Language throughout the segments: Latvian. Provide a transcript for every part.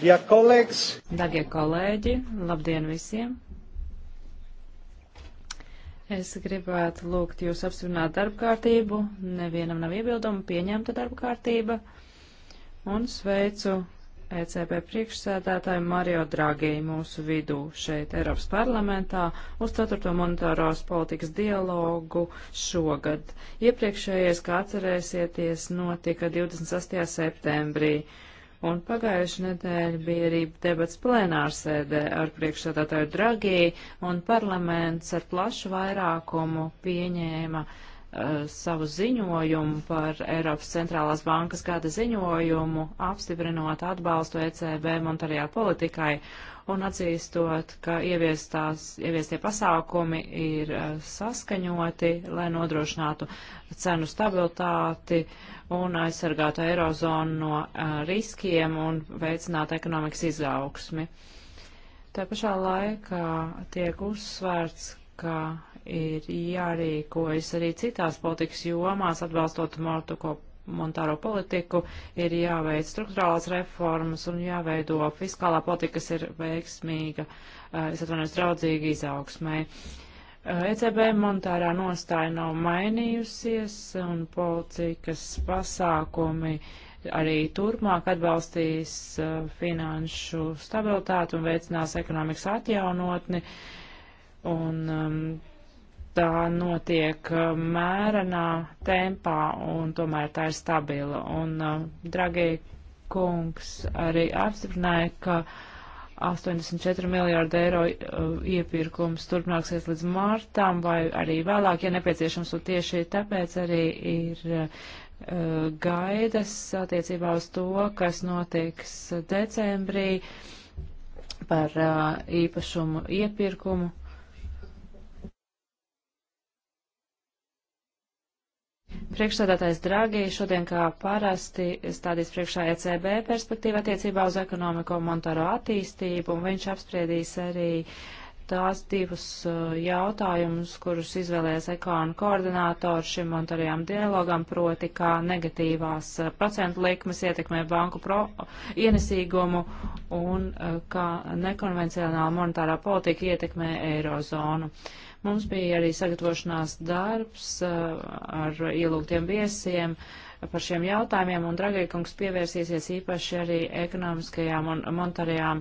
Ja Darbie kolēģi, labdien visiem! Es gribētu lūgt jūs apstiprināt darba kārtību. Nevienam nav iebildumu, pieņemta darba kārtība. Un sveicu ECB priekšsēdētāju Mario Dragī mūsu vidū šeit Eiropas parlamentā uz 4. monetāros politikas dialogu šogad. Iepriekšējais, kā atcerēsieties, notika 28. septembrī. Un pagājuši nedēļa bija arī debats plēnārsēdē ar priekšsādātāju Dragī, un parlaments ar plašu vairākumu pieņēma uh, Eh, savu ziņojumu par Eiropas centrālās bankas gada ziņojumu, apstiprinot atbalstu ECB monetārajā politikai un atzīstot, ka ieviestās, ieviestie pasākumi ir eh, saskaņoti, lai nodrošinātu cenu stabilitāti un aizsargātu eirozonu no eh, riskiem un veicinātu ekonomikas izaugsmi. Tā pašā laikā tiek uzsvērts, ka ir jārīkojas arī citās politikas jomās, atbalstot Mortuko monetāro politiku, ir jāveic struktūrālās reformas un jāveido fiskālā politika, kas ir veiksmīga, eh, es atvainojos, draudzīga izaugsmai. ECB eh, e monetārā nostāja nav mainījusies un politikas pasākumi arī turpmāk atbalstīs eh, finanšu stabilitātu un veicinās ekonomikas atjaunotni. Un um, tā notiek uh, mērenā tempā un tomēr tā ir stabila. Un, uh, dragie kungs, arī apstiprināja, ka 84 miljārdu eiro uh, iepirkums turpināksies līdz martām vai arī vēlāk, ja nepieciešams, un tieši tāpēc arī ir gaidas attiecībā uz to, kas notiks decembrī par īpašumu iepirkumu Priekšsēdētājs Dragi šodien kā parasti stādīs priekšā ECB perspektīvu attiecībā uz ekonomiko monetāro attīstību, un viņš apspriedīs arī tās divus uh, jautājumus, kurus izvēlējās ekonu koordinātori šim monetārajām dialogam, proti, kā negatīvās uh, procentu likmes ietekmē banku pro, ienesīgumu un uh, kā nekonvencionāla monetārā politika ietekmē eirozonu. Uh, Mums bija arī sagatavošanās darbs eh, ar ielūgtiem viesiem par šiem jautājumiem, un Dragēkungs pievērsīsies īpaši arī ekonomiskajām un monetārajām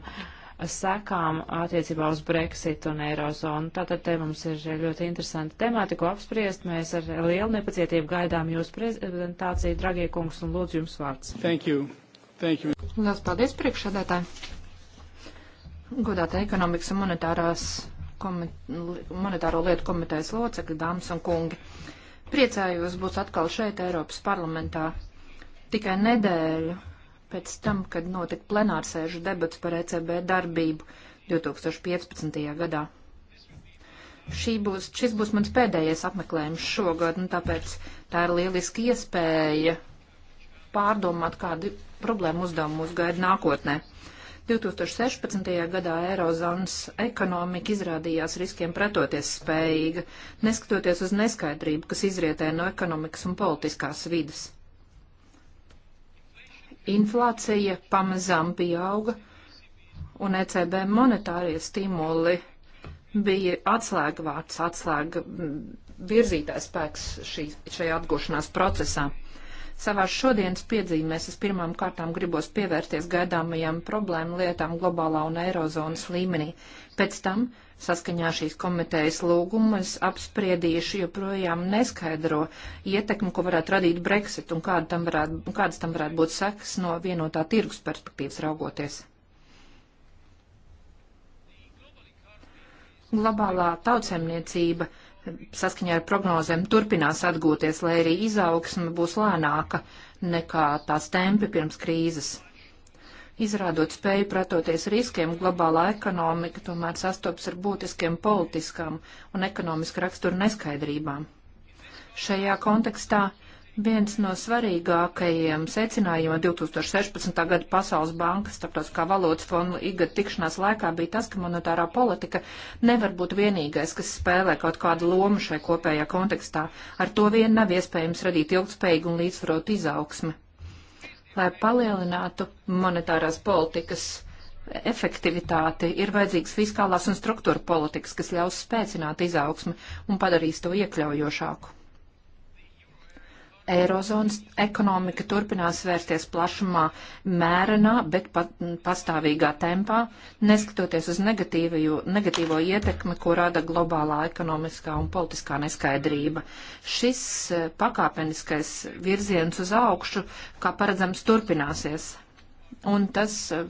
sekām attiecībā uz Brexit un Eirozonu. Tātad te mums ir ļoti interesanti temati, ko apspriest. Mēs ar lielu nepacietību gaidām jūsu prezentāciju, dragie kungs, un lūdzu jums vārds. Thank you. Thank you. Lielas paldies priekšsēdētāji. Godātā ekonomikas un monetārās komit monetāro lietu komitejas locekļi, dāmas un kungi. Priecājos būt atkal šeit, Eiropas parlamentā, tikai nedēļu pēc tam, kad notika plenārsēžu debats par ECB darbību 2015. gadā. Šī būs, šis būs mans pēdējais apmeklējums šogad, un tāpēc tā ir lieliski iespēja pārdomāt, kādi problēmu uzdevumi mūs gaida nākotnē. 2016. gadā Eirozonas ekonomika izrādījās riskiem pretoties spējīga, neskatoties uz neskaidrību, kas izrietē no ekonomikas un politiskās vidas. Inflācija pamazām pieauga, un ECB monetārie stimuli bija atslēgvārds, atslēga virzītājspēks šī, šajā atgūšanās procesā. Savās šodienas piedzīmēs es pirmām kārtām gribos pievērties gaidāmajām problēmu lietām globālā un eirozonas līmenī. Pēc tam, saskaņā šīs komitejas lūgumu, es apspriedīšu joprojām neskaidro ietekmi, ko varētu radīt Brexit un kāda tam varētu, kādas tam varētu būt sekas no vienotā tirgus perspektīvas raugoties. Globālā tautsēmniecība saskaņā ar prognozēm turpinās atgūties, lai arī izaugsme būs lēnāka nekā tās tempi pirms krīzes. Izrādot spēju pretoties riskiem, globālā ekonomika tomēr sastopas ar būtiskiem politiskām un ekonomiska rakstura neskaidrībām. Šajā kontekstā Viens no svarīgākajiem secinājumiem 2016. gada Pasaules bankas starptautiskā valodas fonda igad tikšanās laikā bija tas, ka monetārā politika nevar būt vienīgais, kas spēlē kaut kādu lomu šai kopējā kontekstā. Ar to vien nav iespējams radīt ilgspējīgu un līdzsvarotu izaugsmi. Lai palielinātu monetārās politikas efektivitāti, ir vajadzīgs fiskālās un struktūra politikas, kas ļaus spēcināt izaugsmi un padarīs to iekļaujošāku. Eirozonas ekonomika turpinās vērsties plašumā, mērenā, bet pat pastāvīgā tempā, neskatoties uz negatīvo ietekmi, ko rada globālā ekonomiskā un politiskā neskaidrība. Šis eh, pakāpeniskais virziens uz augšu, kā paredzams, turpināsies un tas eh,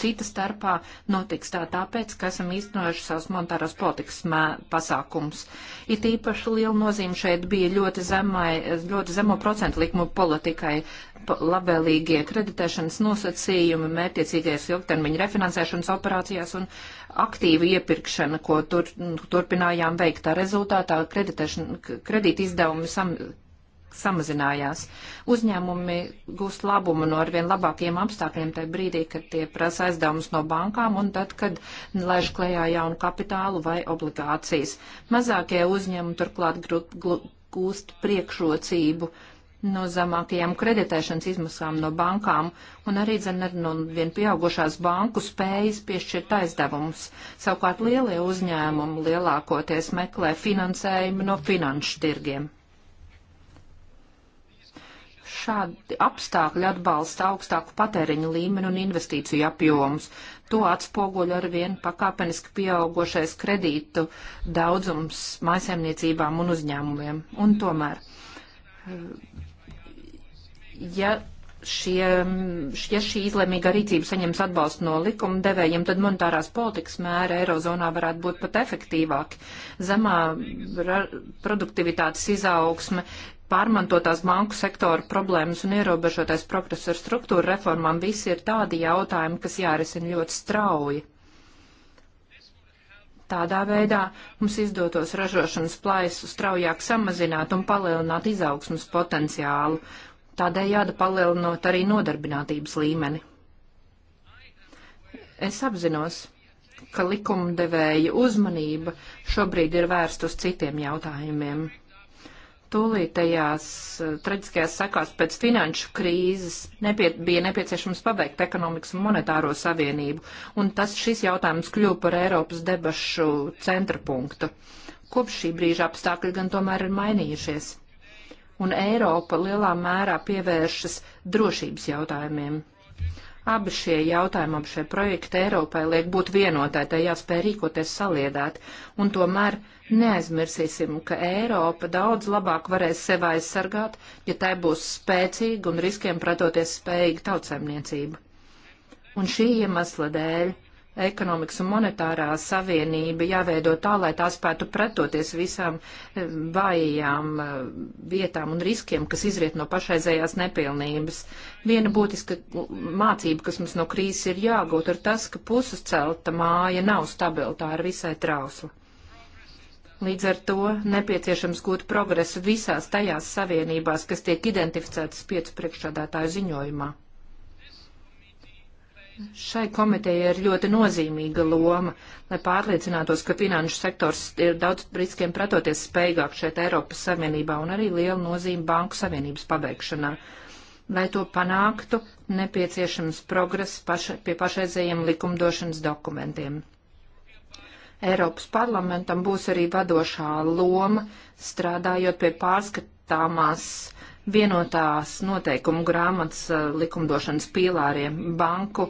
cita starpā notiks tā tāpēc, ka esam īstenojuši savus monetāros politikas mē, pasākums. It īpaši liela nozīme šeit bija ļoti, zemai, ļoti zemo procentu likumu politikai, labvēlīgie kreditēšanas nosacījumi, mērķiecīgais ilgtermiņa refinansēšanas operācijās un aktīvu iepirkšana, ko tur, turpinājām veikt. Tā rezultātā kredīta izdevumi sam, samazinājās. Uzņēmumi gūst labumu no arvien labākiem apstākļiem tajā brīdī, kad tie prasa aizdevumus no bankām un tad, kad laiž klējā jaunu kapitālu vai obligācijas. Mazākie uzņēmumi turklāt gūst priekšrocību no zemākajām kreditēšanas izmaksām no bankām un arī dzen ar no vien pieaugušās banku spējas piešķirt aizdevumus. Savukārt lielie uzņēmumi lielākoties meklē finansējumu no finanšu tirgiem šādi apstākļi atbalsta augstāku patēriņu līmeni un investīciju apjomus. To atspoguļo ar vien pakāpeniski pieaugošais kredītu daudzums mājasēmniecībām un uzņēmumiem. Un tomēr, ja šie, ja šī izlēmīga rīcība saņems atbalstu no likuma devējiem, tad monetārās politikas mēra Eirozonā varētu būt pat efektīvāki. Zemā produktivitātes izaugsme pārmantotās banku sektora problēmas un ierobežotais progress ar struktūra reformām visi ir tādi jautājumi, kas jārisina ļoti strauji. Tādā veidā mums izdotos ražošanas plaisu straujāk samazināt un palielināt izaugsmas potenciālu, tādējādi palielinot arī nodarbinātības līmeni. Es apzinos, ka likumdevēja uzmanība šobrīd ir vērst uz citiem jautājumiem tūlītējās eh, traģiskajās sekās pēc finanšu krīzes nepie, bija nepieciešams pabeigt ekonomikas un monetāro savienību, un tas šis jautājums kļuva par Eiropas debašu centra punktu. Kopš šī brīža apstākļi gan tomēr ir mainījušies, un Eiropa lielā mērā pievēršas drošības jautājumiem. Abi šie jautājumi, abi šie projekti Eiropai liek būt vienotai, tai jāspēj rīkoties saliedēt. Un tomēr neaizmirsīsim, ka Eiropa daudz labāk varēs sev aizsargāt, ja tai būs spēcīga un riskiem pretoties spējīga tautsēmniecība. Un šī iemesla dēļ ekonomikas un monetārā savienība jāveido tā, lai tā spētu pretoties visām eh, vājajām eh, vietām un riskiem, kas izriet no pašreizējās nepilnības. Viena būtiska mācība, kas mums no krīzes ir jāgūt, ir tas, ka puses celta māja nav stabila, tā ir visai trausla. Līdz ar to nepieciešams gūt progresu visās tajās savienībās, kas tiek identificētas piecu priekšādātāju ziņojumā. Šai komitejai ir ļoti nozīmīga loma, lai pārliecinātos, ka finanšu sektors ir daudz riskiem pretoties spējīgāk šeit Eiropas Savienībā un arī liela nozīme Banku Savienības pabeigšanā. Lai to panāktu, nepieciešams progress paša, pie pašreizējiem likumdošanas dokumentiem. Eiropas parlamentam būs arī vadošā loma strādājot pie pārskatāmās vienotās noteikumu grāmatas eh, likumdošanas pīlāriem banku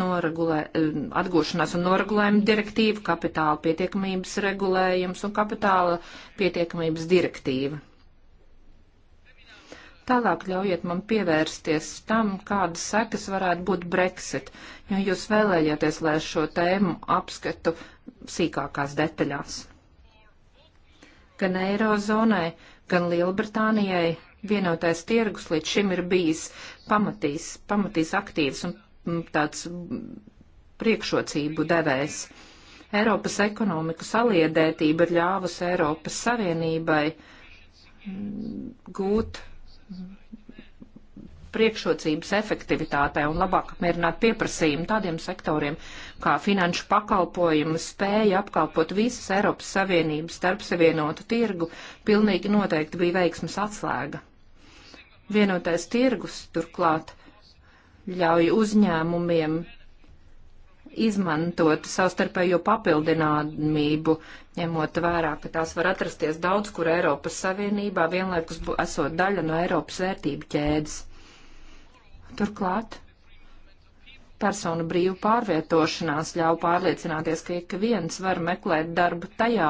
noregulē, eh, atgūšanās un noregulējuma direktīva, kapitāla pietiekamības regulējums un kapitāla pietiekamības direktīva. Tālāk ļaujiet man pievērsties tam, kādas sekas varētu būt Brexit, jo jūs vēlējāties, lai šo tēmu apskatu sīkākās detaļās. Gan Eirozonai, gan Lielbritānijai Vienotais tirgus līdz šim ir bijis pamatīs, pamatīs aktīvs un mm, tāds priekšrocību devējs. Eiropas ekonomiku saliedētība ir ļāvusi Eiropas Savienībai mm, gūt mm, priekšrocības efektivitātei un labāk apmierināt pieprasījumu tādiem sektoriem, kā finanšu pakalpojumu spēja apkalpot visas Eiropas Savienības starpsavienotu tirgu, pilnīgi noteikti bija veiksmas atslēga. Vienotais tirgus turklāt ļauj uzņēmumiem izmantot savstarpējo papildināmību, ņemot vērā, ka tās var atrasties daudz kur Eiropas Savienībā, vienlaikus esot daļa no Eiropas vērtību ķēdes. Turklāt personu brīvu pārvietošanās ļauj pārliecināties, ka ik viens var meklēt darbu tajā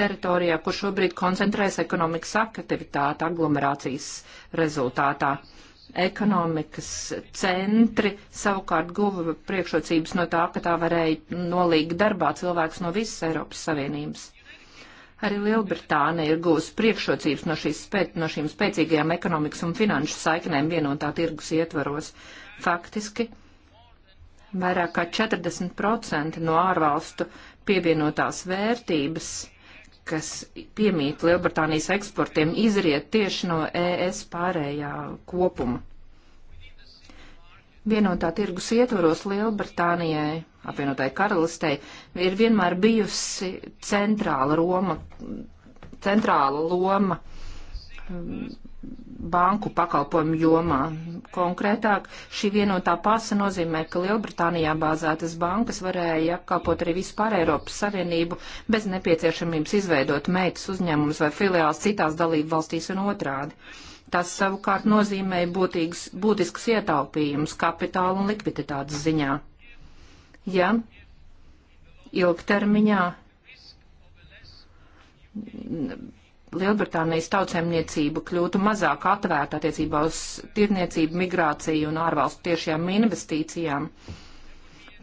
teritorijā, kur šobrīd koncentrēs ekonomikas aktivitāte aglomerācijas rezultātā. Ekonomikas centri savukārt guva priekšrocības no tā, ka tā varēja nolīgt darbā cilvēks no visas Eiropas Savienības. Arī Lielbritānija ir guvusi priekšrocības no, spēc, no šīm spēcīgajām ekonomikas un finanšu saiknēm vienotā tirgus ietvaros. Faktiski Vairāk kā 40% no ārvalstu pievienotās vērtības, kas piemīt Lielbritānijas eksportiem, izriet tieši no ES pārējā kopuma. Vienotā tirgus ietvaros Lielbritānijai, apvienotai karalistei, ir vienmēr bijusi centrāla Roma, centrāla loma um, banku pakalpojumu jomā. Konkrētāk, šī vienotā pasa nozīmē, ka Lielbritānijā bāzētas bankas varēja apkalpot arī vispār Eiropas Savienību bez nepieciešamības izveidot meitas uzņēmumus vai filiāls citās dalību valstīs un otrādi. Tas savukārt nozīmēja būtīgs, būtisks ietaupījums kapitāla un likviditātes ziņā. Ja ilgtermiņā Lielbritānijas tautsēmniecība kļūtu mazāk atvērta attiecībā uz tirniecību, migrāciju un ārvalstu tiešajām investīcijām.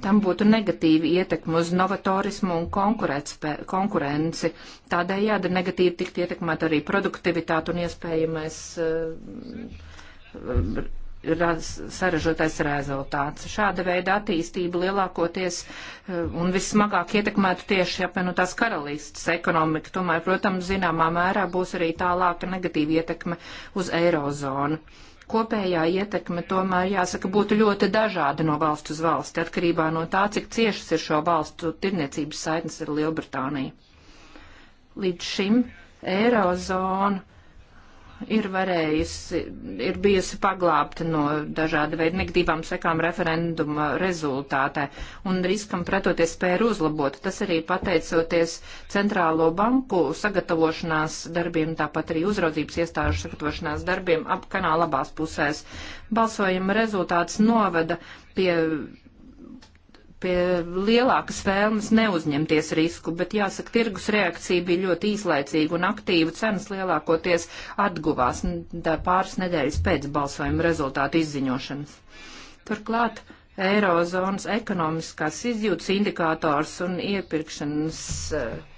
Tam būtu negatīva ietekme uz novatorismu un konkurenci. Tādējādi negatīvi tikt ietekmēt arī produktivitāte un iespējamais uh, saražotais rezultāts. Šāda veida attīstība lielākoties eh, un vissmagāk ietekmētu tieši apvienotās karalistas ekonomiku. Tomēr, protams, zināmā mērā būs arī tālāka negatīva ietekme uz eirozonu. Kopējā ietekme tomēr, jāsaka, būtu ļoti dažāda no valsts uz valsti, atkarībā no tā, cik ciešas ir šo valstu tirniecības saitnes ar Lielbritāniju. Līdz šim eirozonu ir varējusi, ir bijusi paglābta no dažāda veida negatīvām sekām referenduma rezultātē un riskam pretoties spēja uzlabot. Tas arī pateicoties centrālo banku sagatavošanās darbiem, tāpat arī uzraudzības iestāžu sagatavošanās darbiem ap kanāla labās pusēs. Balsojuma rezultāts noveda pie pie lielākas vēlmes neuzņemties risku, bet jāsaka, tirgus reakcija bija ļoti īslaicīga un aktīva. Cenas lielākoties atguvās pāris nedēļas pēc balsojuma rezultātu izziņošanas. Turklāt Eirozonas ekonomiskās izjūtas indikators un iepirkšanas uh,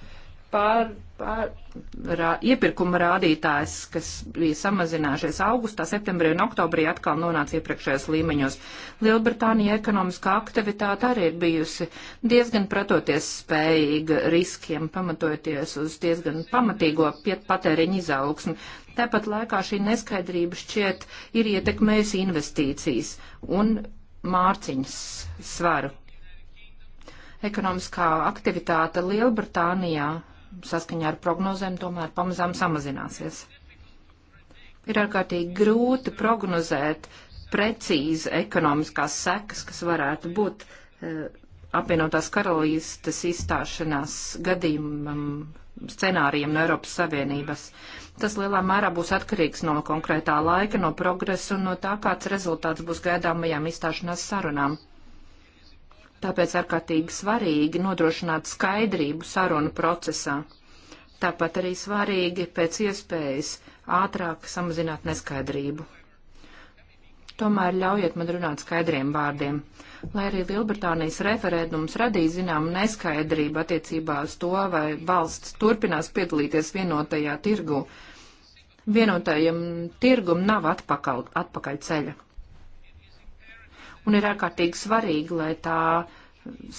pār, pār, rā, iepirkuma rādītājs, kas bija samazinājušies augustā, septembrī un oktobrī, atkal nonāca iepriekšējos līmeņos. Lielbritānija ekonomiskā aktivitāte arī ir bijusi diezgan pretoties spējīga riskiem, pamatojoties uz diezgan pamatīgo patēriņu izaugsmu. Tāpat laikā šī neskaidrība šķiet ir ietekmējusi investīcijas un mārciņas svaru. Ekonomiskā aktivitāte Lielbritānijā saskaņā ar prognozēm tomēr pamazām samazināsies. Ir ārkārtīgi grūti prognozēt precīzi ekonomiskās sekas, kas varētu būt e, apvienotās karalīstas izstāšanās gadījumam scenārijiem no Eiropas Savienības. Tas lielā mērā būs atkarīgs no konkrētā laika, no progresa un no tā, kāds rezultāts būs gaidāmajām izstāšanās sarunām. Tāpēc ārkārtīgi svarīgi nodrošināt skaidrību sarunu procesā. Tāpat arī svarīgi pēc iespējas ātrāk samazināt neskaidrību. Tomēr ļaujiet man runāt skaidriem vārdiem. Lai arī Lielbritānijas referendums radīja zināmu neskaidrību attiecībā uz to, vai valsts turpinās piedalīties vienotajā tirgu, vienotajam tirgum nav atpakaļ, atpakaļ ceļa un ir ārkārtīgi svarīgi, lai tā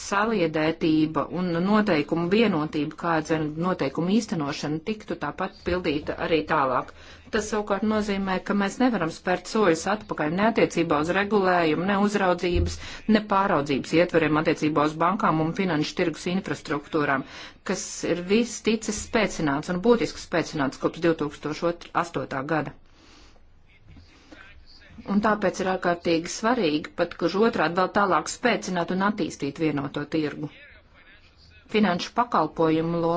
saliedētība un noteikumu vienotība, kāda noteikumu īstenošana tiktu tāpat pildīta arī tālāk. Tas savukārt nozīmē, ka mēs nevaram spērt soļus atpakaļ ne attiecībā uz regulējumu, ne uzraudzības, ne pāraudzības ietveriem attiecībā uz bankām un finanšu tirgus infrastruktūrām, kas ir viss ticis spēcināts un būtiski spēcināts kopš 2008. gada un tāpēc ir ārkārtīgi svarīgi pat, kurš otrād vēl tālāk spēcināt un attīstīt vienoto tirgu. Finanšu pakalpojumu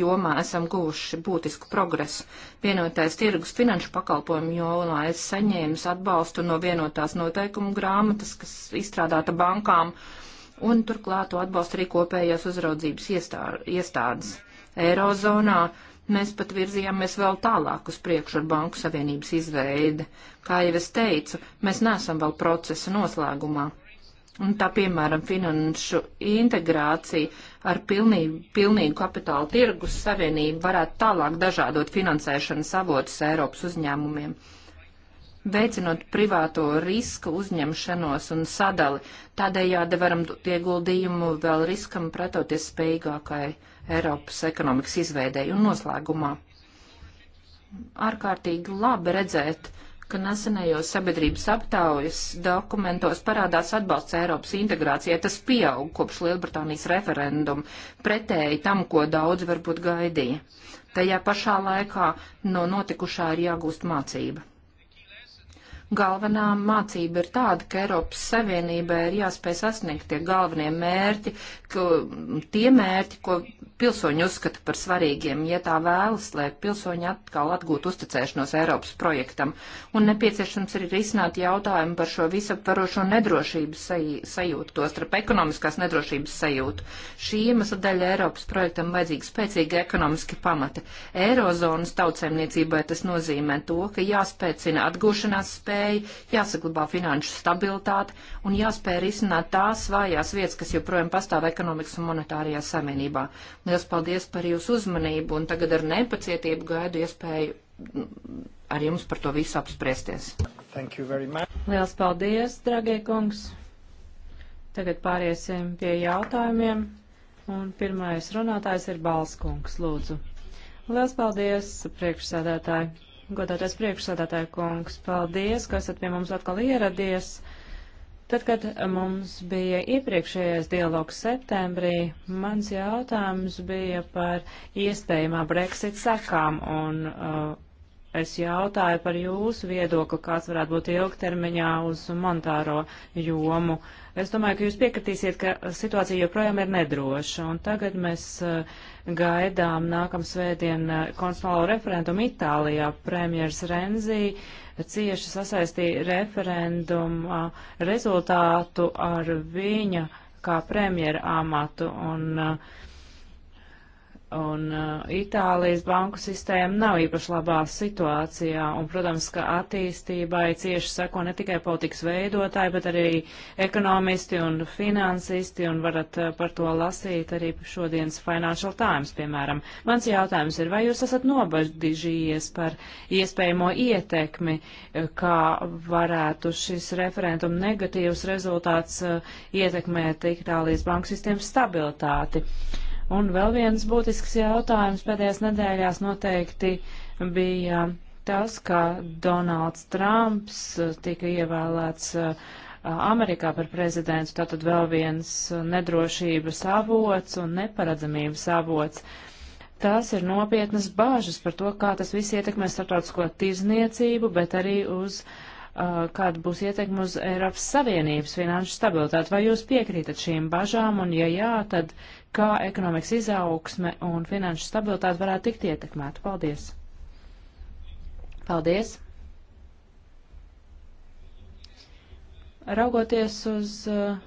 jomā esam guvuši būtisku progresu. Vienotais tirgus finanšu pakalpojumu jomā es saņēmu atbalstu no vienotās noteikumu grāmatas, kas izstrādāta bankām, un turklāt to atbalsta arī kopējās uzraudzības iestādes. Eirozonā Mēs pat virzījāmies vēl tālāk uz priekšu ar Banku Savienības izveidi. Kā jau es teicu, mēs neesam vēl procesa noslēgumā. Un tā, piemēram, finanšu integrācija ar pilnību, pilnīgu kapitāla tirgus savienību varētu tālāk dažādot finansēšanas avotus Eiropas uzņēmumiem. Veicinot privāto riska uzņemšanos un sadali, tādējādi varam dot ieguldījumu vēl riskam pretoties spējīgākai Eiropas ekonomikas izveidēju un noslēgumā. Ārkārtīgi labi redzēt, ka nesenējos sabiedrības aptaujas dokumentos parādās atbalsts Eiropas integrācijai. Tas pieaug kopš Lielbritānijas referenduma, pretēji tam, ko daudzi varbūt gaidīja. Tajā pašā laikā no notikušā ir jāgūst mācība. Galvenā mācība ir tāda, ka Eiropas Savienībai ir jāspēj sasniegt tie galvenie mērķi, tie mērķi, ko pilsoņi uzskata par svarīgiem, ja tā vēlas, lai pilsoņi atkal atgūtu uzticēšanos Eiropas projektam. Un nepieciešams ir risināt jautājumu par šo visaptvarošo nedrošības sajūtu, to starp ekonomiskās nedrošības sajūtu. Šī iemesla dēļ Eiropas projektam vajadzīgi spēcīgi ekonomiski pamati. Eirozonas tautsēmniecībai tas nozīmē to, ka jāspēcina atgūšanās spēja, jāsaglabā finanšu stabilitāte un jāspēj risināt tās vājās vietas, kas joprojām pastāv ekonomikas un monetārajā savienībā. Liels paldies par jūsu uzmanību un tagad ar nepacietību gaidu iespēju mm, ar jums par to visu apspriesties. Liels paldies, dragie kungs. Tagad pāriesim pie jautājumiem. Un pirmais runātājs ir Balskungs, lūdzu. Liels paldies, priekšsēdētāji. Godātais priekšsēdētāja kungs, paldies, ka esat pie mums atkal ieradies Tad, kad mums bija iepriekšējais dialogs septembrī, mans jautājums bija par iespējamā Brexit sekām un uh, Es jautāju par jūsu viedokli, kāds varētu būt ilgtermiņā uz monetāro jomu. Es domāju, ka jūs piekritīsiet, ka situācija joprojām ir nedroša, un tagad mēs eh, gaidām nākam svētdien eh, konstitucionālo referendumu Itālijā. Premjers Renzi cieši sasaistīja referenduma eh, rezultātu ar viņa kā premjera amatu, un uh, Un uh, Itālijas banku sistēma nav īpaši labā situācijā, un, protams, ka attīstībai cieši seko ne tikai politikas veidotāji, bet arī ekonomisti un finansisti, un varat uh, par to lasīt arī šodienas Financial Times, piemēram. Mans jautājums ir, vai jūs esat nobažījies par iespējamo ietekmi, uh, kā varētu šis referendum negatīvs rezultāts uh, ietekmēt Itālijas banku sistēmas stabilitāti? Uh, Un vēl viens būtisks jautājums pēdējās nedēļās noteikti bija tas, ka Donalds Trumps tika ievēlēts uh, Amerikā par prezidentu, tātad vēl viens nedrošības avots un neparedzamības avots. Tās ir nopietnas bāžas par to, kā tas viss ietekmē starptautisko tirzniecību, bet arī uz uh, Uh, kāda būs ietekme uz Eiropas Savienības finanšu stabilitāti. Vai jūs piekrītat šīm bažām, un ja jā, tad kā ekonomikas izaugsme un finanšu stabilitāte varētu tikt ietekmēta? Paldies! Paldies! Raugoties uz uh,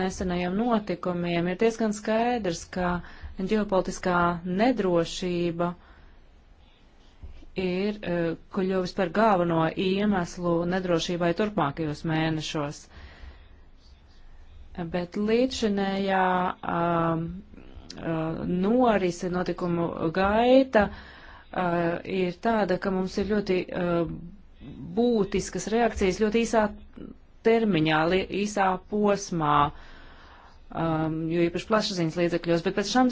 nesenajiem notikumiem, ir diezgan skaidrs, ka ģeopolitiskā nedrošība uh, ir e, kļuvis par galveno iemeslu nedrošībai turpmākajos mēnešos. Bet līdzinējā um, norise notikumu gaita uh, ir tāda, ka mums ir ļoti uh, būtiskas reakcijas ļoti īsā termiņā, īsā posmā. Uh, um, jo īpaši plašsaziņas līdzekļos, bet pēc tam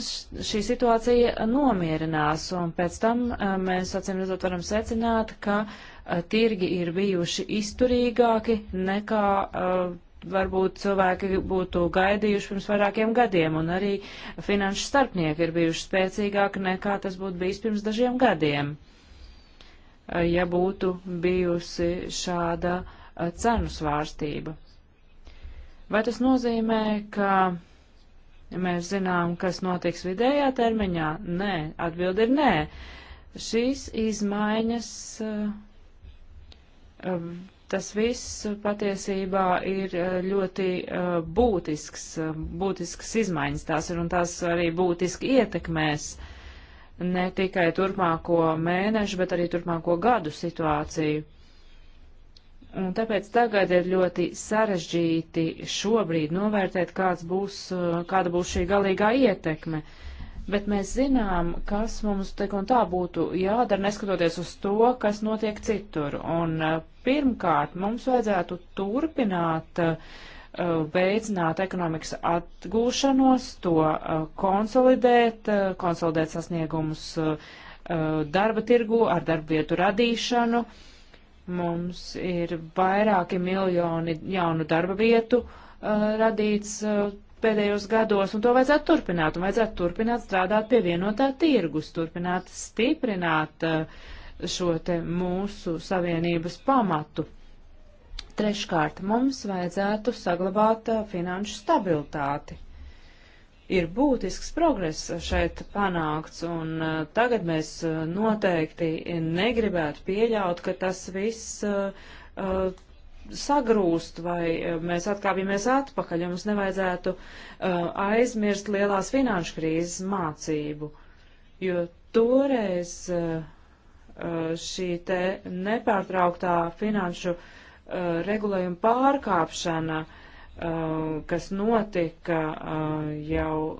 šī situācija nomierinās, un pēc tam uh, mēs acīm redzot varam secināt, ka uh, tirgi ir bijuši izturīgāki nekā uh, varbūt cilvēki būtu gaidījuši pirms vairākiem gadiem, un arī finanšu starpnieki ir bijuši spēcīgāki nekā tas būtu bijis pirms dažiem gadiem, uh, ja būtu bijusi šāda uh, cenu svārstība. Vai tas nozīmē, ka mēs zinām, kas notiks vidējā termiņā? Nē, atbildi ir nē. Šīs izmaiņas, eh, tas viss patiesībā ir eh, ļoti eh, būtisks, būtisks izmaiņas tās ir un tās arī būtiski ietekmēs ne tikai turpmāko mēnešu, bet arī turpmāko gadu situāciju. Un tāpēc tagad ir ļoti sarežģīti šobrīd novērtēt, kāds būs, uh, kāda būs šī galīgā ietekme. Bet mēs zinām, kas mums te un tā būtu jādara, neskatoties uz to, kas notiek citur. Un uh, pirmkārt, mums vajadzētu turpināt uh, veicināt ekonomikas atgūšanos, to konsolidēt, konsolidēt sasniegumus darba tirgu ar darba vietu radīšanu. Uh, Mums ir vairāki miljoni jaunu darba vietu uh, radīts uh, pēdējos gados, un to vajadzētu turpināt, un vajadzētu turpināt strādāt pie vienotā tirgus, turpināt stiprināt uh, šo te mūsu savienības pamatu. Treškārt, mums vajadzētu saglabāt uh, finanšu stabilitāti ir būtisks progress šeit panākts, un eh, tagad mēs eh, noteikti negribētu pieļaut, ka tas viss eh, sagrūst vai mēs atkāpjamies atpakaļ, ja mums nevajadzētu aizmirst lielās finanšu krīzes mācību, jo toreiz šī te nepārtrauktā finanšu regulējuma pārkāpšana uh, Uh, kas notika uh, jau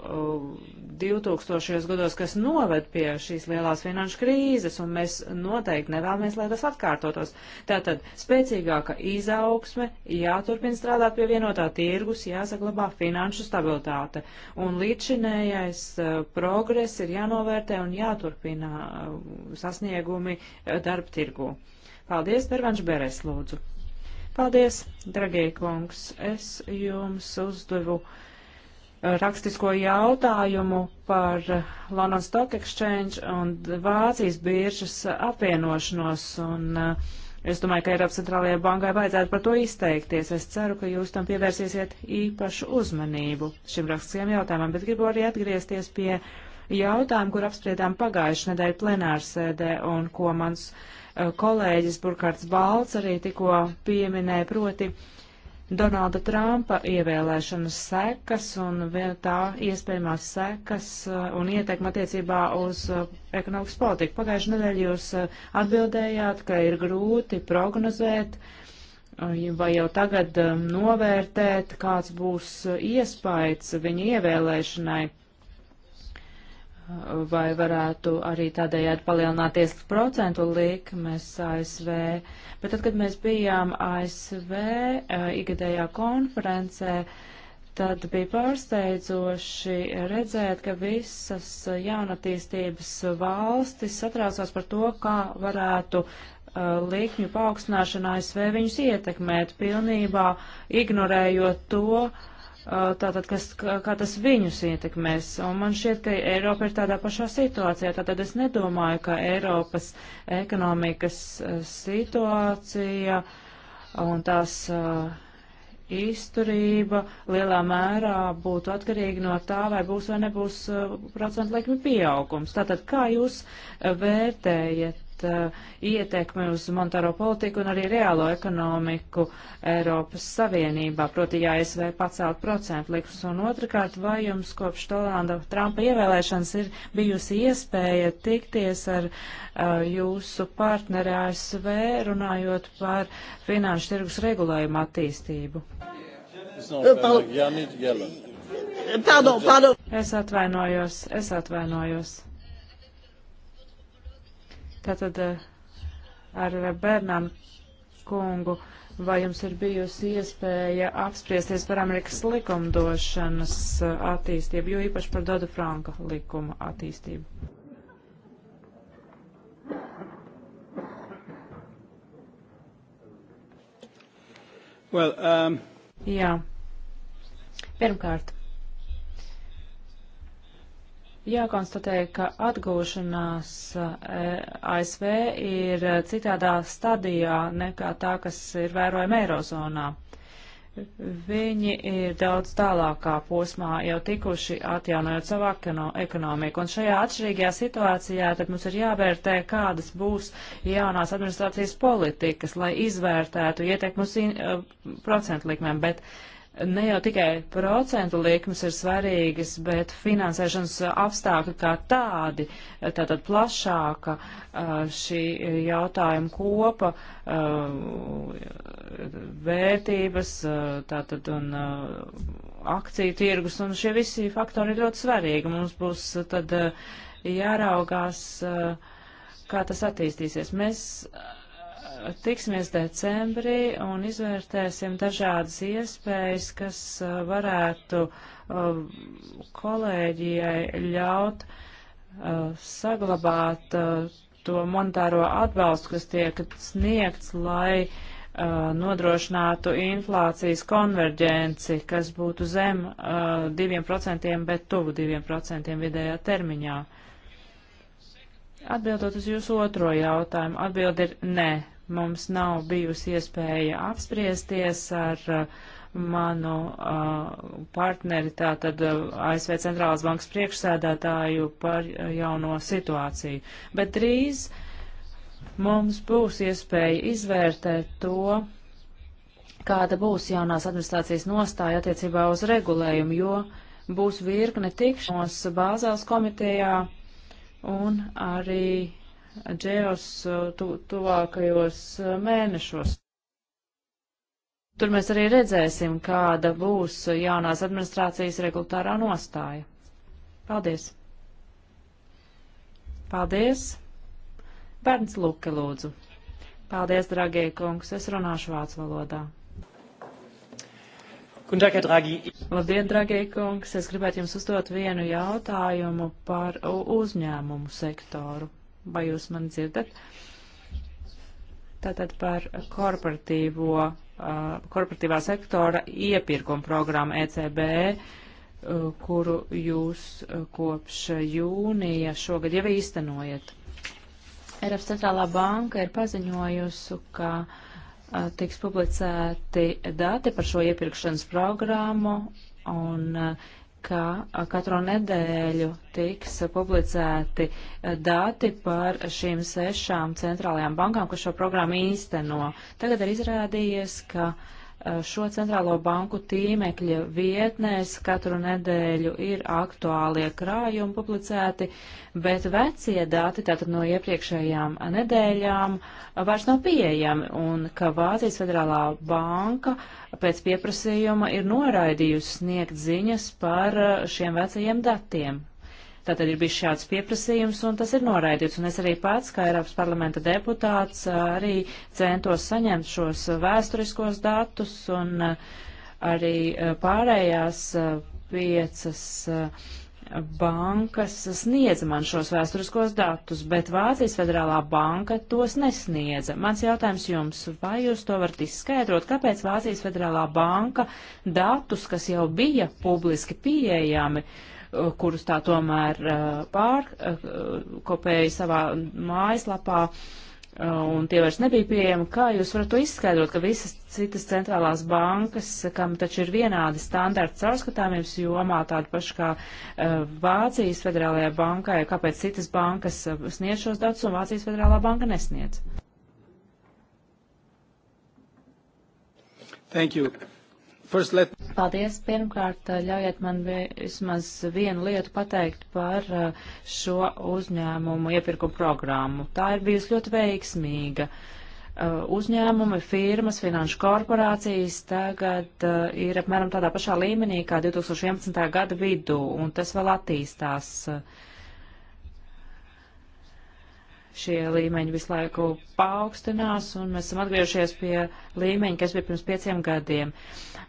2000. Uh, gados, kas noved pie šīs lielās finanšu krīzes, un mēs noteikti nevēlamies, lai tas atkārtotos. Tātad spēcīgāka izaugsme, jāturpina strādāt pie vienotā tirgus, jāsaglabā finanšu stabilitāte, un līdzinējais progress ir jānovērtē un jāturpina sasniegumi darba tirgu. Paldies, Pervanš Beres, lūdzu. Paldies, dragie kungs. Es jums uzdevu rakstisko jautājumu par London Stock Exchange un Vācijas biržas apvienošanos. Un, uh, Es domāju, ka Eiropas centrālajai bankai vajadzētu par to izteikties. Es ceru, ka jūs tam pievērsīsiet īpašu uzmanību šim rakstiskajam jautājumam, bet gribu arī atgriezties pie jautājumu, kur apspriedām pagājušajā nedēļā plenārsēdē un ko mans uh, Eh, kolēģis Burkhards Balts arī tikko pieminēja, proti Donalda Trumpa ievēlēšanas sekas un tā iespējamās sekas eh, un ietekma attiecībā uz eh, ekonomikas politiku. Pagājušajā nedēļā jūs atbildējāt, ka ir grūti prognozēt vai jau tagad novērtēt, kāds būs iespējas viņa ievēlēšanai vai varētu arī tādējādi palielināties procentu likmes ASV. Bet tad, kad mēs bijām ASV eh, ikgadējā konferencē, tad bija pārsteidzoši redzēt, ka visas jaunatīstības valstis satraucās par to, kā varētu eh, likmju paaugstināšana ASV viņus ietekmēt, pilnībā ignorējot to, uh, Uh, tātad, kas, kā tas viņus ietekmēs. Un man šķiet, ka Eiropa ir tādā pašā situācijā. Tātad es nedomāju, ka Eiropas ekonomikas uh, situācija un tās uh, izturība lielā mērā būtu atkarīga no tā, vai būs vai nebūs procentu likmi pieaugums. Tātad, kā jūs vērtējat uh, ietekmi uz monetāro politiku un arī reālo ekonomiku Eiropas Savienībā, proti jāizvē pacelt procentu likus. Un otrkārt, vai jums kopš Tolanda Trumpa ievēlēšanas ir bijusi iespēja tikties ar uh, jūsu partneri ASV, runājot par finanšu tirgus regulējumu attīstību? Pardon, pardon. Es atvainojos, es atvainojos. Tātad eh, ar Bernām kungu, vai jums ir bijusi iespēja apspriesties par Amerikas likumdošanas eh, attīstību, jo īpaši par Doda Franka likuma attīstību? Well, um... Jā. Pirmkārt, Jākonstatē, ka atgūšanās eh, ASV ir eh, citādā stadijā nekā tā, kas ir vērojama Eirozonā. Viņi ir daudz tālākā posmā jau tikuši atjaunojot savu ekonomiku, un šajā atšķirīgajā situācijā tad mums ir jāvērtē, kādas būs jaunās administrācijas politikas, lai izvērtētu ietekmus eh, procentu likmēm, bet uh, ne jau tikai procentu likmes ir svarīgas, bet finansēšanas apstākļi kā tādi, tātad plašāka šī jautājuma kopa, vērtības, tātad un akciju tirgus, un šie visi faktori ir ļoti svarīgi. Mums būs tad jāraugās, kā tas attīstīsies. Mēs tiksimies decembrī un izvērtēsim dažādas iespējas, kas uh, varētu uh, kolēģijai ļaut uh, saglabāt to monetāro atbalstu, kas tiek sniegts, lai nodrošinātu inflācijas konverģenci, kas būtu zem 2%, bet tuvu 2% vidējā termiņā. Atbildot uz jūsu otro jautājumu, atbildi ir nē. Mums nav bijusi iespēja apspriesties ar uh, manu uh, partneri, tātad uh, ASV Centrālās bankas priekšsēdētāju par jauno situāciju. Bet drīz mums būs iespēja izvērtēt to, kāda būs jaunās administrācijas nostāja attiecībā uz regulējumu, jo būs virkne tikšanos bāzās komitejā un arī Džeos uh, tu, tuvākajos uh, mēnešos. Tur mēs arī redzēsim, kāda būs jaunās administrācijas regulārā nostāja. Paldies! Paldies! Bērns Luke, lūdzu. Paldies, dragie kungs, es runāšu vācu valodā. Kundžaka, dragi. Labdien, dragie kungs, es gribētu jums uzdot vienu jautājumu par uzņēmumu sektoru. Vai jūs man dzirdat? Tātad par korporatīvo, uh, korporatīvā sektora iepirkuma programmu ECB, uh, kuru jūs uh, kopš jūnija šogad jau īstenojat. Eiropas centrālā banka ir paziņojusi, ka uh, tiks publicēti dati par šo iepirkšanas programmu un uh, ka katro nedēļu tiks publicēti dati par šīm sešām centrālajām bankām, kas šo programmu īsteno. Tagad ir izrādījies, ka uh, Eh, šo centrālo banku tīmekļa vietnēs katru nedēļu ir aktuālie krājumi publicēti, bet vecie dati tātad no iepriekšējām nedēļām vairs nav pieejami un ka Vācijas federālā banka pēc pieprasījuma ir noraidījusi sniegt ziņas par eh, šiem vecajiem datiem. Tātad ir bijis šāds pieprasījums, un tas ir noraidīts. Un es arī pats, kā Eiropas parlamenta deputāts, arī centos saņemt šos vēsturiskos datus un eh, arī eh, pārējās eh, piecas bankas sniedza man šos vēsturiskos datus, bet Vācijas federālā banka tos nesniedza. Mans jautājums jums, vai jūs to varat izskaidrot, kāpēc Vācijas federālā banka datus, kas jau bija publiski pieejami, uh, kurus tā tomēr uh, pārkopēja uh, savā mājaslapā uh, un tie vairs nebija pieejami. Kā jūs varat to izskaidrot, ka visas citas centrālās bankas, kam taču ir vienādi standarti caurskatāmības jomā, tādi paši kā uh, Vācijas federālajā bankai, kāpēc citas bankas sniedz šos datus un Vācijas federālā banka nesniedz? Thank you. First, let... Paldies. Pirmkārt, eh, ļaujiet man vismaz vienu lietu pateikt par eh, šo uzņēmumu iepirkumu programmu. Tā ir bijusi ļoti veiksmīga. Eh, uzņēmumi, firmas, finanšu korporācijas tagad ir apmēram tādā pašā līmenī kā 2011. gada vidū, un tas vēl attīstās šie līmeņi visu laiku paaugstinās, un mēs esam atgriežies pie līmeņa, kas bija pirms pieciem gadiem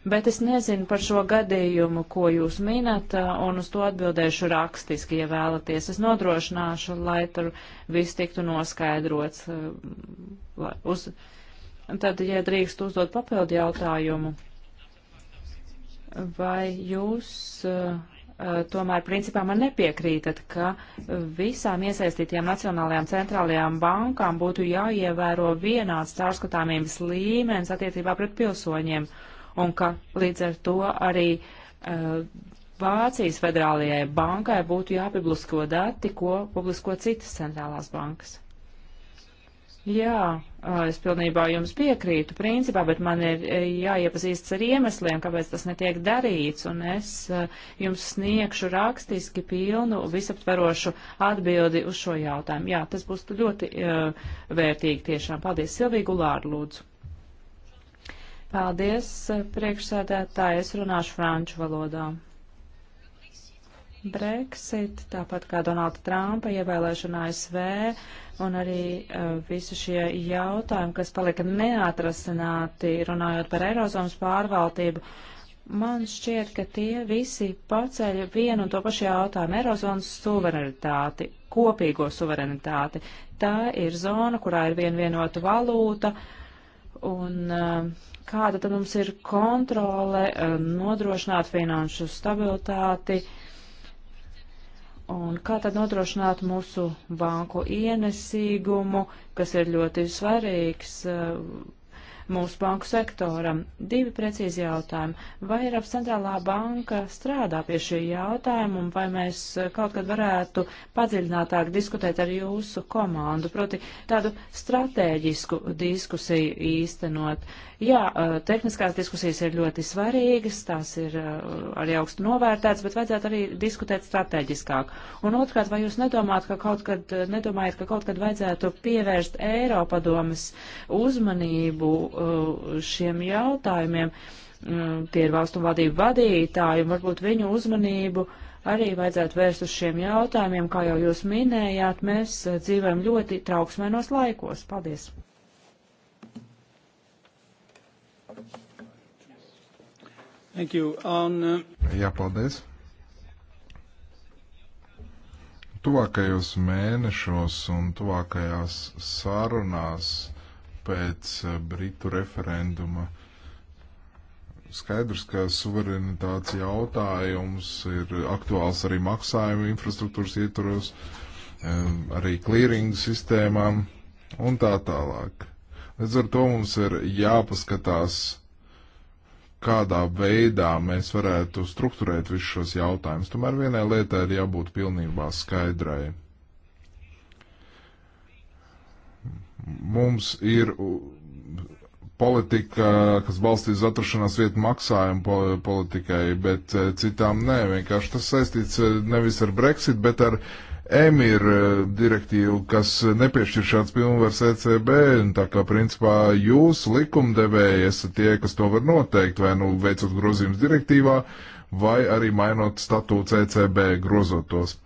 bet es nezinu par šo gadījumu, ko jūs minat, un uz to atbildēšu rakstiski, ja vēlaties. Es nodrošināšu, lai tur viss tiktu noskaidrots. Uz... Tad, ja drīkst uzdot papildu jautājumu, vai jūs eh, tomēr principā man nepiekrītat, ka visām iesaistītajām nacionālajām centrālajām bankām būtu jāievēro vienāds caurskatāmības līmenis attiecībā pret pilsoņiem. Uh, un ka līdz ar to arī uh, Vācijas federālajai bankai būtu jāpublisko dati, ko publisko citas centrālās bankas. Jā, uh, es pilnībā jums piekrītu principā, bet man ir uh, jāiepazīstas ar iemesliem, kāpēc tas netiek darīts, un es uh, jums sniegšu rakstiski pilnu visaptverošu atbildi uz šo jautājumu. Jā, tas būs ļoti uh, vērtīgi tiešām. Paldies, Silvīgu Lārdu, lūdzu. Paldies, priekšsēdētāji, es runāšu franču valodā. Brexit, tāpat kā Donalda Trumpa ievēlēšana ASV un arī uh, visi šie jautājumi, kas palika neatrasināti runājot par Eirozonas pārvaldību, man šķiet, ka tie visi paceļ vienu un to pašu jautājumu - Eirozonas suverenitāti, kopīgo suverenitāti. Tā ir zona, kurā ir vien vienota valūta un uh, kāda tad mums ir kontrole eh, nodrošināt finanšu stabilitāti un kā tad nodrošināt mūsu banku ienesīgumu, kas ir ļoti svarīgs eh, mūsu banku sektoram. Divi precīzi jautājumi. Vai Eiropas centrālā banka strādā pie šī jautājuma un vai mēs eh, kaut kad varētu padziļinātāk diskutēt ar jūsu komandu, proti tādu strateģisku diskusiju īstenot, Jā, eh, tehniskās diskusijas ir ļoti svarīgas, tās ir eh, arī augstu novērtētas, bet vajadzētu arī diskutēt strateģiskāk. Un otrkārt, vai jūs nedomājat, ka kaut kad, eh, nedomājat, ka kaut kad vajadzētu pievērst Eiropadomas uzmanību šiem jautājumiem? Mm, tie ir valstu vadību vadītāji, un varbūt viņu uzmanību uh, arī vajadzētu vērst uz šiem jautājumiem, kā jau jūs minējāt, mēs dzīvojam ļoti trauksmēnos laikos. Paldies! Thank you. On, uh... Jā, paldies. Tuvākajos mēnešos un tuvākajās sarunās pēc uh, Britu referenduma skaidrs, ka suverenitātes jautājums ir aktuāls arī maksājumu infrastruktūras ietvaros, um, arī klīringu sistēmām un tā tālāk. Līdz ar to mums ir jāpaskatās kādā veidā mēs varētu strukturēt visus šos jautājumus. Tomēr vienai lietai ir jābūt pilnībā skaidrai. Mums ir politika, kas balstīs atrašanās vietu maksājumu politikai, bet eh, citām nē. Vienkārši tas saistīts eh, nevis ar Brexit, bet ar uh, EMIR eh, direktīvu, kas nepiešķir šāds pilnvars ECB, un tā kā principā jūs likumdevēji esat tie, kas to var noteikt, vai nu veicot grozījums direktīvā, vai arī mainot statūts ECB grozotos.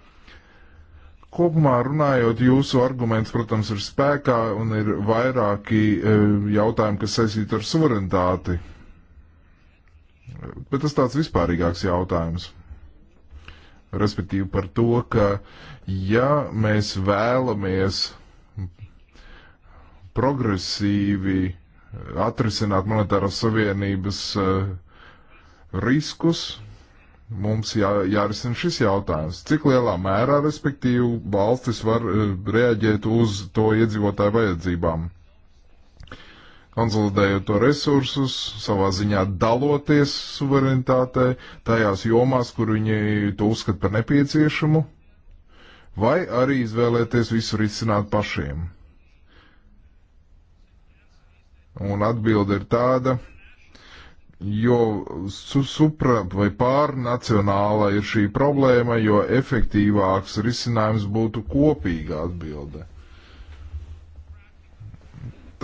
Kopumā runājot, jūsu arguments, protams, ir spēkā un ir vairāki eh, jautājumi, kas saistīti ar suverenitāti. Bet tas tāds vispārīgāks jautājums. Respektīvi par to, ka uh, Ja mēs vēlamies progresīvi atrisināt monetāras savienības uh, riskus, mums jā, jārisina šis jautājums. Cik lielā mērā, respektīvi, valstis var uh, reaģēt uz to iedzīvotāju vajadzībām? Konsolidējot to resursus, savā ziņā daloties suverenitātei, tajās jomās, kur viņi to uzskata par nepieciešamu, vai arī izvēlēties visu risināt pašiem. Un atbilde ir tāda, jo su, suprat vai pārnacionāla ir šī problēma, jo efektīvāks risinājums būtu kopīga atbilde.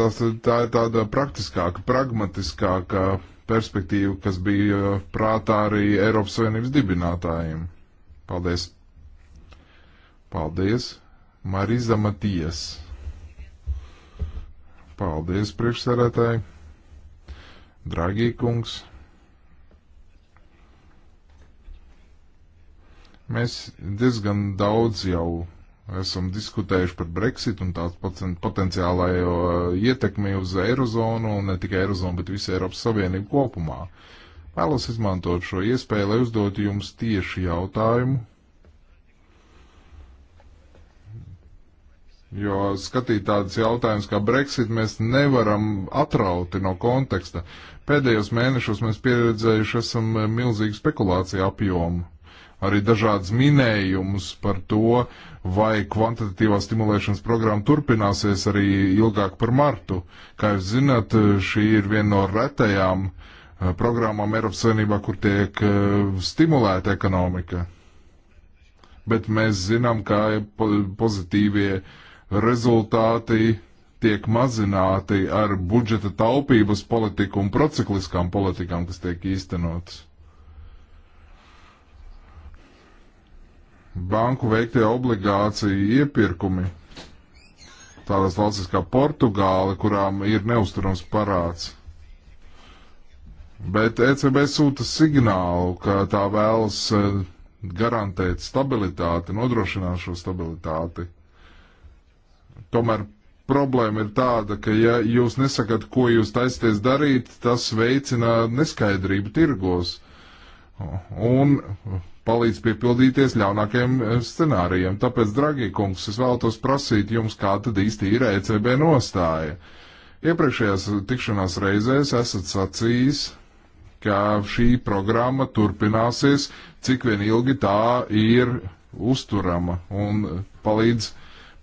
Tas, tā ir tāda praktiskāka, pragmatiskāka perspektīva, kas bija prātā arī Eiropas Savienības dibinātājiem. Paldies! Paldies, Marīza Matijas. Paldies, priekšsarētāji. Dragī kungs. Mēs diezgan daudz jau esam diskutējuši par Brexit un tās potenciālājo ietekmi uz Eirozonu, un ne tikai Eirozonu, bet visu Eiropas Savienību kopumā. Vēlos izmantot šo iespēju, lai uzdotu jums tieši jautājumu Jo skatīt tādas jautājumas kā Brexit mēs nevaram atrauti no konteksta. Pēdējos mēnešos mēs pieredzējuši esam eh, milzīgu spekulāciju apjomu. Arī dažādas minējumus par to, vai kvantitatīvā stimulēšanas programma turpināsies arī ilgāk par martu. Kā jūs zināt, šī ir viena no retajām eh, programmām Eiropas Savienībā, kur tiek eh, stimulēta ekonomika. Bet mēs zinām, ka pozitīvie uh, rezultāti tiek mazināti ar budžeta taupības politiku un procikliskām politikām, kas tiek īstenotas. Banku veiktie obligāciju iepirkumi tādās valstīs kā Portugāla, kurām ir neusturams parāds. Bet ECB sūta signālu, ka tā vēlas eh, garantēt stabilitāti, nodrošināt šo stabilitāti. Tomēr problēma ir tāda, ka ja jūs nesakat, ko jūs taisties darīt, tas veicina neskaidrību tirgos un palīdz piepildīties ļaunākajiem eh, scenārijiem. Tāpēc, dragi kungs, es vēlētos prasīt jums, kā tad īsti ir ECB nostāja. Iepriekšējās tikšanās reizēs esat sacījis, ka šī programma turpināsies, cik vien ilgi tā ir uzturama un palīdz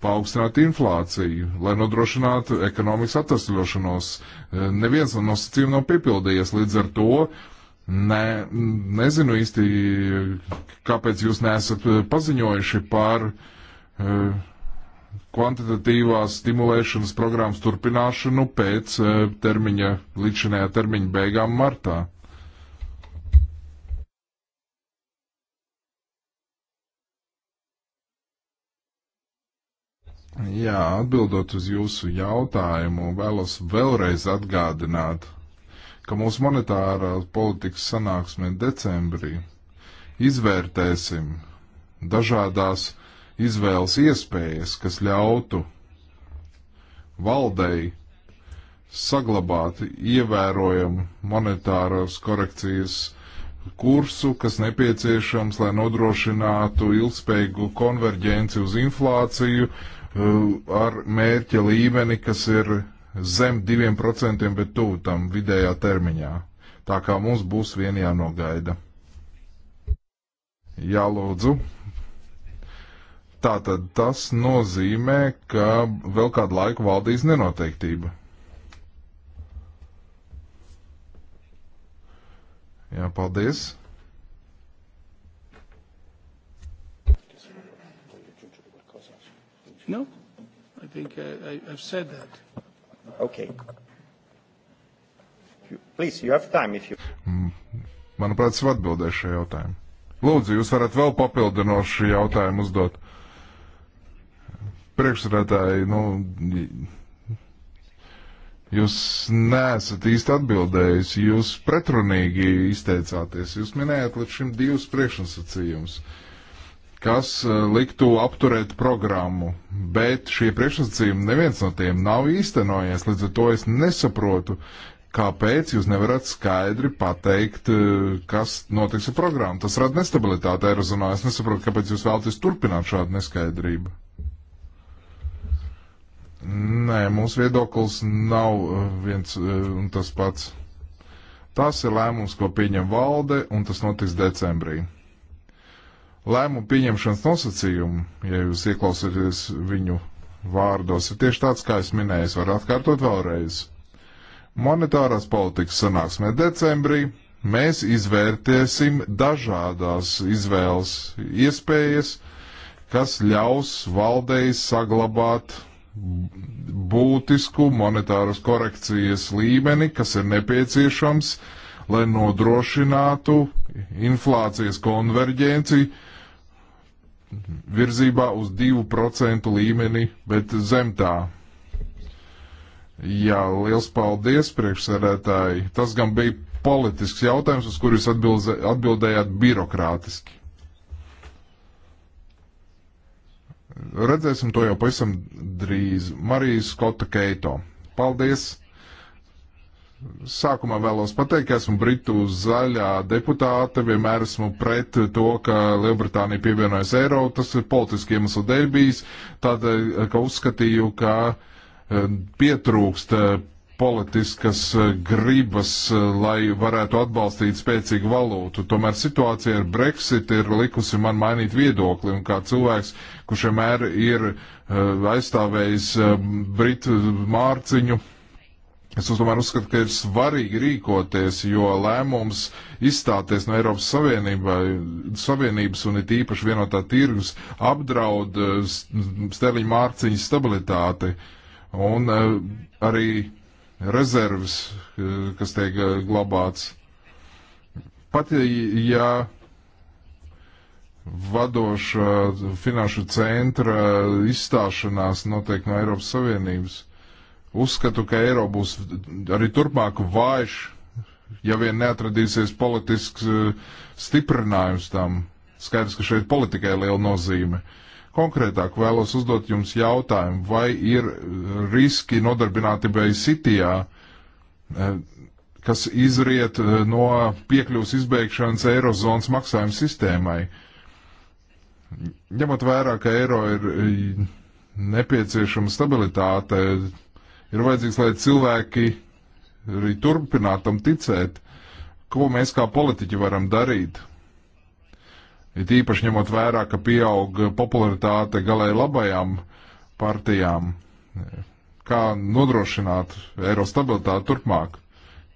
paaugstināt inflāciju, lai nodrošinātu ekonomikas atvesļošanos. Eh, neviens no nosacījumiem nav piepildījies līdz ar to. Ne, nezinu īsti, kāpēc jūs nesat eh, paziņojuši par uh, kvantitatīvās stimulēšanas programmas turpināšanu pēc uh, termiņa, līdzinējā termiņa beigām martā. Jā, atbildot uz jūsu jautājumu, vēlos vēlreiz atgādināt, ka mūsu monetārā politikas sanāksmē decembrī izvērtēsim dažādās izvēles iespējas, kas ļautu valdei saglabāt ievērojamu monetāros korekcijas kursu, kas nepieciešams, lai nodrošinātu ilgspējīgu konverģenci uz inflāciju, uh, ar mērķa līmeni, kas ir zem 2%, bet tuvu tam vidējā termiņā. Tā kā mums būs vien jānogaida. Jā, lūdzu. Tātad tas nozīmē, ka vēl kādu laiku valdīs nenoteiktība. Jā, paldies. No? I think I, I, I've said that. Okay. Please, you have time if you... Mm. Manuprāt, es atbildēšu šo jautājumu. Lūdzu, jūs varat vēl papildinošu jautājumu uzdot. Priekšsredētāji, nu, Jūs neesat īsti atbildējis, jūs pretrunīgi izteicāties. Jūs minējāt līdz šim divus priekšnosacījumus. Uh, kas eh, liktu apturēt programmu, bet šie priekšnosacījumi neviens no tiem nav īstenojies, līdz ar to es nesaprotu, kāpēc jūs nevarat skaidri pateikt, eh, kas notiks ar programmu. Tas rada nestabilitāti Eirozonā. Es nesaprotu, kāpēc jūs vēlaties turpināt šādu neskaidrību. Nē, mūsu viedoklis nav eh, viens un tas pats. Tas ir lēmums, ko pieņem valde, un tas notiks decembrī lēmumu pieņemšanas nosacījumi, ja jūs ieklausāties viņu vārdos, ir tieši tāds, kā es minēju, es varu atkārtot vēlreiz. Monetārās politikas sanāksmē decembrī mēs izvērtēsim dažādās izvēles iespējas, kas ļaus valdei saglabāt būtisku monetāras korekcijas līmeni, kas ir nepieciešams, lai nodrošinātu inflācijas konverģenciju virzībā uz 2% līmeni, bet zem tā. Jā, liels paldies priekšsēdētāji. Tas gan bija politisks jautājums, uz kurus atbildējāt birokrātiski. Redzēsim to jau pavisam drīz. Marija Skota Keito. Paldies! Sākumā vēlos pateikt, ka esmu Britu zaļā deputāte, vienmēr esmu pret to, ka Lielbritānija pievienojas eiro, tas ir politiski iemeslu dēļ bijis, tādēļ, ka uzskatīju, ka eh, pietrūkst eh, politiskas eh, gribas, lai varētu atbalstīt spēcīgu valūtu. Tomēr situācija ar Brexit ir likusi man mainīt viedokli, un kā cilvēks, kurš vienmēr ir aizstāvējis Britu mārciņu, Es tomēr uzskatu, ka ir svarīgi rīkoties, jo lēmums izstāties no Eiropas Savienības un it īpaši vienotā tirgus apdraud eh, sterliņu mārciņu stabilitāti un eh, arī rezerves, eh, kas tiek glabāts. Pat ja vadoša finanšu centra izstāšanās notiek no Eiropas Savienības Uzskatu, ka eiro būs arī turpmāk vājš, ja vien neatradīsies politisks eh, stiprinājums tam. Skaidrs, ka šeit politikai liela nozīme. Konkrētāk vēlos uzdot jums jautājumu, vai ir eh, riski nodarbinātībai Sitijā, eh, kas izriet no piekļuvas izbeigšanas Eirozonas maksājuma sistēmai. Ņemot vērā, ka eiro ir nepieciešama stabilitāte Ir vajadzīgs, lai cilvēki arī turpinātu tam ticēt, ko mēs kā politiķi varam darīt. It īpaši ņemot vērā, ka pieaug popularitāte galēji labajām partijām. Kā nodrošināt eiro stabilitāti turpmāk?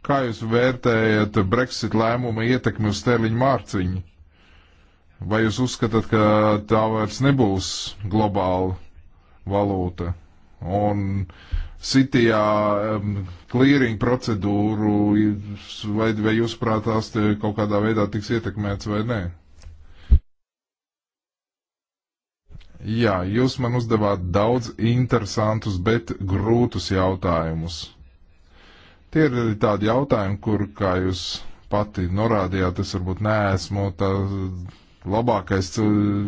Kā jūs vērtējat Brexit lēmuma ietekmi uz sterliņu mārciņu? Vai jūs uzskatāt, ka tā vairs nebūs globāla valūta? Un uh, sitijā klīringa um, procedūru, vai, vai jūs prāt tās kaut kādā veidā tiks ietekmēts vai nē? Jā, jūs man uzdevāt daudz interesantus, bet grūtus jautājumus. Tie ir tādi jautājumi, kur, kā jūs pati norādījāt, es varbūt neesmu tā labākais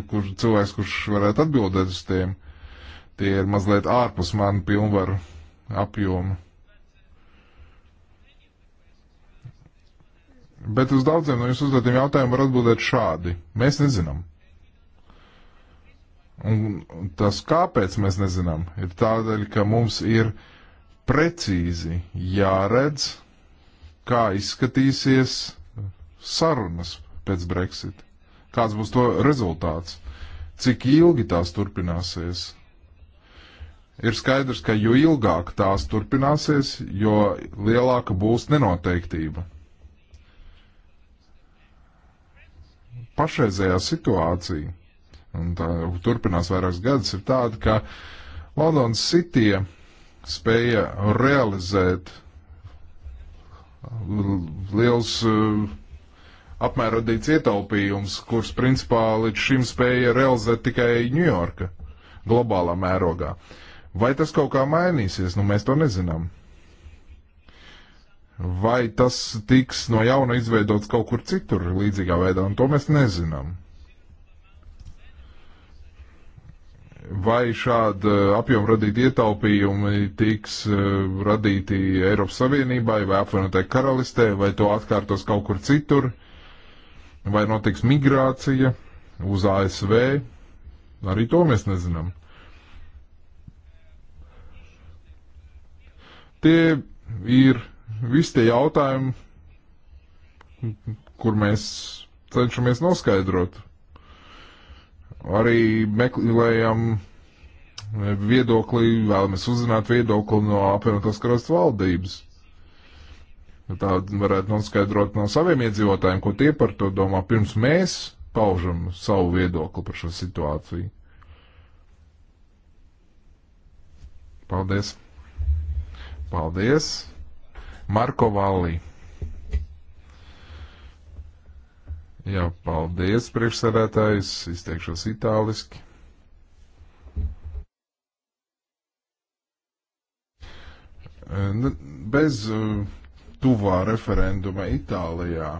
kur, cilvēks, kurš varētu atbildēt uz tiem. Tie ir mazliet ārpus manu pilnvaru apjomu. Bet uz daudziem no jūsu uzdotiem jautājumiem var atbildēt šādi. Mēs nezinām. Un tas, kāpēc mēs nezinām, ir tādēļ, ka mums ir precīzi jāredz, kā izskatīsies sarunas pēc Brexit, kāds būs to rezultāts, cik ilgi tās turpināsies, ir skaidrs, ka jo ilgāk tās turpināsies, jo lielāka būs nenoteiktība. Pašreizējā situācija, un tā turpinās vairākas gadus, ir tāda, ka Londonas City spēja realizēt liels uh, apmērodīts ietaupījums, kurus principā līdz šim spēja realizēt tikai Ņujorka globālā mērogā. Uh, Vai tas kaut kā mainīsies? Nu, mēs to nezinām. Vai tas tiks no jauna izveidots kaut kur citur līdzīgā veidā, un nu, to mēs nezinām. vai šāda apjoma radīta ietaupījumi tiks eh, radīti Eiropas Savienībai vai apvienotai karalistē, vai to atkārtos kaut kur citur, vai notiks migrācija uz ASV. Arī to mēs nezinām. Tie ir visi tie jautājumi, kur mēs cenšamies noskaidrot. Arī meklējam viedokli, vēlamies uzzināt viedokli no apvienotās karalists valdības. Tā varētu noskaidrot no saviem iedzīvotājiem, ko tie par to domā, pirms mēs paužam savu viedokli par šo situāciju. Paldies! Paldies! Marko Vallī. Jā, paldies, priekšsēdētājs. Izteikšos itāliski. Bez uh, tuvā referenduma Itālijā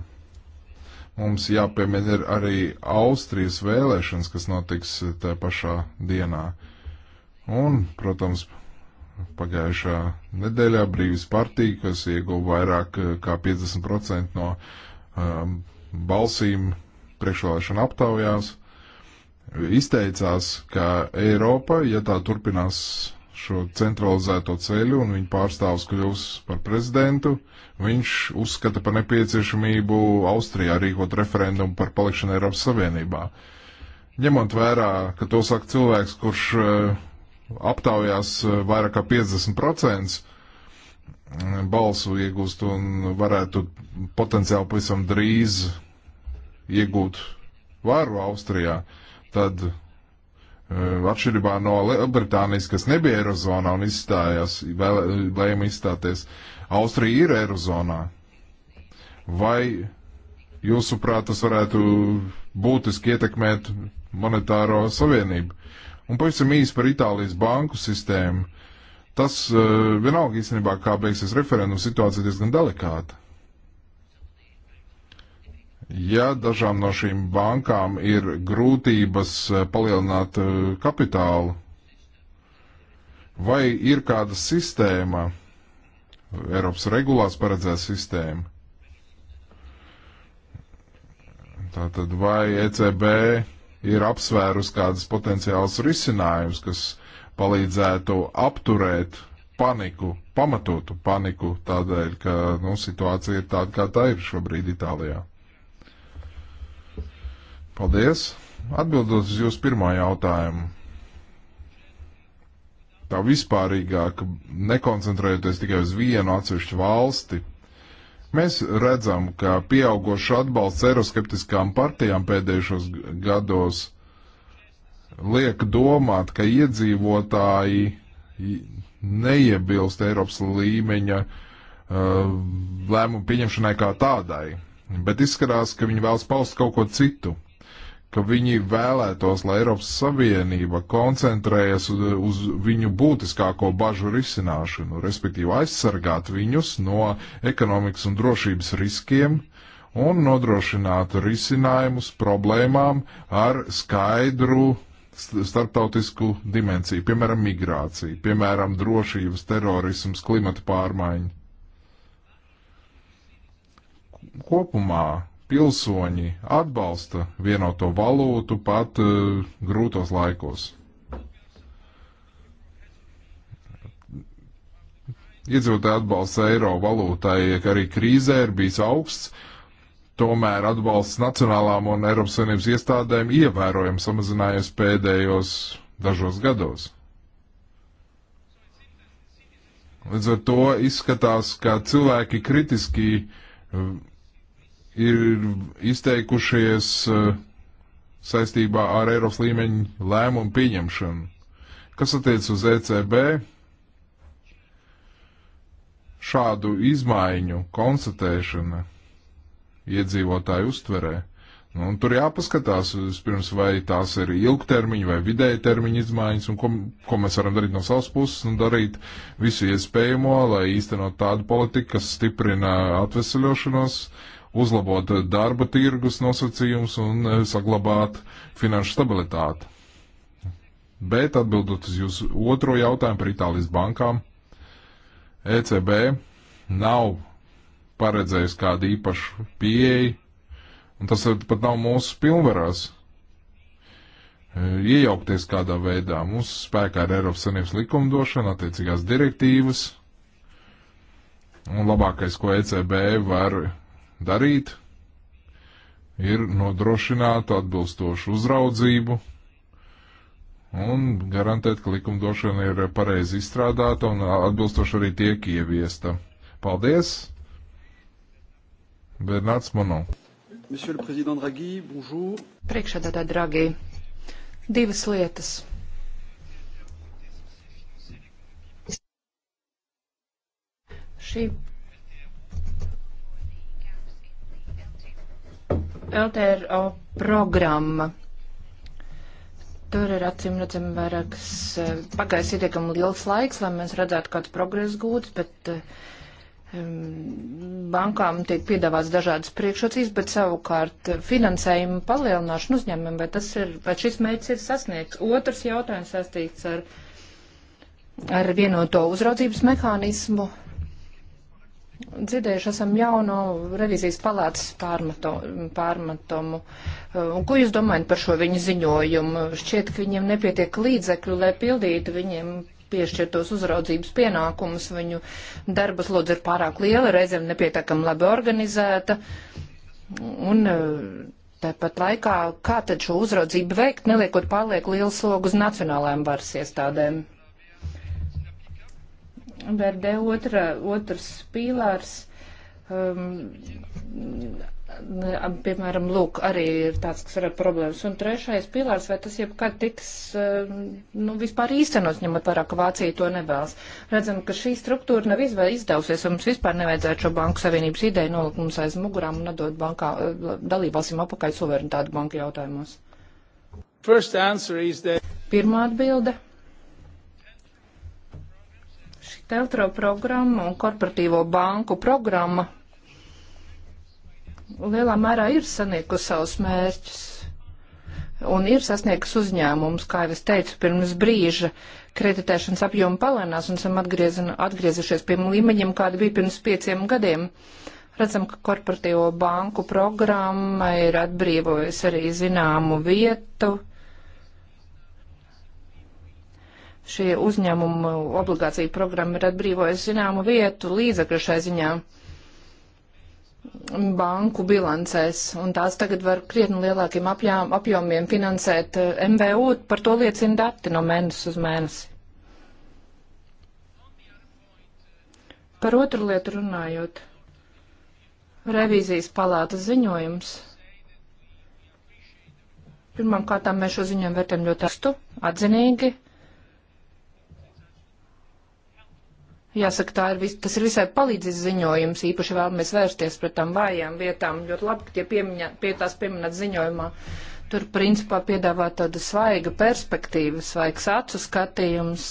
mums jāpiemēr ir arī Austrijas vēlēšanas, kas notiks uh, tā pašā dienā. Un, protams, pagājušā nedēļā brīvis partija, kas ieguva vairāk eh, kā 50% no um, balsīm priekšvēlēšana aptaujās, izteicās, ka Eiropa, ja tā turpinās šo centralizēto ceļu un viņa pārstāvs kļūs par prezidentu, viņš uzskata par nepieciešamību Austrijā rīkot referendumu par palikšanu Eiropas Savienībā. Ņemot vērā, ka to saka cilvēks, kurš uh, aptaujās eh, vairāk kā 50% eh, balsu iegūst un varētu potenciāli pavisam drīz iegūt varu Austrijā, tad eh, atšķirībā no Lielbritānijas, kas nebija Eirozonā un izstājās, vēlējuma izstāties, Austrija ir Eirozonā. Vai jūsuprāt tas varētu būtiski ietekmēt monetāro savienību? Un pavisam īsi par Itālijas banku sistēmu. Tas uh, vienalga īstenībā, kā beigsies referendums, situācija diezgan delikāta. Ja dažām no šīm bankām ir grūtības eh, palielināt uh, kapitālu, vai ir kāda sistēma, Eiropas regulās paredzēta sistēma, tātad vai ECB ir apsvērus kādas potenciālas risinājumus, kas palīdzētu apturēt paniku, pamatotu paniku tādēļ, ka nu, situācija ir tāda, kā tā ir šobrīd Itālijā. Paldies! Atbildot uz jūsu pirmā jautājumu. Tā vispārīgāk, nekoncentrējoties tikai uz vienu atsevišķu valsti, Mēs redzam, ka pieaugošu atbalsts eiroskeptiskām partijām pēdējušos gados liek domāt, ka iedzīvotāji neiebilst Eiropas līmeņa uh, lēmumu pieņemšanai kā tādai, bet izskatās, ka viņi vēlas paust kaut ko citu ka viņi vēlētos, lai Eiropas Savienība koncentrējas uz, uz viņu būtiskāko bažu risināšanu, respektīvi aizsargāt viņus no ekonomikas un drošības riskiem un nodrošinātu risinājumus problēmām ar skaidru starptautisku dimensiju, piemēram, migrācija, piemēram, drošības, terorisms, klimata pārmaiņa. Kopumā pilsoņi atbalsta vienoto valūtu pat uh, grūtos laikos. Iedzīvotāji atbalsts eiro valūtai arī krīzē ir bijis augsts, tomēr atbalsts nacionālām un Eiropas Savienības iestādēm ievērojami samazinājies pēdējos dažos gados. Līdz ar to izskatās, ka cilvēki kritiski uh, ir izteikušies eh, saistībā ar Eiropas līmeņa lēmumu pieņemšanu. Kas attiec uz ECB, šādu izmaiņu konstatēšana iedzīvotāju uztverē. Nu, tur jāpaskatās, pirms, vai tās ir ilgtermiņa vai vidēja termiņa izmaiņas, un ko, ko mēs varam darīt no savas puses, un darīt visu iespējamo, lai īstenot tādu politiku, kas stiprina atvesaļošanos, uh, uzlabot darba tirgus nosacījumus un eh, saglabāt finanšu stabilitāti. Bet atbildot uz jūsu otro jautājumu par Itālijas bankām, ECB nav paredzējusi kādu īpašu pieeju, un tas pat nav mūsu pilnvarās eh, iejaukties kādā veidā. Mums spēkā ir Eiropas Savienības likumdošana, attiecīgās direktīvas, un labākais, ko ECB var darīt, ir nodrošināt atbilstošu uzraudzību un garantēt, ka likumdošana ir pareizi izstrādāta un atbilstoši arī tiek ieviesta. Paldies! Bernards Mono. Priekšādā Dragi, divas lietas. šī LTRO programma. Tur ir acīm redzami vairākas eh, pagājis ietiekami liels laiks, lai mēs redzētu kādu progresu gūt, bet um, bankām tiek piedāvāts dažādas priekšrocības, bet savukārt finansējuma palielināšana uzņēmumiem, vai, tas ir, vai šis mērķis ir sasniegts. Otrs jautājums saistīts ar, ar vienoto uzraudzības mehānismu dzirdējuši esam jauno revizijas palātas pārmeto, pārmetumu. Uh, un ko jūs domājat par šo viņu ziņojumu? Šķiet, ka viņiem nepietiek līdzekļu, lai pildītu viņiem piešķirtos uzraudzības pienākumus. Viņu darbas lodze ir pārāk liela, reizēm nepietiekami labi organizēta. Un uh, tāpat laikā, kā tad šo uzraudzību veikt, neliekot pārlieku lielu slogu uz nacionālajām varas iestādēm? BRD otra, otrs pīlārs. Um, piemēram, lūk, arī ir tāds, kas ir problēmas. Un trešais pilārs, vai tas jebkad tiks, um, nu, vispār īstenots, ņemot vērā, ka Vācija to nevēlas. Redzam, ka šī struktūra nav izdevusies, un mums vispār nevajadzētu šo banku savienības ideju nolikt mums aiz mugurām un atdot bankā, uh, dalībvalstīm apakaļ suverenitāti banku jautājumos. That... Pirmā atbilde Teltro programma un korporatīvo banku programma lielā mērā ir saniekusi savus mērķus un ir sasniegusi uzņēmums, kā jau es teicu, pirms brīža kreditēšanas apjoma palēnās un esam atgriezušies pie līmeņiem, kāda bija pirms pieciem gadiem. Redzam, ka korporatīvo banku programma ir atbrīvojusi arī zināmu vietu šie uzņēmumu obligāciju programma ir atbrīvojusi zināmu vietu līdzekļu šai ziņā banku bilancēs, un tās tagad var krietni lielākiem apjām, apjomiem finansēt eh, MVU, par to liecina dati no mēnesis uz mēnesi. Par otru lietu runājot, revīzijas palātas ziņojums. Pirmkārt, mēs šo ziņojumu vērtējam ļoti astu, atzinīgi, Jāsaka, tā ir, vis, tas ir visai palīdzis ziņojums, īpaši vēlamies vērsties pret tām vājām vietām. Ļoti labi, ka tie piemiņa, pie tās pieminēt ziņojumā. Tur, principā, piedāvā tāda svaiga perspektīva, svaigs acu skatījums,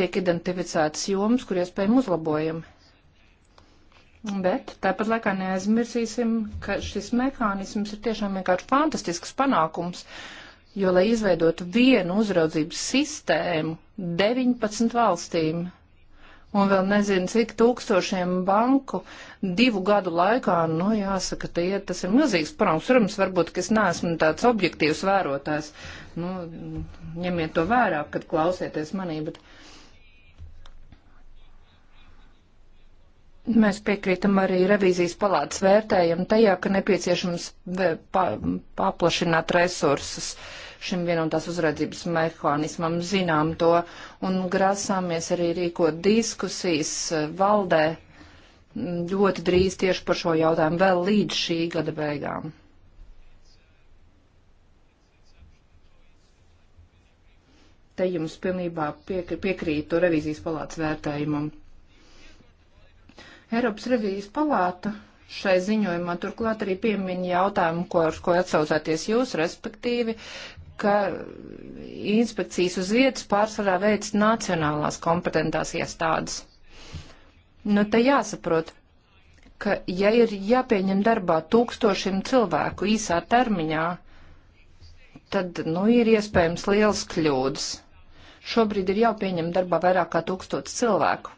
tiek identificētas jomas, kur iespējami uzlabojami. Bet tāpat laikā neaizmirsīsim, ka šis mehānisms ir tiešām vienkārši fantastisks panākums, jo, lai izveidotu vienu uzraudzības sistēmu 19 valstīm, Un vēl nezinu, cik tūkstošiem banku divu gadu laikā, nu jāsaka, tie, tas ir milzīgs parāds. Protams, varbūt, ka es neesmu tāds objektīvs vērotājs. Nu, ņemiet to vērā, kad klausieties manī, bet. Mēs piekrītam arī revīzijas palātas vērtējam tajā, ka nepieciešams pa, paplašināt resursus. Uh, šim vienotās uzredzības mehānismam, zinām to, un grasāmies arī rīkot diskusijas e, valdē ļoti drīz tieši par šo jautājumu, vēl līdz šī gada beigām. Te jums pilnībā piekr piekrītu revīzijas palātas vērtējumam. Eiropas revīzijas palāta šai ziņojumā turklāt arī piemin jautājumu, ko, ar ko atsaucāties jūs, respektīvi, ka inspekcijas uz vietas pārsvarā veids nacionālās kompetentās iestādes. Nu, te jāsaprot, ka ja ir jāpieņem darbā tūkstošiem cilvēku īsā termiņā, tad, nu, ir iespējams liels kļūdas. Šobrīd ir jāpieņem darbā vairāk kā tūkstots cilvēku.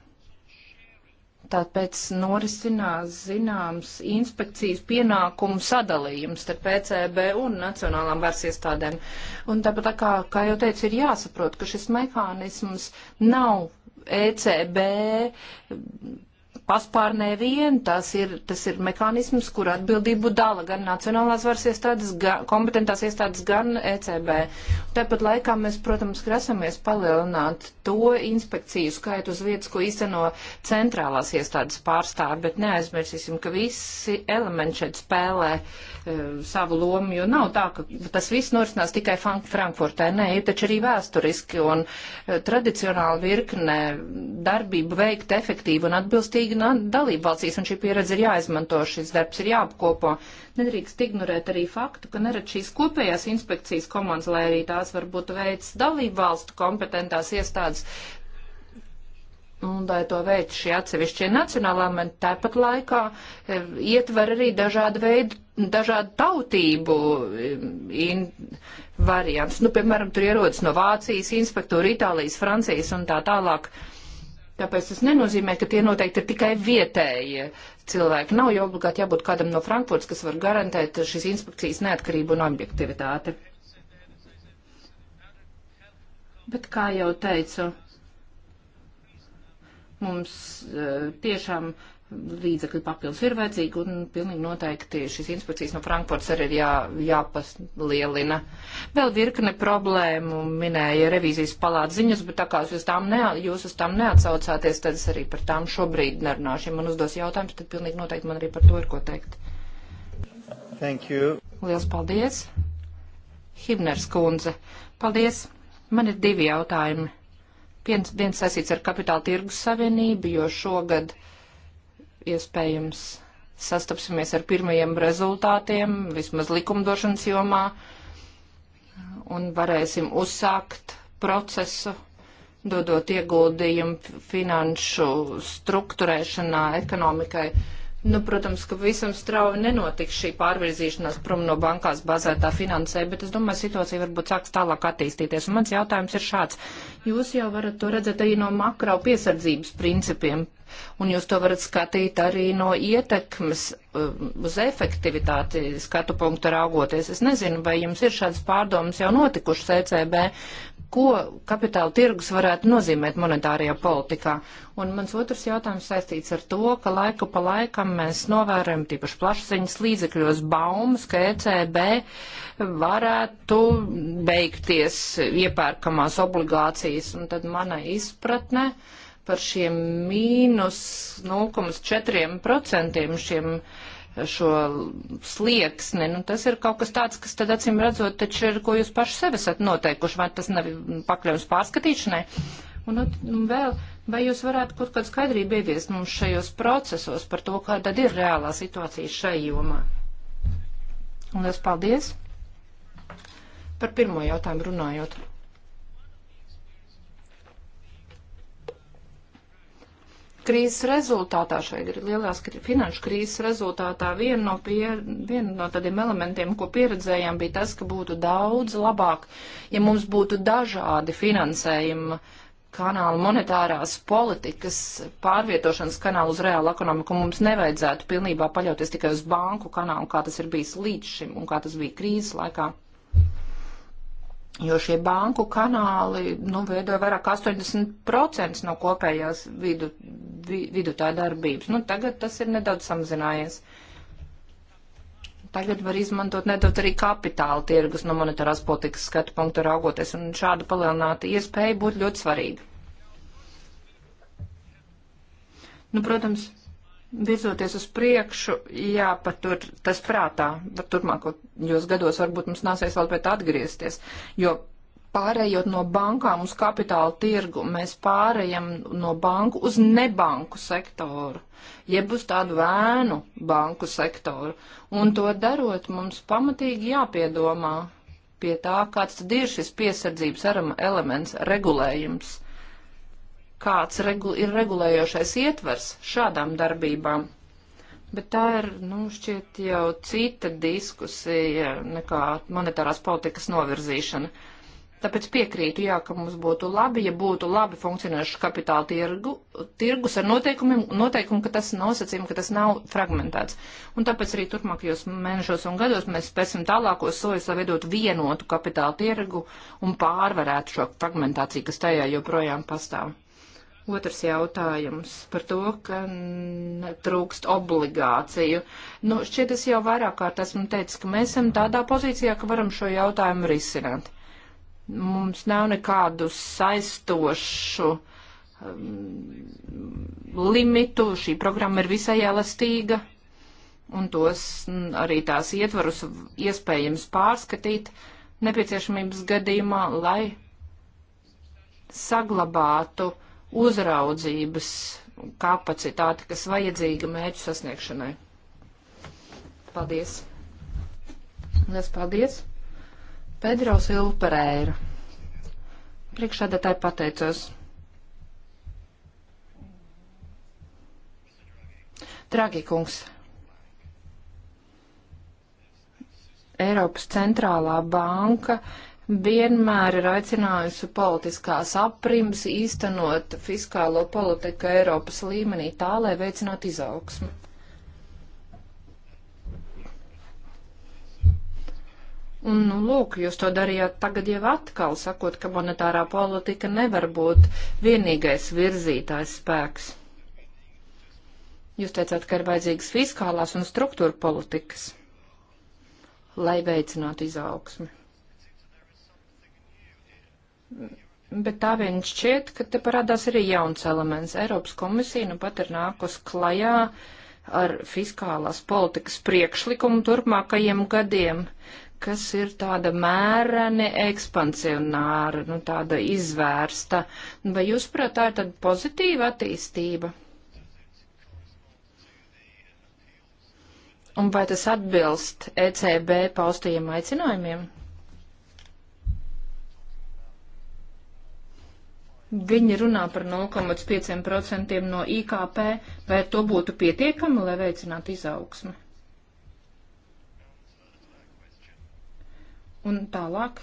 Tāpēc norisinās zināms inspekcijas pienākumu sadalījums starp PCB un nacionālām vairs iestādēm. Un tāpat tā kā, kā jau teicu, ir jāsaprot, ka šis mehānisms nav ECB paspārnē vien, tas ir, tas ir mekanisms, kur atbildību dala gan nacionālās varas iestādes, gan kompetentās iestādes, gan ECB. Tāpat laikā mēs, protams, grasamies palielināt to inspekciju skaitu uz vietas, ko īsteno centrālās iestādes pārstāvi, bet neaizmirsīsim, ka visi elementi šeit spēlē e, savu lomu, jo nav tā, ka tas viss norisinās tikai Frankfurtē. Nē, ir taču arī vēsturiski un e, tradicionāli virkne darbību veikt efektīvi un atbilstīgi dalību valstīs, un šī pieredze ir jāizmanto, šis darbs ir jāapkopo. Nedrīkst ignorēt arī faktu, ka nerad šīs kopējās inspekcijas komandas, lai arī tās varbūt veids dalību valstu kompetentās iestādes, un lai to veic šie atsevišķie nacionālā mērķi, tāpat laikā eh, ietver arī dažādu veidu, dažādu tautību eh, in, variants. Nu, piemēram, tur ierodas no Vācijas inspektori, Itālijas, Francijas un tā tālāk. Uh, Tāpēc tas nenozīmē, ka tie noteikti ir tikai vietējie cilvēki. Nav jau obligāti jābūt kādam no Frankfurts, kas var garantēt šīs inspekcijas neatkarību un objektivitāti. Bet kā jau teicu, mums eh, tiešām līdzekļu papildus ir vajadzīgi, un pilnīgi noteikti šīs inspekcijas no Frankfurts arī ir jā, jāpaslielina. Vēl virkne problēmu minēja revīzijas palāta ziņas, bet tā kā jūs, tām ne, jūs uz tām neatsaucāties, tad es arī par tām šobrīd nerunāšu. Ja man uzdos jautājums, tad pilnīgi noteikti man arī par to ir ko teikt. Thank you. Liels paldies. Himners kundze. Paldies. Man ir divi jautājumi. Viens, viens sasīts ar kapitāla tirgus savienību, jo šogad. Uh, iespējams sastapsimies ar pirmajiem rezultātiem, vismaz likumdošanas jomā, un varēsim uzsākt procesu, dodot ieguldījumu finanšu struktūrēšanā, ekonomikai. Nu, protams, ka visam strauji nenotiks šī pārvirzīšanās prom no bankās bazētā finansē, bet es domāju, situācija varbūt sāks tālāk attīstīties. Un mans jautājums ir šāds. Jūs jau varat to redzēt arī no makro piesardzības principiem un jūs to varat skatīt arī no ietekmes um, uz efektivitāti skatu punktu raugoties. Es nezinu, vai jums ir šādas pārdomas jau notikušas ECB, ko kapitāla tirgus varētu nozīmēt monetārajā politikā. Un mans otrs jautājums saistīts ar to, ka laiku pa laikam mēs novērojam tīpaši plašsaziņas līdzekļos baumas, ka ECB varētu beigties iepērkamās obligācijas. Un tad mana izpratne. Uh, par šiem mīnus 0,4% šiem šo slieksni, nu tas ir kaut kas tāds, kas tad acīm redzot, taču ir, ko jūs paši sevi esat noteikuši, vai tas nav pakļaus pārskatīšanai. Un, un nu, nu, vēl, vai jūs varētu kaut kādu skaidrību ieviest mums šajos procesos par to, kāda ir reālā situācija šai jomā? Un es paldies par pirmo jautājumu runājot. krīzes rezultātā, šai lielās finanšu krīzes rezultātā, viena no, pie, viena no tādiem elementiem, ko pieredzējām, bija tas, ka būtu daudz labāk, ja mums būtu dažādi finansējuma kanāli, monetārās politikas pārvietošanas kanāli uz reālu ekonomiku. Mums nevajadzētu pilnībā paļauties tikai uz banku kanālu, kā tas ir bijis līdz šim un kā tas bija krīzes laikā. Jo šie banku kanāli nu, veido vairāk 80% no kopējās vidu, vidu tā darbības. Nu, tagad tas ir nedaudz samazinājies. Tagad var izmantot nedaudz arī kapitāla tirgus no monetārās politikas skatu punktu raugoties, un šāda palielināta iespēja būtu ļoti svarīga. Nu, protams, virzoties uz priekšu, jāpatur tas prātā. Turpmākajos gados varbūt mums nāsies vēl pēc atgriezties, jo pārējot no bankām uz kapitāla tirgu, mēs pārējam no banku uz nebanku sektoru, jeb uz tādu vēnu banku sektoru. Un to darot, mums pamatīgi jāpiedomā pie tā, kāds tad ir šis piesardzības elements, regulējums kāds regul ir regulējošais ietvers šādām darbībām. Bet tā ir, nu, šķiet jau cita diskusija nekā monetārās politikas novirzīšana. Tāpēc piekrītu, jā, ka mums būtu labi, ja būtu labi funkcionējuši kapitāla tirgu, tirgus ar noteikumiem, noteikumu, ka tas nosacījumi, ka tas nav fragmentēts. Un tāpēc arī turpmākajos mēnešos un gados mēs spēsim tālākos soļus, lai veidot vienotu kapitāla tirgu un pārvarētu šo fragmentāciju, kas tajā joprojām pastāv. Otrs jautājums par to, ka trūkst obligāciju. Nu, šķiet, es jau vairāk kārt esmu teicis, ka mēs esam tādā pozīcijā, ka varam šo jautājumu risināt. Mums nav nekādu saistošu um, limitu, šī programma ir visai elastīga, un tos mm, arī tās ietvarus iespējams pārskatīt nepieciešamības gadījumā, lai saglabātu uh, uzraudzības kapacitāti, kas vajadzīga mērķu sasniegšanai. Paldies! Liels paldies! Pedro Silva Pereira. Priekšādātāji pateicos. Dragi kungs, Eiropas centrālā banka vienmēr ir aicinājusi politiskās aprims īstenot fiskālo politiku Eiropas līmenī tā, lai veicinātu izaugsmu. Un, nu, lūk, jūs to darījāt tagad jau atkal, sakot, ka monetārā politika nevar būt vienīgais virzītājs spēks. Jūs teicāt, ka ir vajadzīgas fiskālās un struktūra politikas, lai veicinātu izaugsmi. Bet tā vien šķiet, ka te parādās arī jauns elements. Eiropas komisija nu pat ir nākus klajā ar fiskālās politikas priekšlikumu turpmākajiem gadiem, kas ir tāda mēreni ekspansionāra, nu tāda izvērsta. Vai jūs, prāt, tā ir tāda pozitīva attīstība? Un vai tas atbilst ECB paustajiem aicinājumiem? Viņi runā par 0,5% no IKP, vai to būtu pietiekami, lai veicinātu izaugsmi? Un tālāk.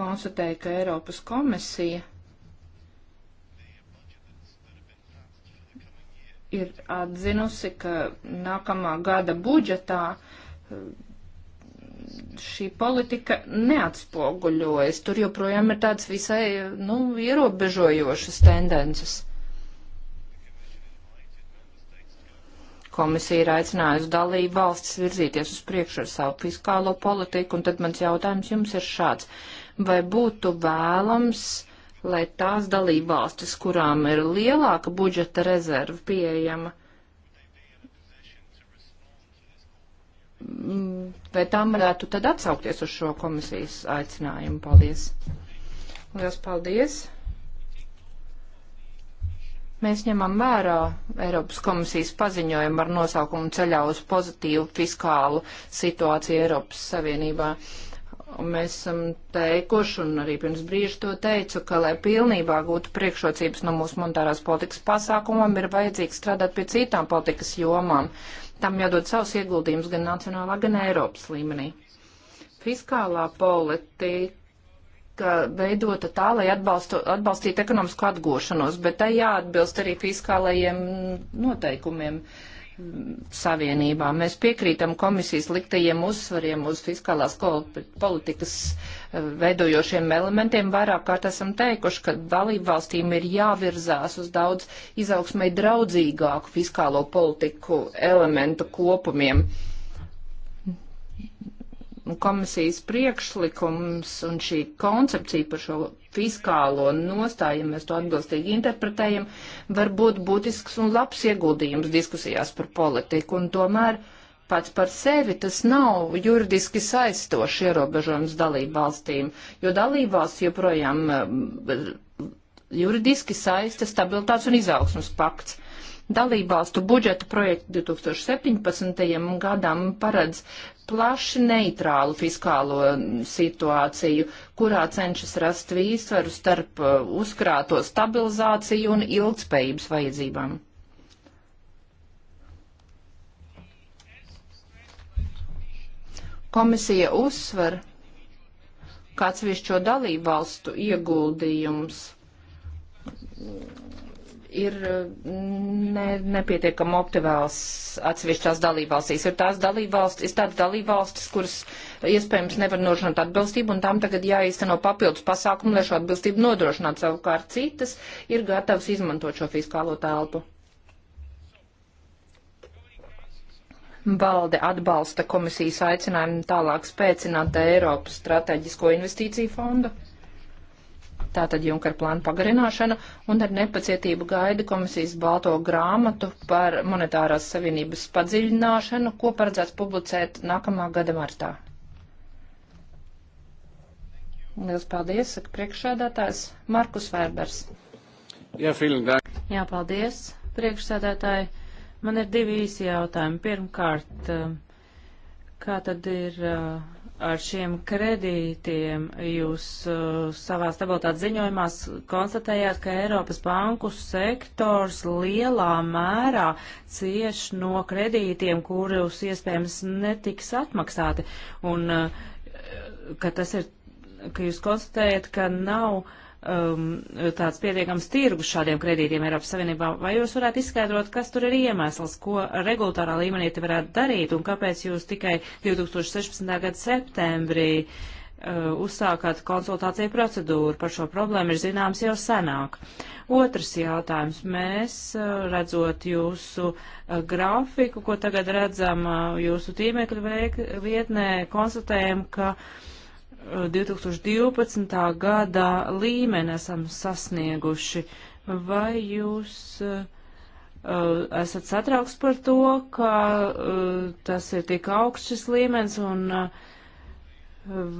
Konstatēja, ka Eiropas komisija ir atzinusi, ka nākamā gada budžetā šī politika neatspoguļojas. Tur joprojām ir tādas visai, nu, ierobežojošas tendences. Komisija ir aicinājusi dalību valstis virzīties uz priekšu ar savu fiskālo politiku, un tad mans jautājums jums ir šāds. Vai būtu vēlams, lai tās dalību valstis, kurām ir lielāka budžeta rezerva pieejama, Mm, vai tam varētu tad atsaukties uz šo komisijas aicinājumu? Paldies! Lielas paldies! Mēs ņemam vērā Eiropas komisijas paziņojumu ar nosaukumu ceļā uz pozitīvu fiskālu situāciju Eiropas Savienībā. Un mēs esam teikuši, un arī pirms brīža to teicu, ka, lai pilnībā gūtu priekšrocības no mūsu monetārās politikas pasākumam, ir vajadzīgs strādāt pie citām politikas jomām, tam jādod savus ieguldījumus gan nacionālā, gan Eiropas līmenī. Fiskālā politika veidota tā, lai atbalstu, atbalstītu ekonomisku atgošanos, bet tai jāatbilst arī fiskālajiem noteikumiem mm, savienībā. Mēs piekrītam komisijas liktajiem uzsvariem uz fiskālās politikas uh, veidojošiem elementiem. Vairāk kārt esam teikuši, ka dalību valstīm ir jāvirzās uz daudz izaugsmai draudzīgāku fiskālo politiku elementu kopumiem komisijas priekšlikums un šī koncepcija par šo fiskālo nostāju, ja mēs to atbilstīgi interpretējam, var būt būtisks un labs ieguldījums diskusijās par politiku. Un tomēr uh, pats par sevi tas nav juridiski saistošs ierobežojums dalību valstīm, jo dalību valsts joprojām eh, juridiski saista stabilitātes un izaugsmas pakts. Dalībvalstu budžeta projektu 2017. gadam paredz plaši neitrālu fiskālo situāciju, kurā cenšas rast vīsvaru starp eh, uzkrāto stabilizāciju un ilgspējības vajadzībām. Komisija uzsver, ka atsevišķo dalību valstu ieguldījums ir mm, ne, nepietiekami optimāls atsevišķās dalībvalstīs. Ir tās dalībvalstis, tādas dalībvalstis, kuras iespējams nevar nodrošināt atbilstību, un tām tagad jāīsteno papildus pasākumu, lai šo atbilstību nodrošinātu. Savukārt citas ir gatavas izmantot šo fiskālo telpu. Balde atbalsta komisijas aicinājumu tālāk spēcināt Eiropas strateģisko investīciju fondu. Tātad Junkara plāna pagarināšana un ar nepacietību gaida komisijas balto grāmatu par monetārās savienības padziļināšanu, ko paredzēts publicēt nākamā gada martā. Liels paldies, saka priekšsēdētājs Markus Vērbers. Jā, paldies, priekšsēdētāji. Man ir divi īsi jautājumi. Pirmkārt, eh, kā tad ir eh, ar šiem kredītiem? Jūs eh, savā stabilitātes ziņojumās konstatējāt, ka Eiropas banku sektors lielā mērā cieš no kredītiem, kurus iespējams netiks atmaksāti, un ka tas ir, ka jūs konstatējat, ka nav uh, um, tāds pietiekams tirgus šādiem kredītiem Eiropas Savienībā. Vai jūs varētu izskaidrot, kas tur ir iemesls, ko regulārā līmenī te varētu darīt un kāpēc jūs tikai 2016. gada septembrī uh, uzsākāt konsultāciju procedūru par šo problēmu ir zināms jau senāk. Otrs jautājums. Mēs, uh, redzot jūsu uh, grafiku, ko tagad redzam uh, jūsu tīmekļa vietnē, konstatējam, ka uh, 2012. gadā līmeni esam sasnieguši. Vai jūs uh, uh, esat satraukts par to, ka uh, tas ir tik augsts šis līmenis un uh,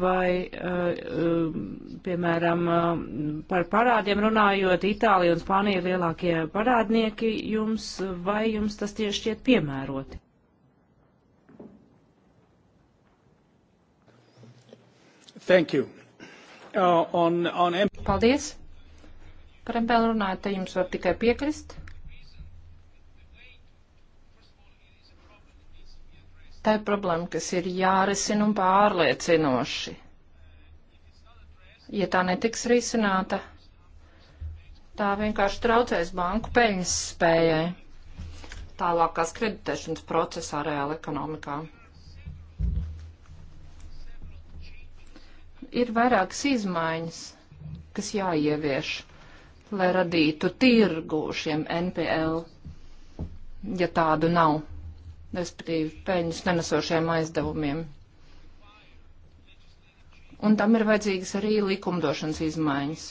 vai, uh, um, piemēram, uh, par parādiem runājot, Itālija un Spānija ir lielākie parādnieki jums, vai jums tas tieši šķiet piemēroti? Thank you. Uh, on, on... Paldies. Par MPL runājot, te jums var tikai piekrist. Tā ir problēma, kas ir jārisina un pārliecinoši. Ja tā netiks risināta, tā vienkārši traucēs banku peļņas spējai tālākās kreditēšanas procesā reāla ekonomikā. ir vairākas izmaiņas, kas jāievieš, lai radītu tirgu šiem NPL, ja tādu nav, respektīvi peļņas nenesošiem aizdevumiem. Un tam ir vajadzīgas arī likumdošanas izmaiņas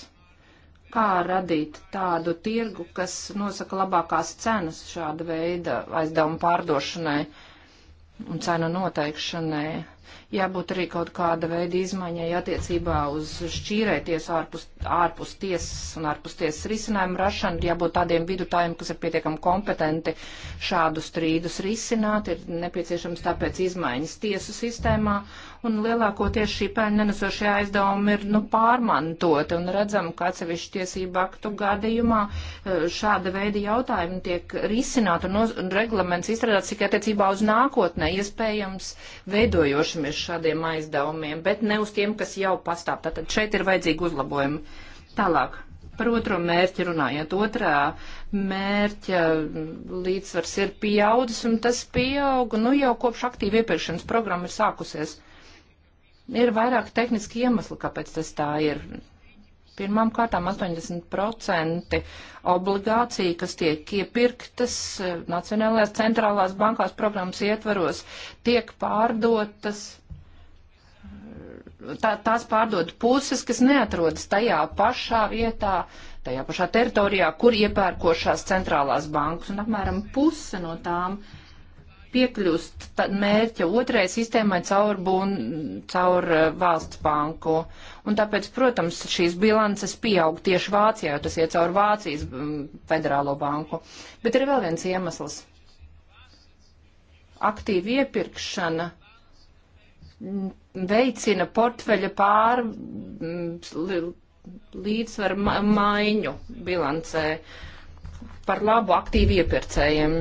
kā radīt tādu tirgu, kas nosaka labākās cenas šāda veida aizdevumu pārdošanai un cenu noteikšanai jābūt arī kaut kāda veida izmaiņai attiecībā uz šķīrēties ārpus, ārpus tiesas un ārpus tiesas risinājumu rašanu, jābūt tādiem vidutājiem, kas ir pietiekami kompetenti šādu strīdus risināt, ir nepieciešams tāpēc izmaiņas tiesu sistēmā, un lielākoties šī pēļņa nenesošie aizdevumi ir nu, pārmantoti, un redzam, ka atsevišķu tiesību aktu gadījumā e, šāda veida jautājumi tiek risināti un, un reglaments izstrādāts tikai attiecībā uz nākotnē, iespējams veidojošamies uz šādiem aizdevumiem, bet ne uz tiem, kas jau pastāv. Tātad šeit ir vajadzīgi uzlabojumi. Tālāk. Par otro mērķi runājot, otrā mērķa līdzsvars ir pieaudzis, un tas pieauga, nu jau kopš aktīvi iepirkšanas programma ir sākusies. Ir vairāk tehniski iemesli, kāpēc tas tā ir. Pirmām kārtām 80% obligācija, kas tiek iepirktas eh, Nacionālajās centrālās bankās programmas ietvaros, tiek pārdotas tā, tās pārdod puses, kas neatrodas tajā pašā vietā, tajā pašā teritorijā, kur iepērkošās centrālās bankas, un apmēram puse no tām piekļūst mērķa otrai sistēmai caur, bun, caur eh, valsts banku. Un tāpēc, protams, šīs bilances pieaug tieši Vācijā, jo tas iet caur Vācijas mm, federālo banku. Bet ir vēl viens iemesls. Aktīva iepirkšana veicina portfeļa pār mm, līdzsvaru ma maiņu bilancē par labu aktīvu iepirkējiem.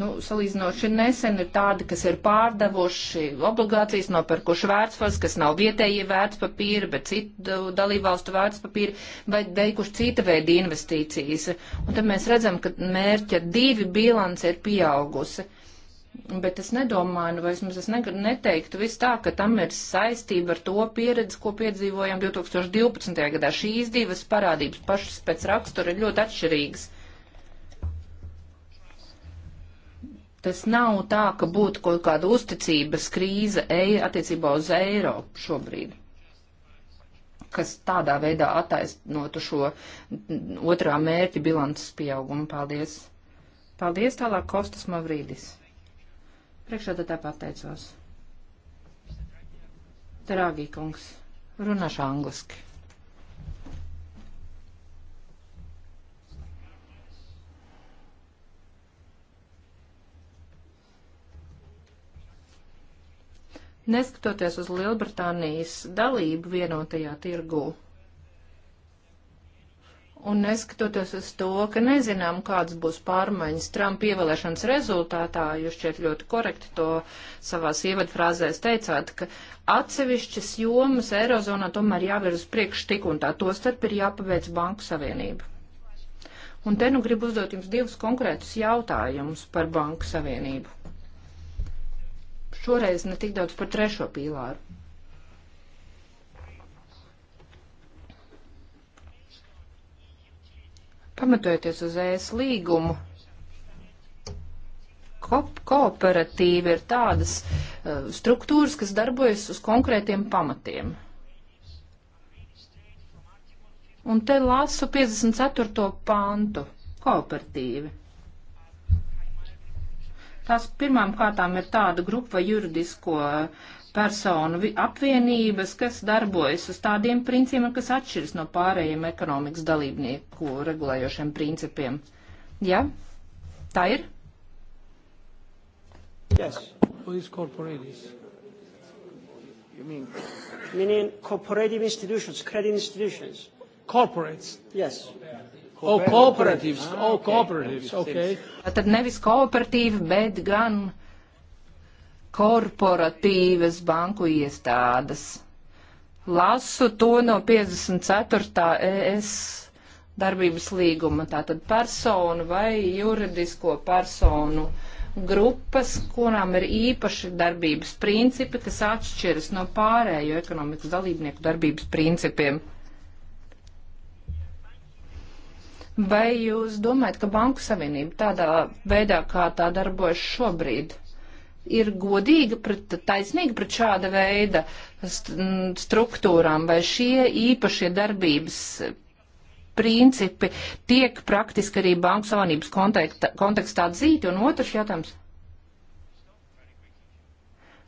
Nu, salīdzinoši nesen ir tādi, kas ir pārdevuši obligācijas, nopirkuši vērtspapīrus, kas nav vietējie vērtspapīri, bet citu dalībvalstu vērtspapīri, vai veikuši cita veida investīcijas. Un tad mēs redzam, ka mērķa divi bilance ir pieaugusi. Uh, bet es nedomāju, nu, vai vismaz es ne, neteiktu visu tā, ka tam ir saistība ar to pieredzi, ko piedzīvojām 2012. gadā. Šīs divas parādības pašas pēc rakstura ir ļoti atšķirīgas. Tas nav tā, ka būtu kaut kāda uzticības krīze ei, attiecībā uz Eiropu šobrīd, kas tādā veidā attaisnotu šo otrā mērķa bilances pieaugumu. Paldies! Paldies tālāk Kostas Mavrīdis. Priekšādātā pateicos. Dragi kungs, runāšu angliski. Neskatoties uz Lielbritānijas dalību vienotajā tirgū, Un neskatoties uz to, ka nezinām, kādas būs pārmaiņas Trumpa ievēlēšanas rezultātā, jūs šķiet ļoti korekti to savās ievadfrāzēs teicāt, ka atsevišķas jomas Eirozonā tomēr jāvirz uz priekšu tik un tā, to starp ir jāpabeidz Banku Savienība. Un te nu gribu uzdot jums divus konkrētus jautājumus par Banku Savienību. Šoreiz ne tik daudz par trešo pīlāru. Pamatojoties uz ES līgumu, ko kooperatīva ir tādas uh, struktūras, kas darbojas uz konkrētiem pamatiem. Un te lasu 54. pantu - kooperatīvi. Tās pirmām kārtām ir tāda grupa vai juridisko personu apvienības, kas darbojas uz tādiem principiem, kas atšķiras no pārējiem ekonomikas dalībnieku regulējošiem principiem. Ja? Tā ir? Yes. What is corporatis? You mean? Meaning cooperative institutions, credit institutions. Corporates? Yes. Oh, cooperatives. Oh, ah, oh, okay. cooperatives. Okay. Tad nevis kooperatīvi, bet gan. Uh, korporatīvas banku iestādes. Lasu to no 54. ES darbības līguma, tātad personu vai juridisko personu grupas, kurām ir īpaši darbības principi, kas atšķiras no pārējo ekonomikas dalībnieku darbības principiem. Vai jūs domājat, ka Banku Savienība tādā veidā, kā tā darbojas šobrīd, ir godīga, pret, taisnīga pret šāda veida struktūrām, vai šie īpašie darbības principi tiek praktiski arī banku savienības kontekstā dzīti. Un otrs jautājums.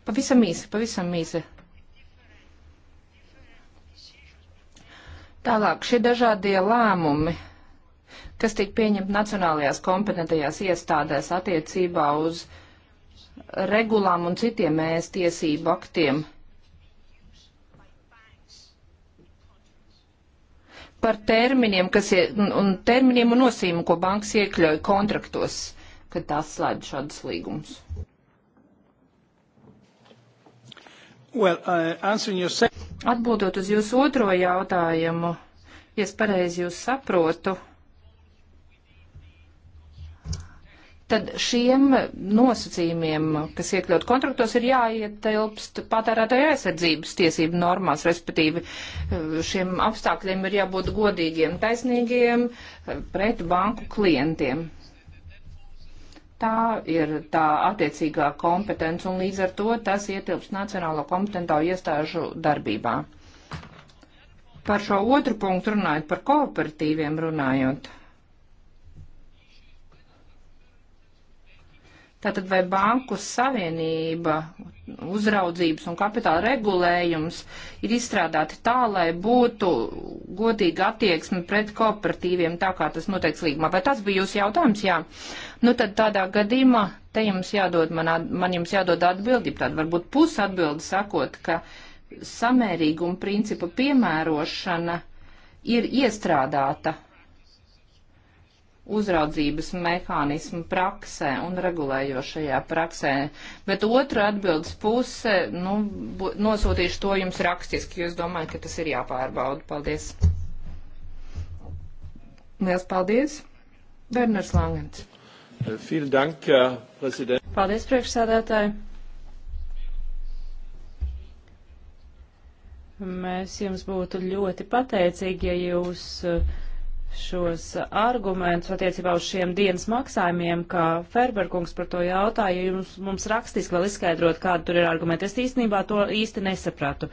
Pavisam īsi, pavisam īsi. Tālāk šie dažādie lēmumi, kas tiek pieņemti nacionālajās kompetentajās iestādēs attiecībā uz uh, regulām un citiem ēst tiesību aktiem. Par terminiem, kas ir, un, un terminiem un nosīmu, ko bankas iekļauj kontraktos, kad tās slēdz šādas līgumus. Well, uh, your... Atbūtot uz jūsu otro jautājumu, ja es pareizi jūs saprotu, tad šiem nosacījumiem, kas iekļaut kontraktos, ir jāietilpst patērētāja aizsardzības tiesību normās, respektīvi šiem apstākļiem ir jābūt godīgiem, taisnīgiem pret banku klientiem. Tā ir tā attiecīgā kompetence, un līdz ar to tas ietilps Nacionālo kompetento iestāžu darbībā. Par šo otru punktu runājot, par kooperatīviem runājot. Tātad vai banku savienība, uzraudzības un kapitāla regulējums ir izstrādāti tā, lai būtu godīga attieksme pret kooperatīviem, tā kā tas noteikts līgumā? Vai tas bija jūsu jautājums? Jā. Nu tad tādā gadījumā te jums jādod, man, man jums jādod atbildība, tāda varbūt pusatbildi sakot, ka samērīguma principa piemērošana ir iestrādāta uzraudzības mehānismu praksē un regulējošajā praksē. Bet otra atbildes puse, nu, nosūtīšu to jums rakstiski, jo es domāju, ka tas ir jāpārbauda. Paldies! Liels paldies! Berners Langens. Paldies, priekšsādātāji! Mēs jums būtu ļoti pateicīgi, ja jūs uh, šos argumentus attiecībā uz šiem dienas maksājumiem, kā Ferberkungs par to jautāja, ja jums, mums rakstiski vēl izskaidrot, kāda tur ir argumenta. Es īstenībā to īsti nesapratu,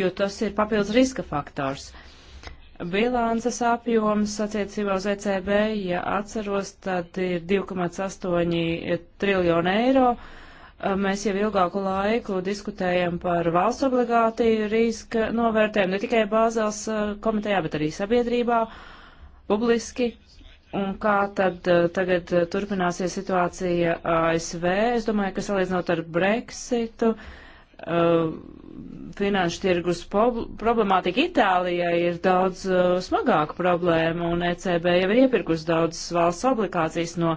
jo tas ir papildus riska faktors. Bilances apjoms attiecībā uz ECB, ja atceros, tad ir 2,8 triljonu eiro. Mēs jau ilgāku laiku diskutējam par valsts obligāciju riska novērtējumu ne tikai Bāzels eh, komitejā, bet arī sabiedrībā. Uh, publiski. Un kā tad eh, tagad eh, turpināsies situācija ASV? Es domāju, ka salīdzinot ar Brexitu, uh, finanšu tirgus problemātika Itālijai ir daudz uh, smagāka problēma, un ECB jau ir iepirkus daudzas valsts obligācijas no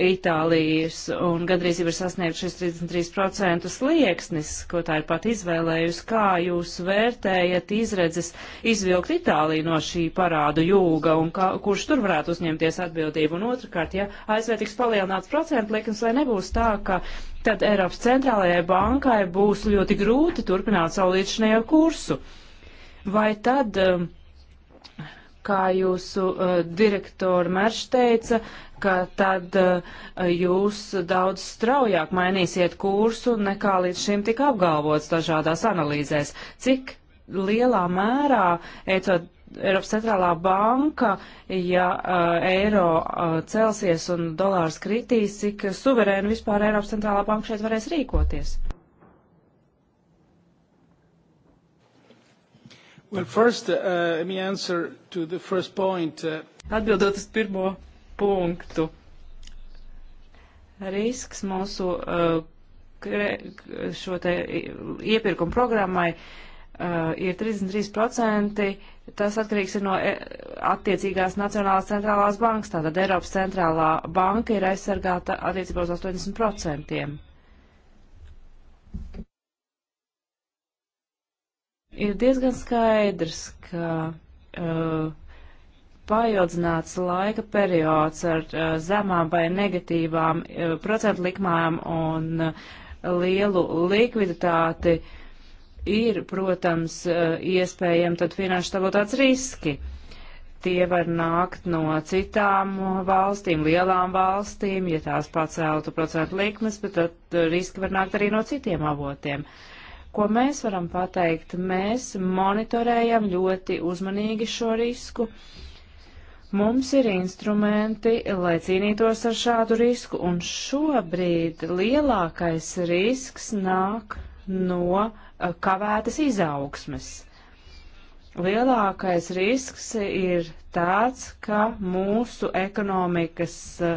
Itālijas, un gadrīz jau ir sasniegt šis 33% slieksnis, ko tā ir pat izvēlējusi. Kā jūs vērtējat izredzes izvilkt Itāliju no šī parādu jūga, un kā, kurš tur varētu uzņemties atbildību? Un otrkārt, ja ASV tiks palielināts procentu likums, vai nebūs tā, ka tad Eiropas centrālajai bankai būs ļoti grūti turpināt turpināt savu līdzinējo kursu. Vai tad, um, kā jūsu uh, direktora Merš teica, ka tad uh, jūs daudz straujāk mainīsiet kursu nekā līdz šim tika apgalvots dažādās analīzēs? Cik lielā mērā, ecot Eiropas centrālā banka, ja uh, eiro uh, celsies un dolārs kritīs, cik suverēni vispār Eiropas centrālā banka šeit varēs rīkoties? Well, first, uh, let me answer to the first point. Uh... Atbildot uz pirmo punktu. Risks mūsu uh, kre, šo te iepirkumu programmai uh, ir 33%. Tas atkarīgs ir no e, attiecīgās Nacionālās centrālās bankas. Tātad Eiropas centrālā banka ir aizsargāta attiecībā uz 80%. Ir diezgan skaidrs, ka uh, paildzināts laika periods ar uh, zemām vai negatīvām uh, procentu likmām un uh, lielu likviditāti ir, protams, uh, iespējami tad finanšu stabilitātes riski. Uh, tie var nākt no citām valstīm, lielām valstīm, ja tās paceltu procentu likmes, bet tad riski var nākt arī no citiem avotiem. Ko mēs varam pateikt? Mēs monitorējam ļoti uzmanīgi šo risku. Mums ir instrumenti, lai cīnītos ar šādu risku, un šobrīd lielākais risks nāk no eh, kavētas izaugsmes. Lielākais risks ir tāds, ka mūsu ekonomikas uh,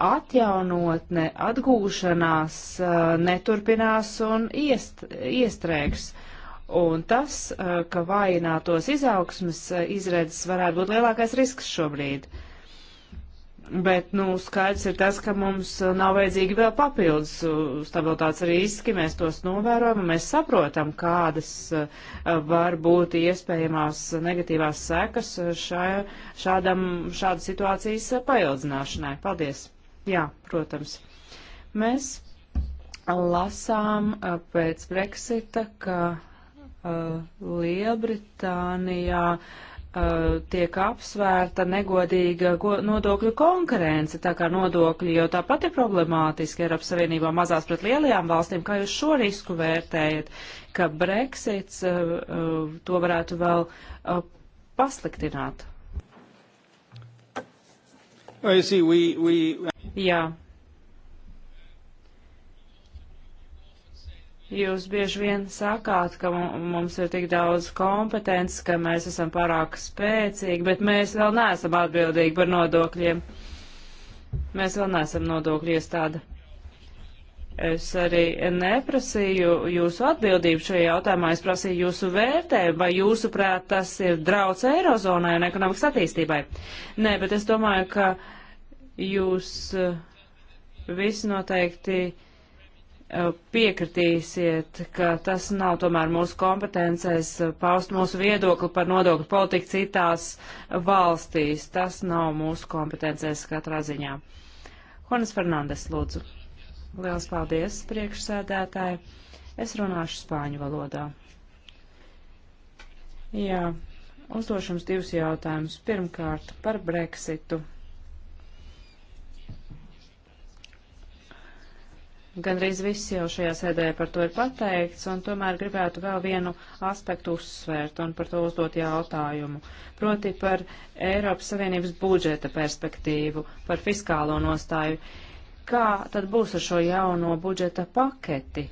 atjaunotne, atgūšanās eh, neturpinās un iest, iestrēgs. Un tas, eh, ka vājinātos izaugsmes eh, izredzes varētu būt lielākais risks šobrīd. Bet, nu, skaidrs ir tas, ka mums nav vajadzīgi vēl papildus stabilitātes riski, mēs tos novērojam un mēs saprotam, kādas var būt iespējamās negatīvās sekas šā, šādam, šāda situācijas paildzināšanai. Paldies! Jā, protams. Mēs lasām uh, pēc Brexita, ka uh, Lielbritānijā uh, tiek apsvērta negodīga nodokļu konkurence, tā kā nodokļi jau tāpat ir problemātiski Eiropas Savienībā mazās pret lielajām valstīm. Kā jūs šo risku vērtējat, ka Brexits uh, uh to varētu vēl uh, pasliktināt? Well, you see, we, we Jā. Jūs bieži vien sakāt, ka mums ir tik daudz kompetences, ka mēs esam pārāk spēcīgi, bet mēs vēl neesam atbildīgi par nodokļiem. Mēs vēl neesam nodokļu iestāde. Es arī neprasīju jūsu atbildību šajā jautājumā, es prasīju jūsu vērtējumu, vai jūsuprāt tas ir drauds Eirozonai un ekonomikas attīstībai. Nē, bet es domāju, ka. Uh, jūs eh, visi noteikti eh, piekritīsiet, ka tas nav tomēr mūsu kompetencēs eh, paust mūsu viedokli par nodokļu politiku citās valstīs. Tas nav mūsu kompetencēs katrā ziņā. Honas Fernandes, lūdzu. Liels paldies, priekšsēdētāji. Es runāšu spāņu valodā. Jā, uzdošu jums divus jautājumus. Pirmkārt, par Brexitu. Gandrīz viss jau šajā sēdē par to ir pateikts, un tomēr gribētu vēl vienu aspektu uzsvērt un par to uzdot jautājumu. Proti par Eiropas Savienības budžeta perspektīvu, par fiskālo nostāju. Kā tad būs ar šo jauno budžeta paketi?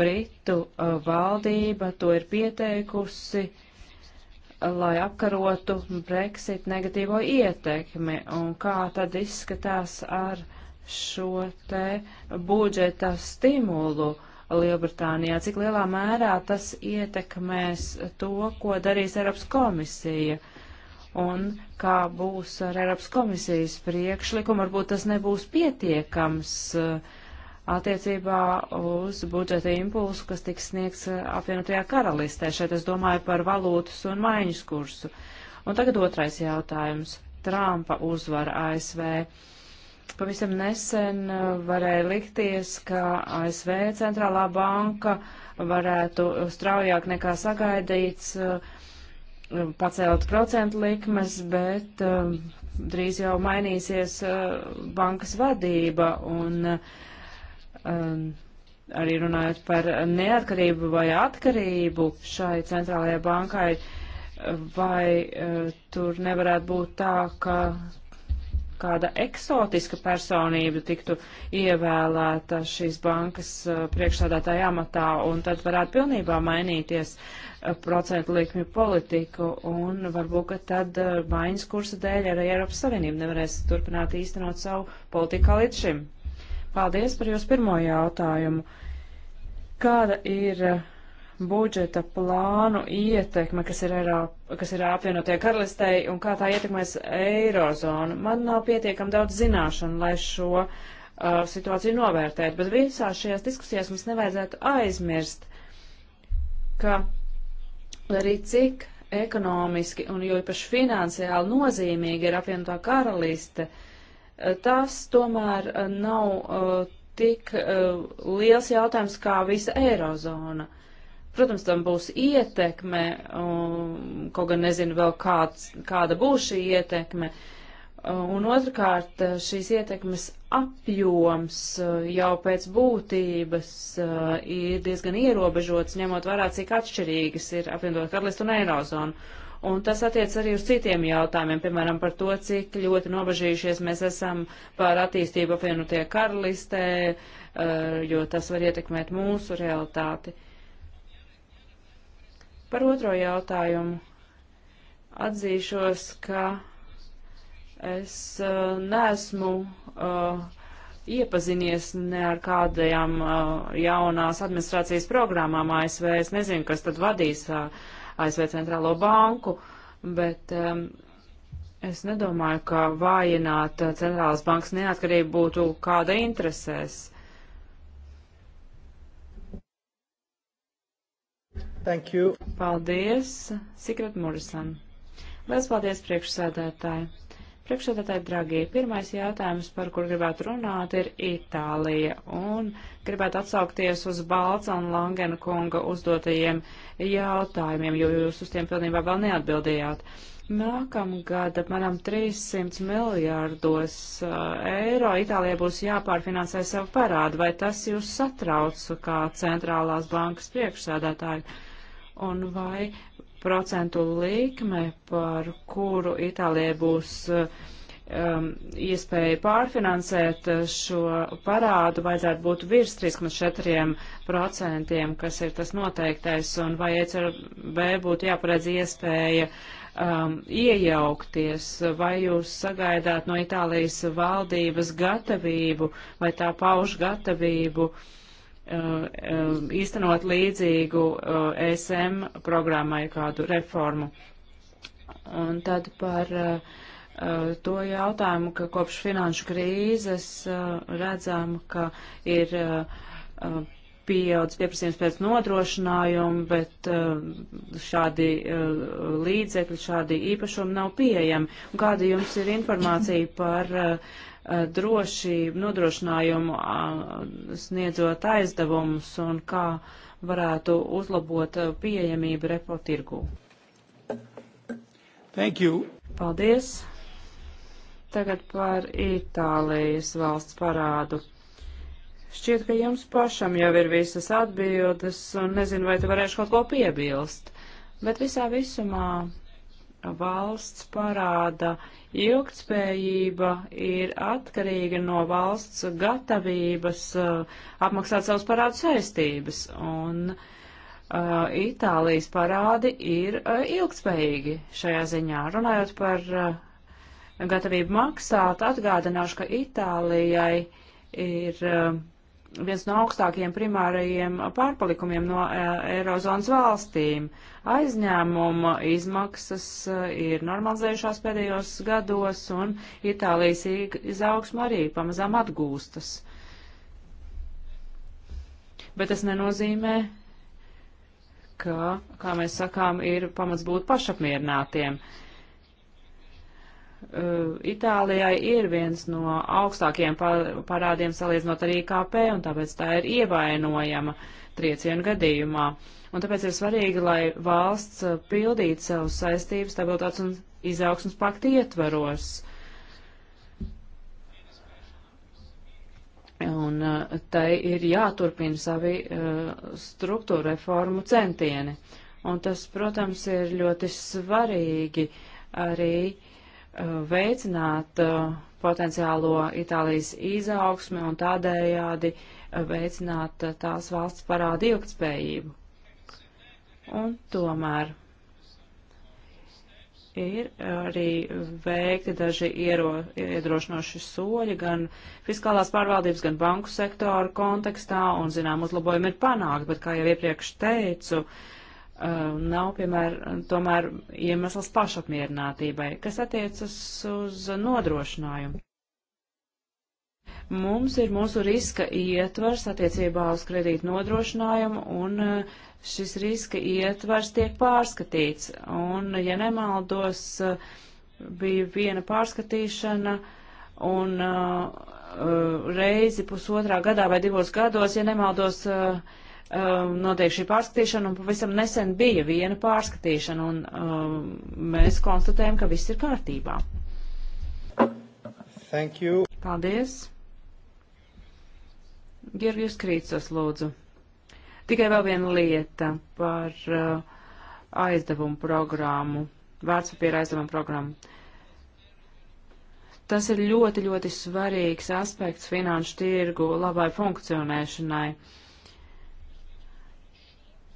Britu uh, valdība to ir pieteikusi uh, lai apkarotu Brexit negatīvo ietekmi, un kā tad izskatās ar šo te budžeta stimulu Lielbritānijā, cik lielā mērā tas ietekmēs to, ko darīs Eiropas komisija un kā būs ar Eiropas komisijas priekšlikumu. Varbūt tas nebūs pietiekams uh, attiecībā uz budžeta impulsu, kas tiks sniegts uh, apvienotajā karalistē. Šeit es domāju par valūtas un maiņas kursu. Un tagad otrais jautājums. Trumpa uzvara ASV. Uh, Pavisam nesen uh, varēja likties, ka ASV centrālā banka varētu straujāk nekā sagaidīts uh, pacelt procentu likmes, bet um, drīz jau mainīsies uh, bankas vadība un um, arī runājot par neatkarību vai atkarību šai centrālajai bankai, vai tur nevarētu būt tā, ka kāda eksotiska personība tiktu ievēlēta šīs bankas uh, priekšsādātāja amatā, un tad varētu pilnībā mainīties uh, procentu likmju politiku, un varbūt, ka tad uh, maiņas kursa dēļ arī Eiropas Savienība nevarēs turpināt īstenot savu politiku kā līdz šim. Paldies par jūsu pirmo jautājumu. Kāda ir uh, budžeta plānu ietekme, kas ir, Eiro, kas ir apvienotie karalistei un kā tā ietekmēs eirozonu. Man nav pietiekam daudz zināšanu, lai šo uh, situāciju novērtētu, bet visās šajās diskusijās mums nevajadzētu aizmirst, ka arī cik ekonomiski un jo īpaši finansiāli nozīmīgi ir apvienotā karaliste, tas tomēr uh, nav uh, tik uh, liels jautājums kā visa eirozona. Uh, Protams, tam būs ietekme, um, kaut gan nezinu vēl kāds, kāda būs šī ietekme. Un otrkārt, šīs ietekmes apjoms eh, jau pēc būtības eh, ir diezgan ierobežots, ņemot vērā, cik atšķirīgas ir apvienot karalistu un eirozonu. Un tas attiec arī uz citiem jautājumiem, piemēram, par to, cik ļoti nobežījušies mēs esam par attīstību apvienotie karalistē, eh, jo tas var ietekmēt mūsu realitāti. Par otro jautājumu atzīšos, ka es uh, neesmu uh, iepazinies ne ar kādajām uh, jaunās administrācijas programmām ASV. Es nezinu, kas tad vadīs uh, ASV centrālo banku, bet um, es nedomāju, ka vājināt uh, centrālās bankas neatkarību būtu kāda interesēs. Thank you. Paldies, Sigrid Murisan. Liels paldies, priekšsēdētāji. Priekšsēdētāji, dragie, pirmais jautājums, par kur gribētu runāt, ir Itālija. Un gribētu atsaukties uz Balca un Langena kunga uzdotajiem jautājumiem, jo jūs uz tiem pilnībā vēl neatbildījāt. Nākamgad apmēram 300 miljārdos uh, eiro Itālijai būs jāpārfinansē savu parādu. Vai tas jūs satrauc kā centrālās bankas priekšsēdētāju? un vai procentu likme, par kuru Itālijai būs um, iespēja pārfinansēt šo parādu, vajadzētu būt virs 3,4%, kas ir tas noteiktais, un vai ECB būtu jāparedz iespēja um, iejaukties, vai jūs sagaidāt no Itālijas valdības gatavību, vai tā pauž gatavību uh, Uh, uh, īstenot līdzīgu uh, ESM programmai kādu reformu. Un tad par to jautājumu, ka kopš finanšu krīzes redzam, ka ir pieaudzis pieprasījums pēc nodrošinājumu, bet šādi līdzekļi, šādi īpašumi nav pieejami. Un kāda jums ir informācija par Eh, drošību, nodrošinājumu eh, sniedzot aizdevumus un kā varētu uzlabot eh, pieejamību repo tirgū. Thank you. Paldies. Tagad par Itālijas valsts parādu. Šķiet, ka jums pašam jau ir visas atbildes, un nezinu, vai tu varēšu kaut ko piebilst. Bet visā visumā valsts parāda Ilgtspējība ir atkarīga no valsts gatavības uh, apmaksāt savus parādu saistības, un uh, Itālijas parādi ir uh, ilgtspējīgi šajā ziņā. Runājot par uh, gatavību maksāt, atgādināšu, ka Itālijai ir uh, viens no augstākajiem primārajiem pārpalikumiem no e, Eirozonas valstīm. Aizņēmuma izmaksas e, ir normalizējušās pēdējos gados, un Itālijas izaugsma arī pamazām atgūstas. Bet tas nenozīmē, ka, kā mēs sakām, ir pamats būt pašapmierinātiem. Uh, Eh, Itālijai ir viens no augstākiem parādiem salīdzinot ar IKP, un tāpēc tā ir ievainojama triecienu gadījumā. Un tāpēc ir svarīgi, lai valsts eh, pildītu savus saistības stabilitātes un izaugsmas pakti ietvaros. Un eh, tai ir jāturpina savi struktūra reformu centieni. Un tas, protams, ir ļoti svarīgi arī uh, Uh, veicināt uh, potenciālo Itālijas izaugsmi un tādējādi uh, veicināt tās valsts parādu ilgtspējību. Un tomēr ir arī veikti daži iero, iedrošinoši soļi gan fiskālās pārvaldības, gan banku sektora kontekstā, un, zinām, uzlabojumi ir panākti, bet, kā jau iepriekš teicu, uh, Uh, nav, piemēram, tomēr iemesls pašapmierinātībai, kas attiecas uz nodrošinājumu. Mums ir mūsu riska ietvars attiecībā uz kredītu nodrošinājumu, un uh, šis riska ietvars tiek pārskatīts. Un, ja nemaldos, uh, bija viena pārskatīšana, un reizi pusotrā gadā vai divos gados, ja nemaldos, uh, um, notiek šī pārskatīšana, un pavisam nesen bija viena pārskatīšana, un um, mēs konstatējam, ka viss ir kārtībā. Thank you. Paldies. Girgis Krīcos, lūdzu. Tikai vēl viena lieta par uh, aizdevumu programmu, vērtspapīra aizdevumu programmu. Tas ir ļoti, ļoti svarīgs aspekts finanšu tirgu labai funkcionēšanai. Uh,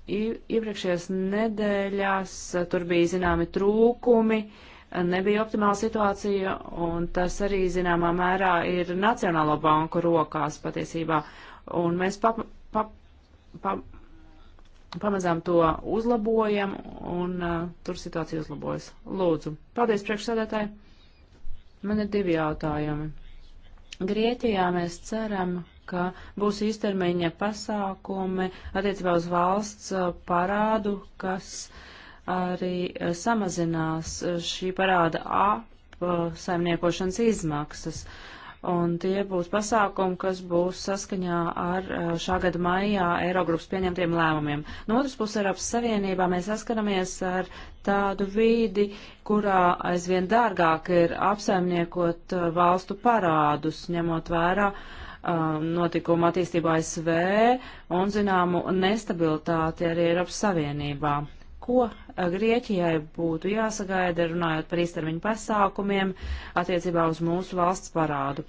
Iepriekšējās nedēļās tur bija zināmi trūkumi, nebija optimāla situācija, un tas arī zināmā mērā ir Nacionālo banku rokās patiesībā. Un mēs pa, pa, pa, pamazām to uzlabojam, un uh, tur situācija uzlabojas. Lūdzu, paldies priekšsēdētāji. Man ir divi jautājumi. Grieķijā mēs ceram, ka būs īstermiņa pasākumi attiecībā uz valsts uh, parādu, kas uh, arī uh, samazinās šī parāda apsaimniekošanas izmaksas. Un tie būs pasākumi, kas būs saskaņā ar šā gada maijā Eirogrupas pieņemtiem lēmumiem. No otras puses, Eiropas Savienībā mēs saskaramies ar tādu vīdi, kurā aizvien dārgāk ir apsaimniekot valstu parādus, ņemot vērā uh, Um, notikumu attīstību ASV un zināmu nestabilitāti arī Eiropas Savienībā. Ko uh, Grieķijai būtu jāsagaida, runājot par īstermiņu pasākumiem attiecībā uz mūsu valsts parādu?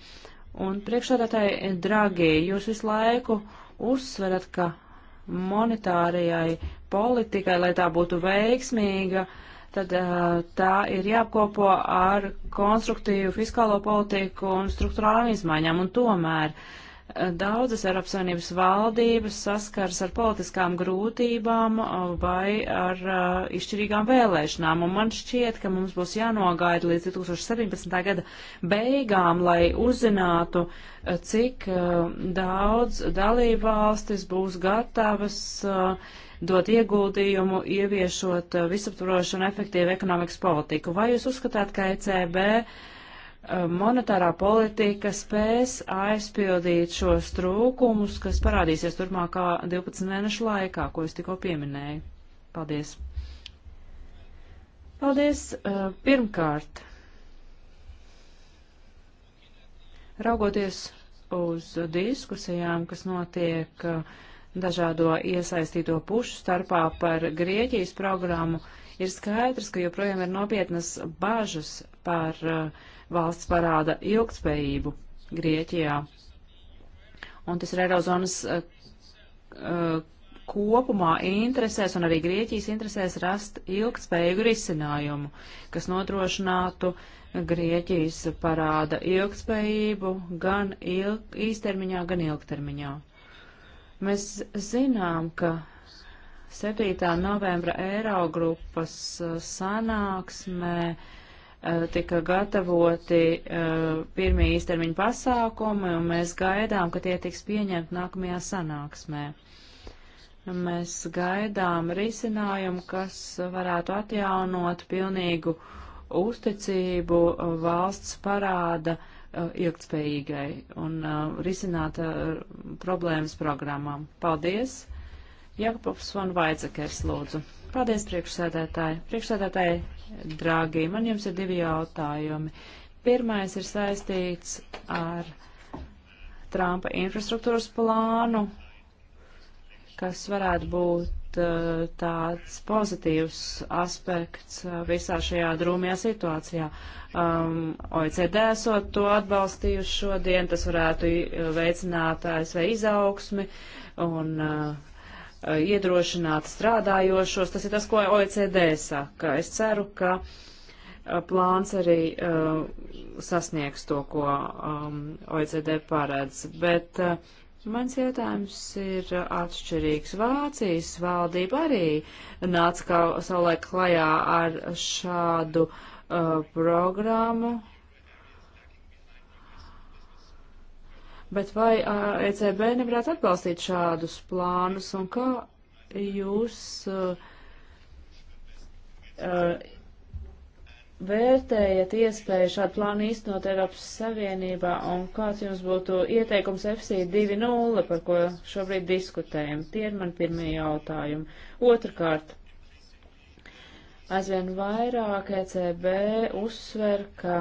Un priekšsādātāji, dragie, jūs visu laiku uzsverat, ka monetārajai politikai, lai tā būtu veiksmīga, uh, tad eh, tā ir jāapkopo ar konstruktīvu fiskālo politiku un struktūrālām izmaiņām. Un tomēr eh, daudzas Eiropas Savienības valdības saskars ar politiskām grūtībām eh, vai ar izšķirīgām vēlēšanām. Un man šķiet, ka mums būs jānogaida līdz 2017. gada beigām, lai uzzinātu, cik daudz dalībvalstis būs gatavas uh, dot ieguldījumu, ieviešot uh, visaptvarošu un efektīvu ekonomikas politiku. Vai jūs uzskatāt, ka ECB uh, monetārā politika spēs aizpildīt šos trūkumus, kas parādīsies turpmākā 12 mēnešu laikā, ko es tikko pieminēju? Paldies! Paldies! Uh, pirmkārt, raugoties uz diskusijām, kas notiek uh, dažādo iesaistīto pušu starpā par Grieķijas programmu, ir skaidrs, ka joprojām ir nopietnas bažas par uh, valsts parāda ilgtspējību Grieķijā. Un tas ir Eirozonas uh, uh, kopumā interesēs un arī Grieķijas interesēs rast ilgtspējīgu risinājumu, kas nodrošinātu Grieķijas parāda ilgtspējību gan ilg īstermiņā, gan ilgtermiņā. Mēs zinām, ka 7. novembra Eirogrupas uh, sanāksmē uh, tika gatavoti uh, pirmie īstermiņa pasākumi, un mēs gaidām, ka tie tiks pieņemti nākamajā sanāksmē. Mēs gaidām risinājumu, kas varētu atjaunot pilnīgu uzticību valsts parāda uh, Uh, ilgtspējīgai un uh, risināt uh, problēmas programmām. Paldies! Jakupovs von Vaidzekers lūdzu. Paldies, priekšsēdētāji. Priekšsēdētāji, draugi, man jums ir divi jautājumi. Pirmais ir saistīts ar Trumpa infrastruktūras plānu, kas varētu būt Eh, tāds pozitīvs aspekts eh, visā šajā drūmajā situācijā. Um, OECD esot to atbalstījuši šodien, tas varētu eh, veicināt ASV izaugsmi un uh, iedrošināt strādājošos. Tas ir tas, ko OECD saka. Es ceru, ka plāns arī uh, sasniegs to, ko um, OECD paredz. Bet, uh, Mans jautājums ir atšķirīgs. Vācijas valdība arī nāca kā savulaik klajā ar šādu uh, programmu. Bet vai uh, ECB nevarētu atbalstīt šādus plānus un kā jūs uh, uh, vērtējat iespēju šādu plānu īstenot Eiropas Savienībā un kāds jums būtu ieteikums FC 2.0, par ko šobrīd diskutējam? Tie ir man pirmie jautājumi. Otrakārt, aizvien vairāk ECB uzsver, ka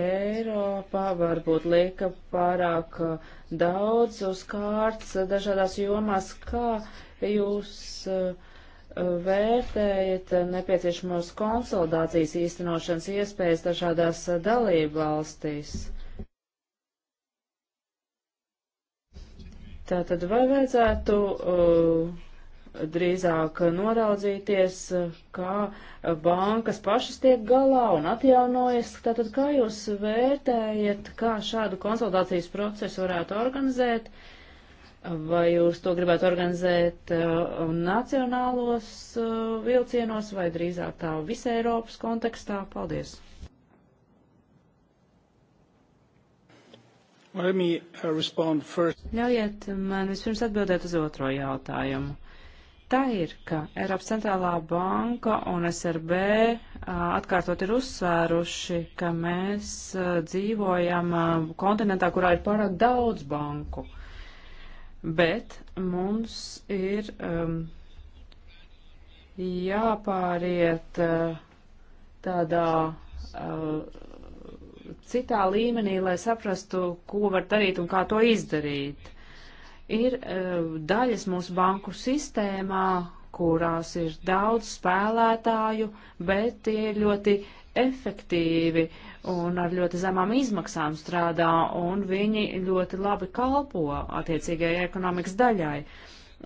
Eiropā varbūt lieka pārāk daudz uz kārts dažādās jomās, kā jūs uh, vērtējat nepieciešamos konsolidācijas īstenošanas iespējas dažādās dalību valstīs? Tātad vai vajadzētu uh, drīzāk noraudzīties, kā bankas pašas tiek galā un atjaunojas? Tātad kā jūs vērtējat, kā šādu konsultācijas procesu varētu organizēt? Uh, Vai jūs to gribētu organizēt uh, nacionālos uh, vilcienos vai drīzāk tā visai Eiropas kontekstā? Paldies! Uh, Ļaujiet man vispirms atbildēt uz otro jautājumu. Tā ir, ka Eiropas centrālā banka un SRB uh, atkārtot ir uzsvēruši, ka mēs uh, dzīvojam kontinentā, kurā ir pārāk daudz banku bet mums ir um, jāpāriet uh, tādā uh, citā līmenī, lai saprastu, ko var darīt un kā to izdarīt. Ir uh, daļas mūsu banku sistēmā, kurās ir daudz spēlētāju, bet tie ir ļoti efektīvi un ar ļoti zemām izmaksām strādā, un viņi ļoti labi kalpo attiecīgajai ekonomikas daļai.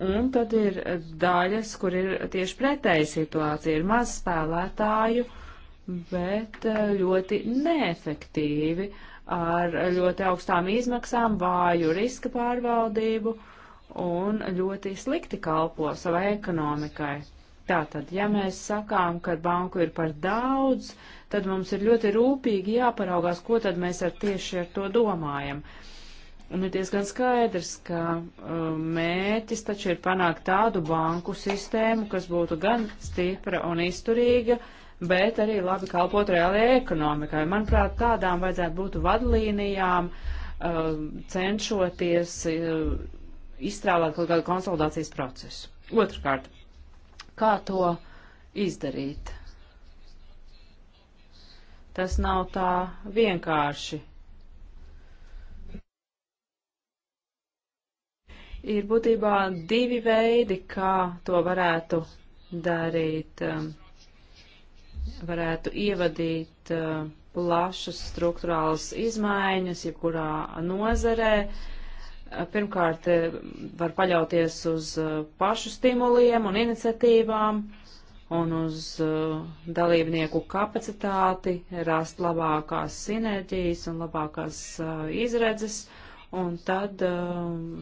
Un tad ir daļas, kur ir tieši pretēja situācija, ir maz spēlētāju, bet eh, ļoti neefektīvi ar ļoti augstām izmaksām, vāju riska pārvaldību un ļoti slikti kalpo savai ekonomikai. Tātad, ja mēs sakām, ka banku ir par daudz, tad mums ir ļoti rūpīgi jāparaugās, ko tad mēs ar tieši ar to domājam. Un ir diezgan skaidrs, ka um, mēķis taču ir panākt tādu banku sistēmu, kas būtu gan stipra un izturīga, bet arī labi kalpot reālajai ekonomikai. Manuprāt, tādām vajadzētu būt vadlīnijām, uh, cenšoties uh, izstrādāt kaut kādu konsolidācijas procesu. Otrkārt, kā to izdarīt? Tas nav tā vienkārši. Ir būtībā divi veidi, kā to varētu darīt. Um, varētu ievadīt um, plašas struktūrālas izmaiņas, jebkurā nozarē. Uh, pirmkārt, eh, var paļauties uz uh, pašu stimuliem un iniciatīvām un uz uh, dalībnieku kapacitāti rast labākās sinerģijas un labākās uh, izredzes, un tad uh,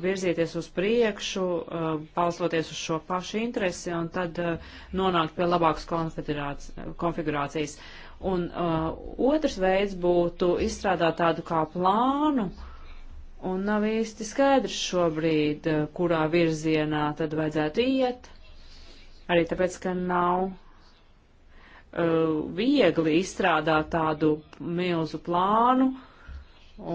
virzīties uz priekšu, uh, balstoties uz šo pašu interesi, un tad uh, nonākt pie labākas konfigurācijas. Un uh, otrs veids būtu izstrādāt tādu kā plānu, un nav īsti skaidrs šobrīd, kurā virzienā tad vajadzētu iet Arī tāpēc, ka nav uh, viegli izstrādāt tādu milzu plānu,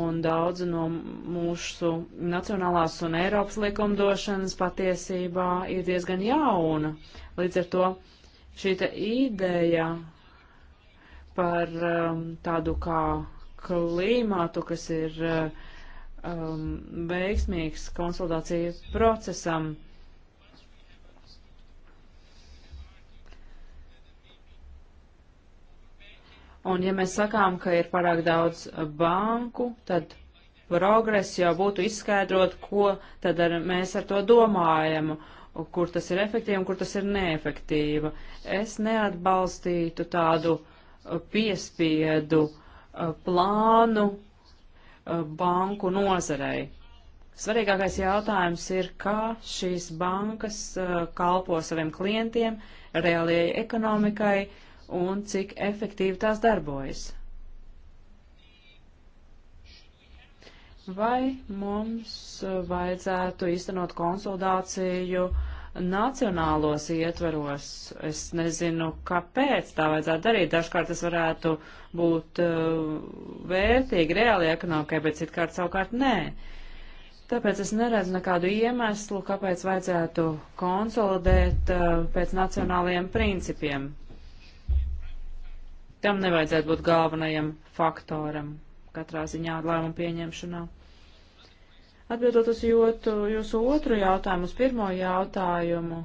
un daudz no mūsu nacionālās un Eiropas likumdošanas patiesībā ir diezgan jauna. Līdz ar to šī ideja par um, tādu kā klīmātu, kas ir uh, um, veiksmīgs konsultāciju procesam, Un ja mēs sakām, ka ir pārāk daudz eh, banku, tad progress jau būtu izskaidrot, ko tad ar, mēs ar to domājam, kur tas ir efektīvi un kur tas ir neefektīva. Es neatbalstītu tādu eh, piespiedu eh, plānu banku nozarei. Svarīgākais jautājums ir, kā šīs bankas kalpo saviem klientiem, reālajai ekonomikai, uh, un cik efektīvi tās darbojas. Vai mums vajadzētu īstenot konsultāciju nacionālos ietvaros? Es nezinu, kāpēc tā vajadzētu darīt. Dažkārt tas varētu būt uh, vērtīgi reāli ekonomikai, bet citkārt savukārt nē. Tāpēc es neredzu nekādu iemeslu, kāpēc vajadzētu konsolidēt uh, pēc nacionālajiem principiem tam nevajadzētu būt galvenajam faktoram katrā ziņā lēmumu pieņemšanā. Atbildot uz jūtu, jūsu otru jautājumu, uz pirmo jautājumu,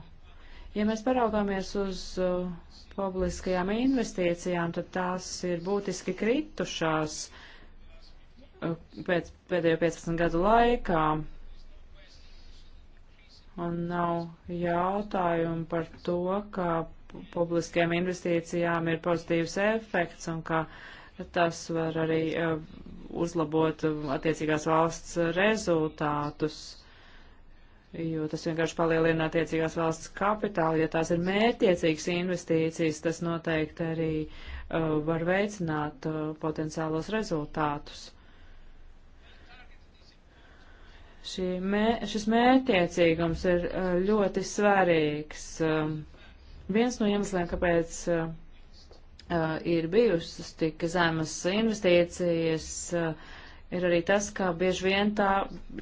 ja mēs paraugāmies uz uh, publiskajām investīcijām, tad tās ir būtiski kritušās uh, pēc, pēdējo 15 gadu laikā. Un nav jautājumu par to, ka publiskajām investīcijām ir pozitīvs efekts un ka tas var arī eh, uzlabot eh, attiecīgās valsts rezultātus, jo tas vienkārši palielina attiecīgās valsts kapitālu. Ja tās ir mērķiecīgas investīcijas, tas noteikti arī eh, var veicināt potenciālos rezultātus šī mē, šis mērķiecīgums ir ļoti svarīgs. Um, Viens no iemesliem, kāpēc uh, uh, ir bijušas tik zemas investīcijas, uh, ir arī tas, ka bieži vien tā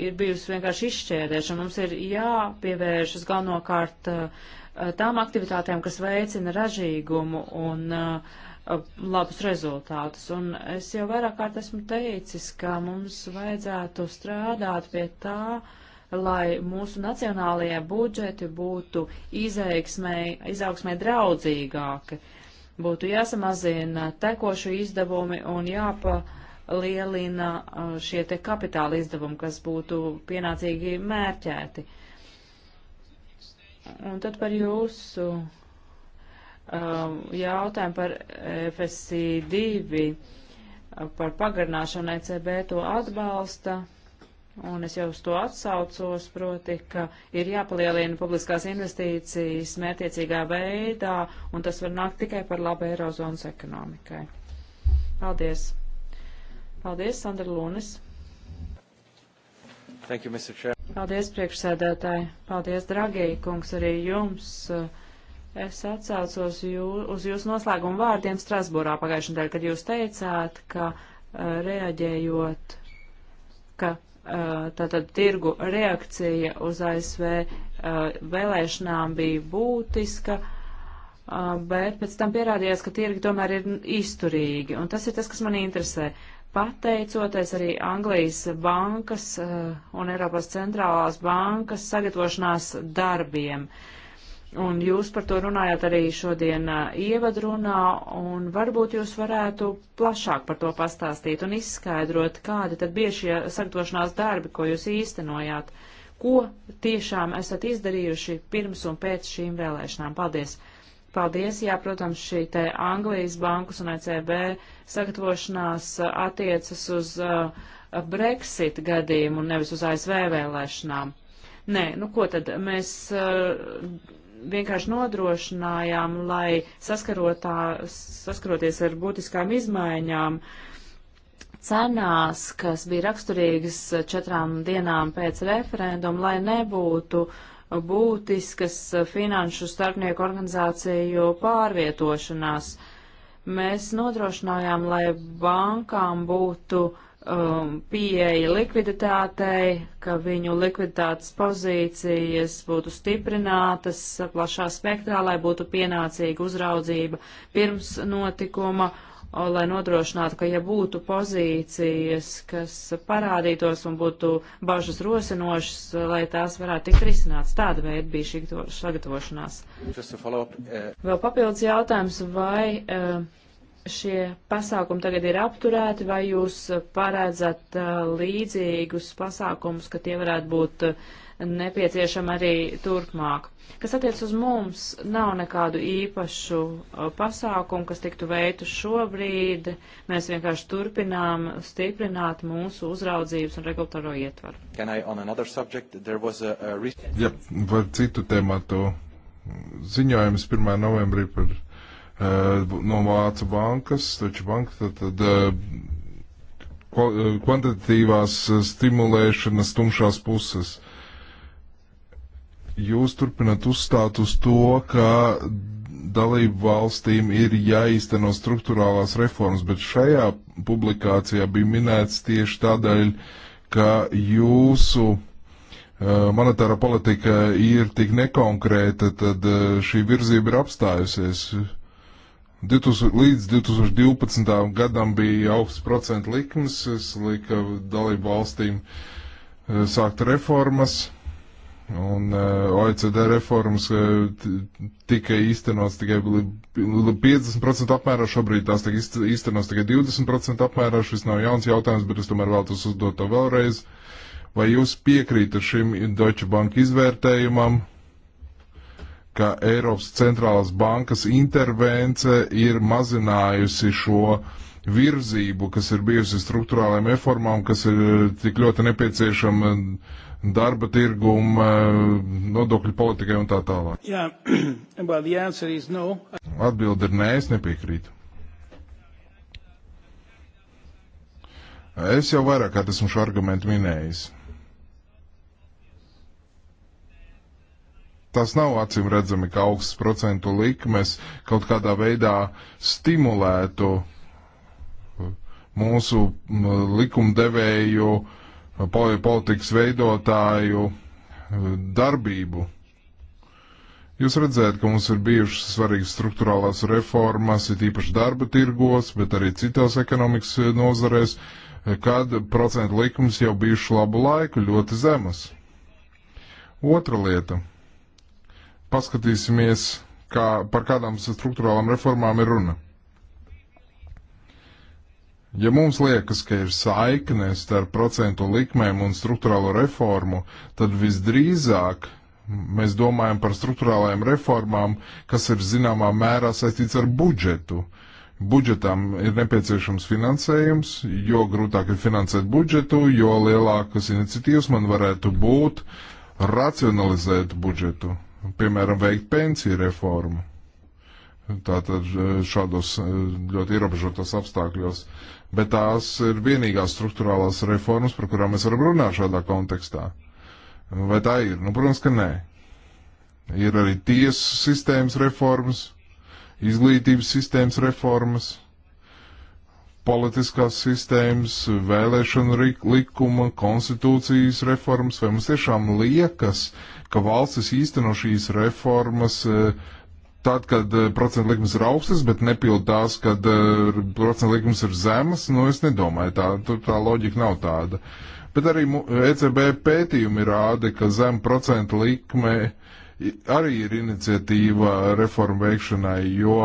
ir bijusi vienkārši izšķērdēšana. Mums ir jāpievēršas galvenokārt uh, uh tām aktivitātēm, kas veicina ražīgumu un uh, uh, labus rezultātus. Un es jau vairāk kārt esmu teicis, ka mums vajadzētu strādāt pie tā, uh, lai mūsu nacionālajie budžeti būtu izaugsmē draudzīgāki. Būtu jāsamazina tekošu izdevumi un jāpalielina uh, šie te kapitāla izdevumi, kas būtu pienācīgi mērķēti. Un tad par jūsu um, jautājumu par FSC2, uh, par pagarināšanu ECB to atbalsta un es jau uz to atsaucos, proti, ka ir jāpalielina publiskās investīcijas mērtiecīgā veidā, un tas var nākt tikai par labu Eirozonas ekonomikai. Paldies. Paldies, Sandra Lunis. Thank you, Mr. Chair. Paldies, priekšsēdētāji. Paldies, Dragī, kungs, arī jums. Es atsaucos jū, uz jūsu noslēgumu vārdiem Strasbūrā pagājušajā nedēļā, kad jūs teicāt, ka eh, reaģējot, ka Eh, tātad tirgu reakcija uz ASV eh, vēlēšanām bija būtiska, eh, bet pēc tam pierādījās, ka tirgi tomēr ir izturīgi. Un tas ir tas, kas man interesē. Pateicoties arī Anglijas bankas un Eiropas centrālās bankas sagatavošanās darbiem. Uh, Un jūs par to runājāt arī šodien ievadrunā, un varbūt jūs varētu plašāk par to pastāstīt un izskaidrot, kādi tad bija šie sagatavošanās darbi, ko jūs īstenojāt, ko tiešām esat izdarījuši pirms un pēc šīm vēlēšanām. Paldies! Paldies, jā, protams, šī te Anglijas bankas un ECB sagatavošanās attiecas uz Brexit gadījumu un nevis uz ASV vēlēšanām. Nē, nu ko tad mēs uh, vienkārši nodrošinājām, lai saskaroties ar būtiskām izmaiņām cenās, kas bija raksturīgas četrām dienām pēc referenduma, lai nebūtu būtiskas finanšu starpnieku organizāciju pārvietošanās. Mēs nodrošinājām, lai bankām būtu uh, um, pieeja likviditātei, ka viņu likviditātes pozīcijas būtu stiprinātas plašā spektrā, lai būtu pienācīga uzraudzība pirms notikuma, lai nodrošinātu, ka ja būtu pozīcijas, kas parādītos un būtu bažas rosinošas, lai tās varētu tikt risināts. Tāda veida bija šī sagatavošanās. Eh, Vēl papildus jautājums, vai. Uh, šie pasākumi tagad ir apturēti, vai jūs paredzat uh, līdzīgus pasākumus, ka tie varētu būt uh, nepieciešami arī turpmāk? Kas attiec uz mums, nav nekādu īpašu uh, pasākumu, kas tiktu veiktu šobrīd. Mēs vienkārši turpinām stiprināt mūsu uzraudzības un regulatoro ietvaru. A... Ja, par citu tēmatu ziņojums 1. novembrī par Eh, no Vācu bankas, taču banka tad, tad eh, eh, kvantitatīvās stimulēšanas tumšās puses. Jūs turpinat uzstāt uz to, ka dalību valstīm ir jāīsteno struktūrālās reformas, bet šajā publikācijā bija minēts tieši tādēļ, ka jūsu monetāra politika ir tik nekonkrēta, tad šī virzība ir apstājusies. 2000, līdz 2012. gadam bija augsts procentu likmes, es lika dalību valstīm eh, sākt reformas, un eh, OECD reformas eh, tika īstenots tikai 50% apmērā, šobrīd tās tiek īstenots tikai 20% apmērā, šis nav jauns jautājums, bet es tomēr vēlos uzdot to vēlreiz. Vai jūs piekrītat šim Deutsche Bank izvērtējumam? ka Eiropas centrālās bankas intervence ir mazinājusi šo virzību, kas ir bijusi struktūrālajām reformām, kas ir eh, tik ļoti nepieciešama darba tirguma, eh, nodokļu politikai un tā tālāk? Yeah. well, no. Atbilde ir nē, es nepiekrītu. Es jau vairāk kā esmu šo argumentu minējis. tas nav acīm redzami, ka augsts procentu likmes kaut kādā veidā stimulētu uh, mūsu likumdevēju, uh, politikas veidotāju uh, darbību. Jūs redzējat, ka mums ir bijušas svarīgas struktūrālās reformas, ir īpaši darba tirgos, bet arī citās ekonomikas nozarēs, kad procentu likums jau bijuši labu laiku ļoti zemas. Otra lieta paskatīsimies, kā, par kādām struktūrālām reformām ir runa. Ja mums liekas, ka ir saikne starp procentu likmēm un struktūrālo reformu, tad visdrīzāk mēs domājam par struktūrālajām reformām, kas ir zināmā mērā saistīts ar budžetu. Budžetam ir nepieciešams finansējums, jo grūtāk ir finansēt budžetu, jo lielākas iniciatīvas man varētu būt racionalizēt budžetu piemēram, veikt pensiju reformu. Tātad eh, šādos eh, ļoti ierobežotos apstākļos. Bet tās ir vienīgās struktūrālās reformas, par kurām mēs varam runāt šādā kontekstā. Vai tā ir? Nu, protams, ka nē. Ir arī tiesu sistēmas reformas, izglītības sistēmas reformas politiskās sistēmas, vēlēšanu likuma, konstitūcijas reformas, vai mums tiešām liekas, ka valstis īsteno šīs reformas eh, tad, kad eh, procentu likums ir augstas, bet nepild tās, kad eh, procentu likums ir zemas, nu es nedomāju, tā, tā loģika nav tāda. Bet arī ECB pētījumi rāda, ka zem procentu likme arī ir iniciatīva reformu veikšanai, jo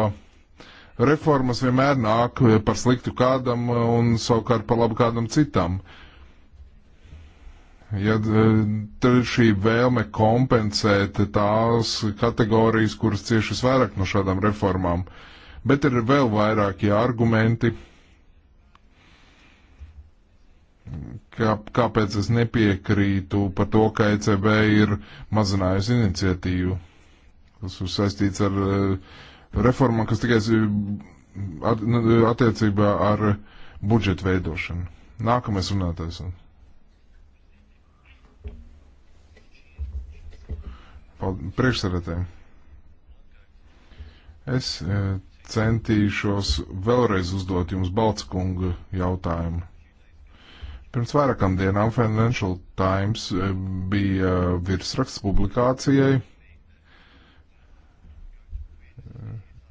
Reformas vienmēr nāk eh, par sliktu kādam eh, un savukārt par labu kādam citam. Ja tad eh, šī vēlme kompensēt tās kategorijas, kuras cieši visvairāk no šādām reformām, bet ir vēl vairākie argumenti, kā, kāpēc es nepiekrītu par to, ka ECB ir mazinājusi iniciatīvu. Tas ir saistīts ar uh, reforma, kas tikai attiecībā ar budžetu veidošanu. Nākamais runātājs. Priekšsarētēm. Es e, centīšos vēlreiz uzdot jums Baltskunga jautājumu. Pirms vairākām dienām Financial Times e, bija e, virsraksts publikācijai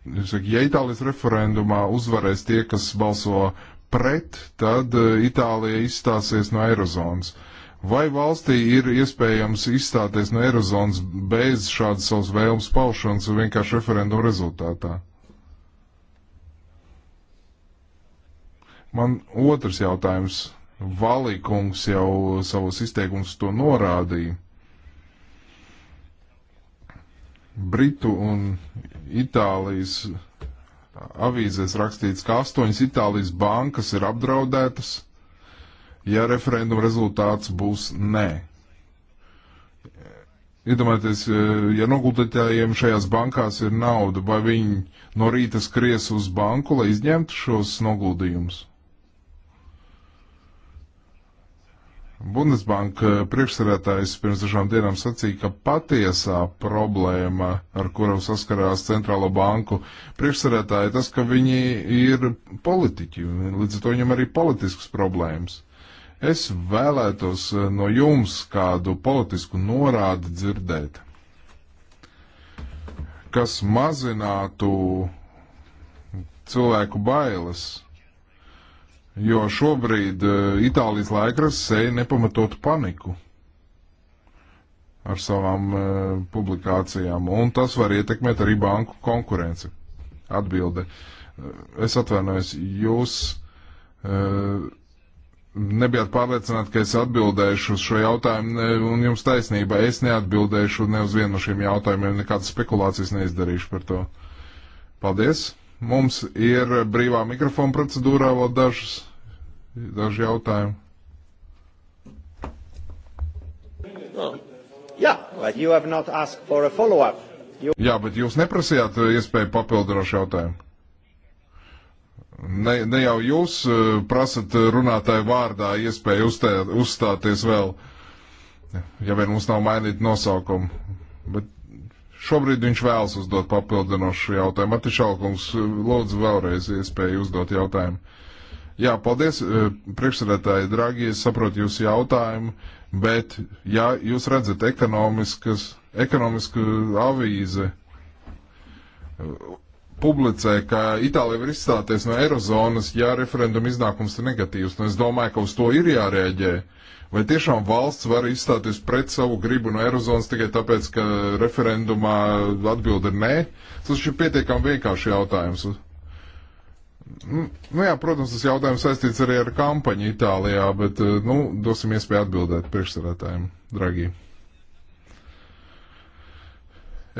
saku, ja Itālijas referendumā uzvarēs tie, kas balso pret, tad eh, Itālija izstāsies no Eirozonas. Vai valstī ir iespējams izstāties no Eirozonas bez šādas savas vēlmes paušanas un vienkārši referendumu rezultātā? Man otrs jautājums. Valīkungs jau savos izteikumus to norādīja. Britu un Itālijas avīzēs rakstīts, ka astoņas Itālijas bankas ir apdraudētas, ja referenduma rezultāts būs nē. Iedomājieties, ja noguldītājiem šajās bankās ir nauda, vai viņi no rīta skries uz banku, lai izņemtu šos noguldījumus? Bundesbanka eh, priekšsarētājs pirms dažām dienām sacīja, ka patiesā problēma, ar kuru saskarās Centrālo banku priekšsarētāji, tas, ka viņi ir politiķi, līdz ar to viņam arī politisks problēmas. Es vēlētos eh, no jums kādu politisku norādi dzirdēt, kas mazinātu cilvēku bailes jo šobrīd eh, Itālijas laikras sēja nepamatotu paniku ar savām uh, publikācijām, un tas var ietekmēt arī banku konkurenci. Atbilde. Eh, es atvainojos, jūs uh, nebijāt pārliecināti, ka es atbildēšu uz šo jautājumu, un jums taisnība, es neatbildēšu ne uz vienu no šiem jautājumiem, nekādas spekulācijas neizdarīšu par to. Paldies! Mums ir brīvā mikrofona procedūrā vēl dažas, daži jautājumi. No. Yeah, but you have not asked for a follow-up. You... Jā, bet jūs neprasījāt iespēju papildinošu jautājumu. Ne, ne jau jūs eh, prasat runātāju vārdā iespēju uzstā, uzstāties vēl, ja vien mums nav mainīt nosaukumu. Bet Šobrīd viņš vēlas uzdot papildinošu jautājumu. Matišalkungs, lūdzu vēlreiz iespēju uzdot jautājumu. Jā, paldies, e, priekšsēdētāji, dragi, es saprotu jūsu jautājumu, bet ja jūs redzat ekonomiskas, ekonomisku avīze publicē, ka Itālija var izstāties no Eirozonas, ja referenduma iznākums ir negatīvs, un es domāju, ka uz to ir jārēģē. Vai tiešām valsts var izstāties pret savu gribu no Eirozonas tikai tāpēc, ka referendumā atbildi ir nē? Tas ir pietiekami vienkārši jautājums. Nu, nu, jā, protams, tas jautājums saistīts arī ar kampaņu Itālijā, bet eh, nu, dosim iespēju atbildēt priekšsarētājiem, dragī.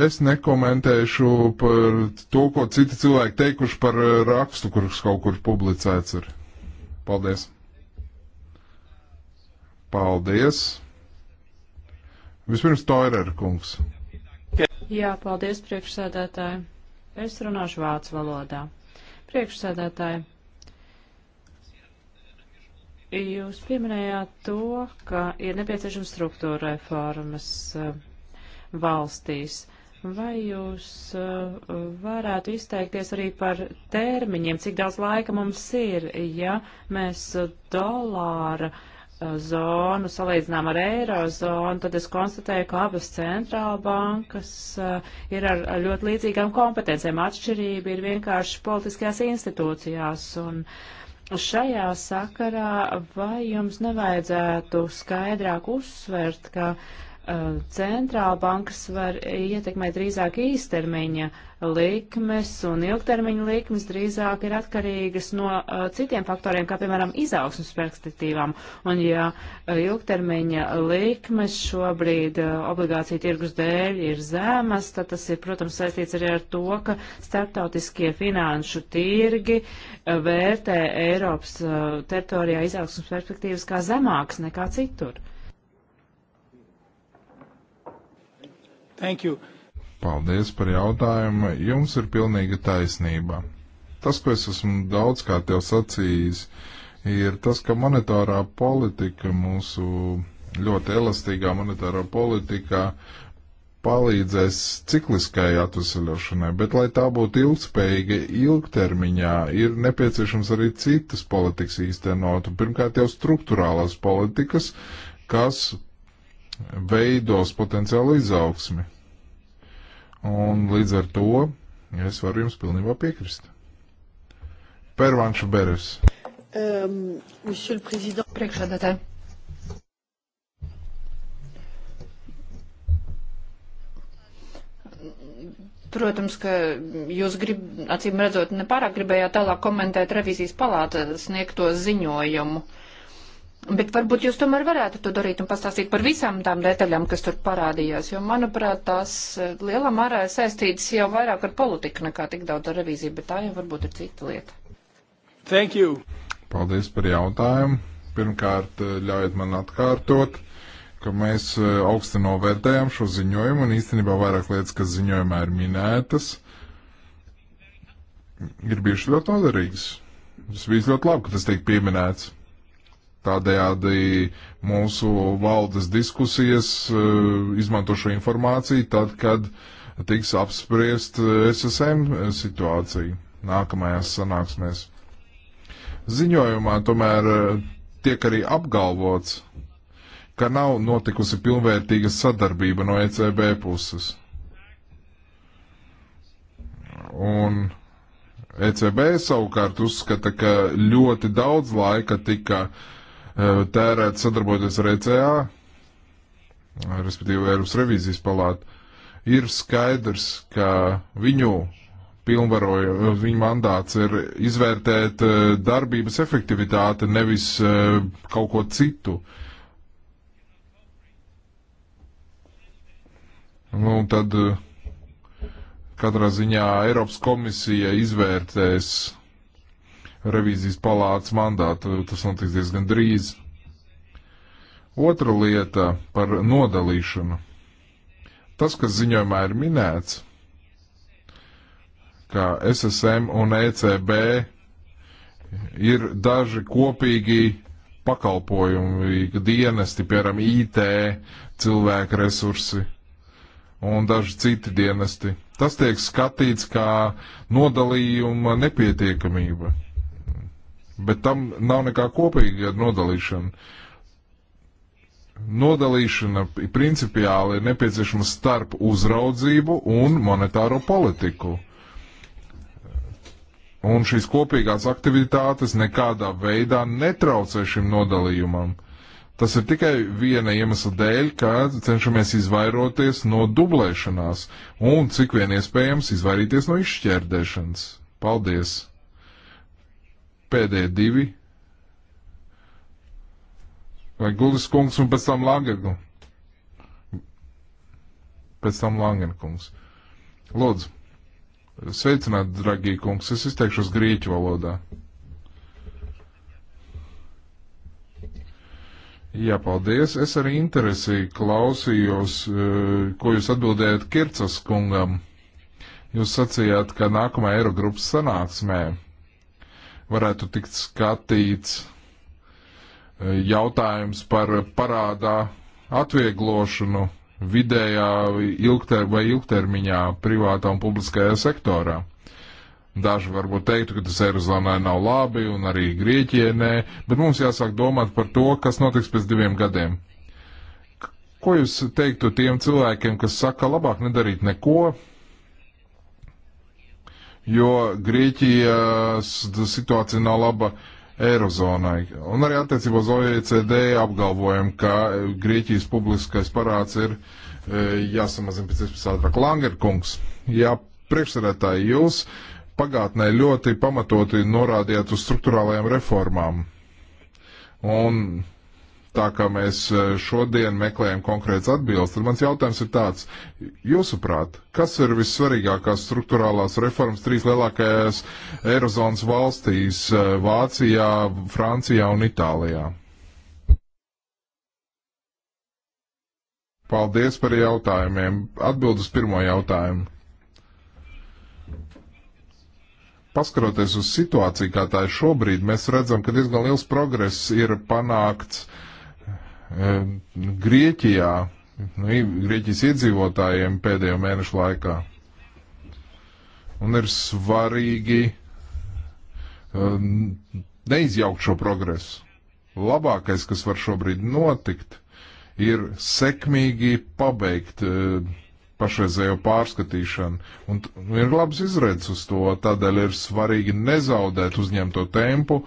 Es nekomentēšu par to, ko citi cilvēki teikuši par eh, rakstu, kurš kaut kur publicēts ir. Paldies! Paldies! Vispirms Toirer kungs. Jā, paldies priekšsēdētāji. Es runāšu vācu valodā. Priekšsēdētāji, jūs pieminējāt to, ka ir nepieciešams struktūra reformas eh, valstīs. Vai jūs eh, varētu izteikties arī par termiņiem, cik daudz laika mums ir, ja mēs eh, dolāra uh, zonu salīdzinām ar eirozonu, tad es konstatēju, ka abas centrāla bankas eh, ir ar ļoti līdzīgām kompetencijām. Atšķirība ir vienkārši politiskajās institūcijās. Un šajā sakarā vai jums nevajadzētu skaidrāk uzsvert, ka uh, Uh, centrāla bankas var ietekmēt drīzāk īstermiņa likmes un ilgtermiņa likmes drīzāk ir atkarīgas no uh, citiem faktoriem, kā piemēram izaugsmas perspektīvām. Un ja uh, ilgtermiņa likmes šobrīd uh, obligācija tirgus dēļ ir zemas, tad tas ir, protams, saistīts arī ar to, ka starptautiskie finanšu tirgi uh, vērtē Eiropas uh, teritorijā izaugsmas perspektīvas kā zemāks nekā citur. Thank you. Paldies par jautājumu. Jums ir pilnīga taisnība. Tas, ko es esmu daudz kā tev sacījis, ir tas, ka monetārā politika mūsu ļoti elastīgā monetārā politikā palīdzēs cikliskai atvesaļošanai, bet, lai tā būtu ilgspējīga ilgtermiņā, ir nepieciešams arī citas politikas īstenot, pirmkārt jau struktūrālās politikas, kas veidos potenciālu izaugsmi. Un līdz ar to es varu jums pilnībā piekrist. Pervanšu Beres. Ehm, um, Priekšādātāji. Protams, ka jūs grib, acīm redzot, nepārāk gribējāt tālāk komentēt revizijas palāta sniegto ziņojumu. Uh, Bet varbūt jūs tomēr varētu to darīt un pastāstīt par visām tām detaļām, kas tur parādījās, jo, manuprāt, tās eh, lielā mērā saistītas jau vairāk ar politiku nekā tik daudz ar revīziju, bet tā jau varbūt ir cita lieta. Thank you! Paldies par jautājumu. Pirmkārt, eh, ļaujiet man atkārtot, ka mēs eh, augsti novērtējam šo ziņojumu un īstenībā vairāk lietas, kas ziņojumā ir minētas, ir bijušas ļoti noderīgas. Tas bija ļoti labi, ka tas tiek pieminēts. Tādējādi mūsu valdes diskusijas eh, izmanto šo informāciju tad, kad tiks apspriest eh, SSM situācija nākamajās sanāksmēs. Ziņojumā tomēr eh, tiek arī apgalvots, ka nav notikusi pilnvērtīga sadarbība no ECB puses. Un ECB savukārt uzskata, ka ļoti daudz laika tika uh, Eh, tērēts sadarbojoties ar ECA, respektīvi Eiropas revīzijas palātu, ir skaidrs, ka viņu pilnvaroja, eh, viņa mandāts ir izvērtēt eh, darbības efektivitāti, nevis kaut ko citu. Nu, tad katrā ziņā Eiropas komisija izvērtēs revīzijas palātas mandātu. Tas notiks diezgan drīz. Otra lieta par nodalīšanu. Tas, kas ziņojumā ir minēts, ka SSM un ECB ir daži kopīgi pakalpojumi, dienesti, piemēram, IT, cilvēku resursi un daži citi dienesti. Tas tiek skatīts kā nodalījuma nepietiekamība bet tam nav nekā kopīga ar nodalīšanu. Nodalīšana principiāli ir nepieciešama starp uzraudzību un monetāro politiku. Un šīs kopīgās aktivitātes nekādā veidā netraucē šim nodalījumam. Tas ir tikai viena iemesla dēļ, ka cenšamies izvairoties no dublēšanās un cik vien iespējams izvairīties no izšķērdēšanas. Paldies! pēdējie divi. Vai Gulis kungs un pēc tam Langergu? Pēc tam Langerkungs. Lūdzu. Sveicināt, dragī kungs. Es izteikšos grieķu valodā. Jā, paldies. Es arī interesi klausījos, eh, ko jūs atbildējat Kircas kungam. Jūs sacījāt, ka nākamā Eirogrupas sanāksmē varētu tikt skatīts e, jautājums par parādā atvieglošanu vidējā ilgter vai ilgtermiņā privātā un publiskajā sektorā. Daži varbūt teiktu, ka tas Eirozonai nav labi un arī Grieķijai nē, bet mums jāsāk domāt par to, kas notiks pēc diviem gadiem. Ko jūs teiktu tiem cilvēkiem, kas saka, labāk nedarīt neko, jo Grieķijas situācija nav laba Eirozonai. Un arī attiecībā uz OECD apgalvojumu, ka e, Grieķijas publiskais parāds ir e, jāsamazina pēc iespējas ātrāk. Langerkungs, jā, priekšsēdētāji, jūs pagātnē ļoti pamatoti norādījāt uz struktūrālajām reformām. Un tā kā mēs e, šodien meklējam konkrēts atbildes, tad mans jautājums ir tāds, jūsuprāt, kas ir vissvarīgākās struktūrālās reformas trīs lielākajās Eirozonas valstīs e, - Vācijā, Francijā un Itālijā? Paldies par jautājumiem. Atbild uz pirmo jautājumu. Paskaroties uz situāciju, kā tā ir šobrīd, mēs redzam, ka diezgan liels progress ir panākts uh, Grieķijā, nu, Grieķijas iedzīvotājiem pēdējo mēnešu laikā. Un ir svarīgi neizjaukt šo progresu. Labākais, kas var šobrīd notikt, ir sekmīgi pabeigt pašreizējo pārskatīšanu. Un, un nu, ir labs izredzes uz to, tādēļ ir svarīgi nezaudēt uzņemto tempu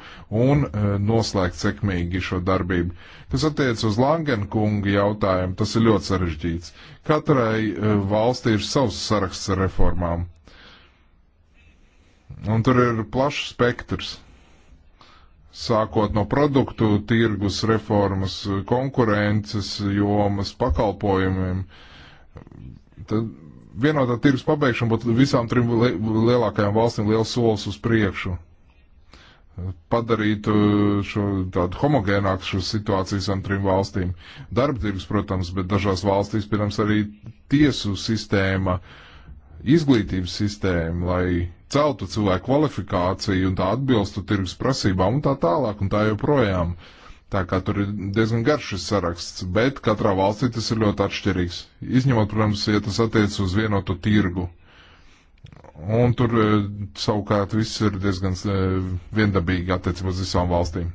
un noslēgt sekmīgi šo darbību. Kas attiec uz Langenkunga jautājumu, tas ir ļoti sarežģīts. Katrai e, valstī ir savs saraksts ar reformām. Un tur ir plašs spektrs. Sākot no produktu, tirgus reformas, konkurences jomas, pakalpojumiem. Tad vienotā tirgus pabeigšana būtu visām trim lielākajām valstīm liels solis uz priekšu padarītu eh, šo tādu homogēnāku šo situāciju visām trim valstīm. Darba tirgus, protams, bet dažās valstīs, pirms arī tiesu sistēma, izglītības sistēma, lai celtu cilvēku kvalifikāciju un tā atbilstu tirgus prasībām un tā tālāk un tā joprojām. Tā kā tur ir diezgan garš šis saraksts, bet katrā valstī tas ir ļoti atšķirīgs. Izņemot, protams, ja tas attiec uz vienotu tirgu. Un tur eh, savukārt viss ir diezgan eh, viendabīgi attiecībā uz visām valstīm.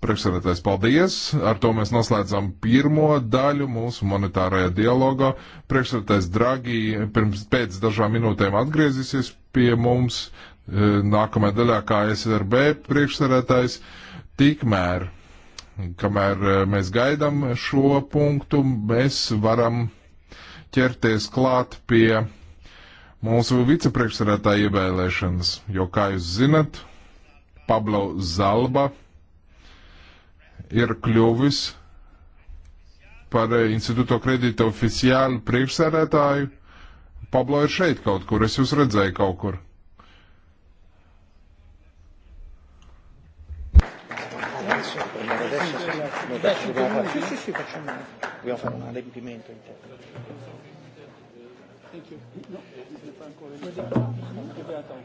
Priekšsēdētājs, paldies! Ar to mēs noslēdzam pirmo daļu mūsu monetārajā dialogā. Priekšsēdētājs Dragi pirms pēc dažām minūtēm atgriezīsies pie mums eh, nākamajā daļā kā SRB priekšsēdētājs. Tikmēr, kamēr mēs gaidam šo punktu, mēs varam ķerties klāt pie mūsu vicepriekšsarētāja ievēlēšanas, jo, kā jūs zinat, Pablo Zalba ir kļuvis par institūto kredīta oficiālu priekšsarētāju. Pablo ir šeit kaut kur, es jūs redzēju kaut kur. Adesso dobbiamo fare un adempimento interno. Thank you. No, je n'ai pas encore eu le temps. Je vais attendre.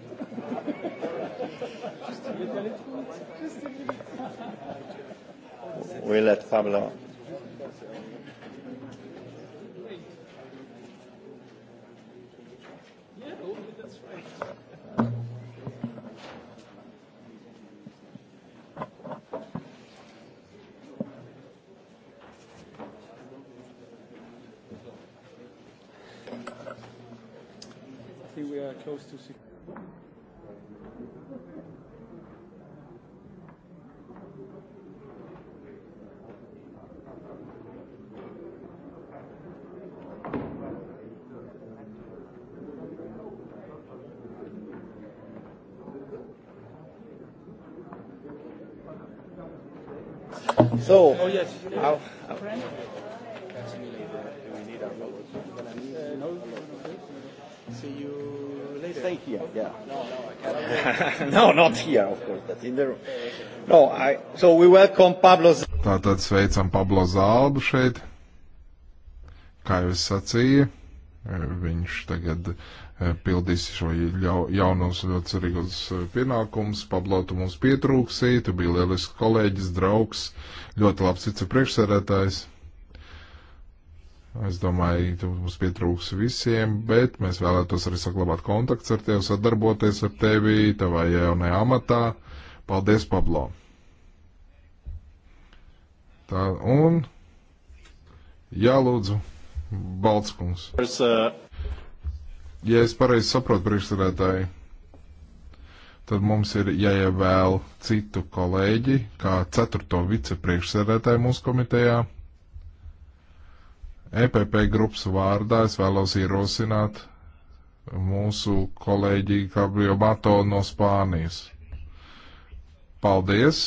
We'll let Pablo. are uh, close to six. So, oh, yes. I'll, I'll, stay here. Yeah. No, not here, of course, but in the room. No, I, so we welcome Pablo. Tātad sveicam Pablo Zalbu šeit. Kā jau es sacīju, eh, viņš tagad eh, pildīs šo jaunos ļoti svarīgos eh, pienākumus. Pablo, tu mums pietrūksī, tu biji lielisks kolēģis, draugs, ļoti labs vicepriekšsēdētājs. Es domāju, tu mums pietrūks visiem, bet mēs vēlētos arī saglabāt kontakts ar tevi, sadarboties ar tevi, tavā jaunajā amatā. Paldies, Pablo! Tā, un jālūdzu, Baltskungs. Ja es pareizi saprotu priekšsēdētāji, tad mums ir jāievēl citu kolēģi, kā ceturto vicepriekšsēdētāju mūsu komitejā. EPP grupas vārdā es vēlos ierosināt mūsu kolēģi Gabriel Mato no Spānijas. Paldies!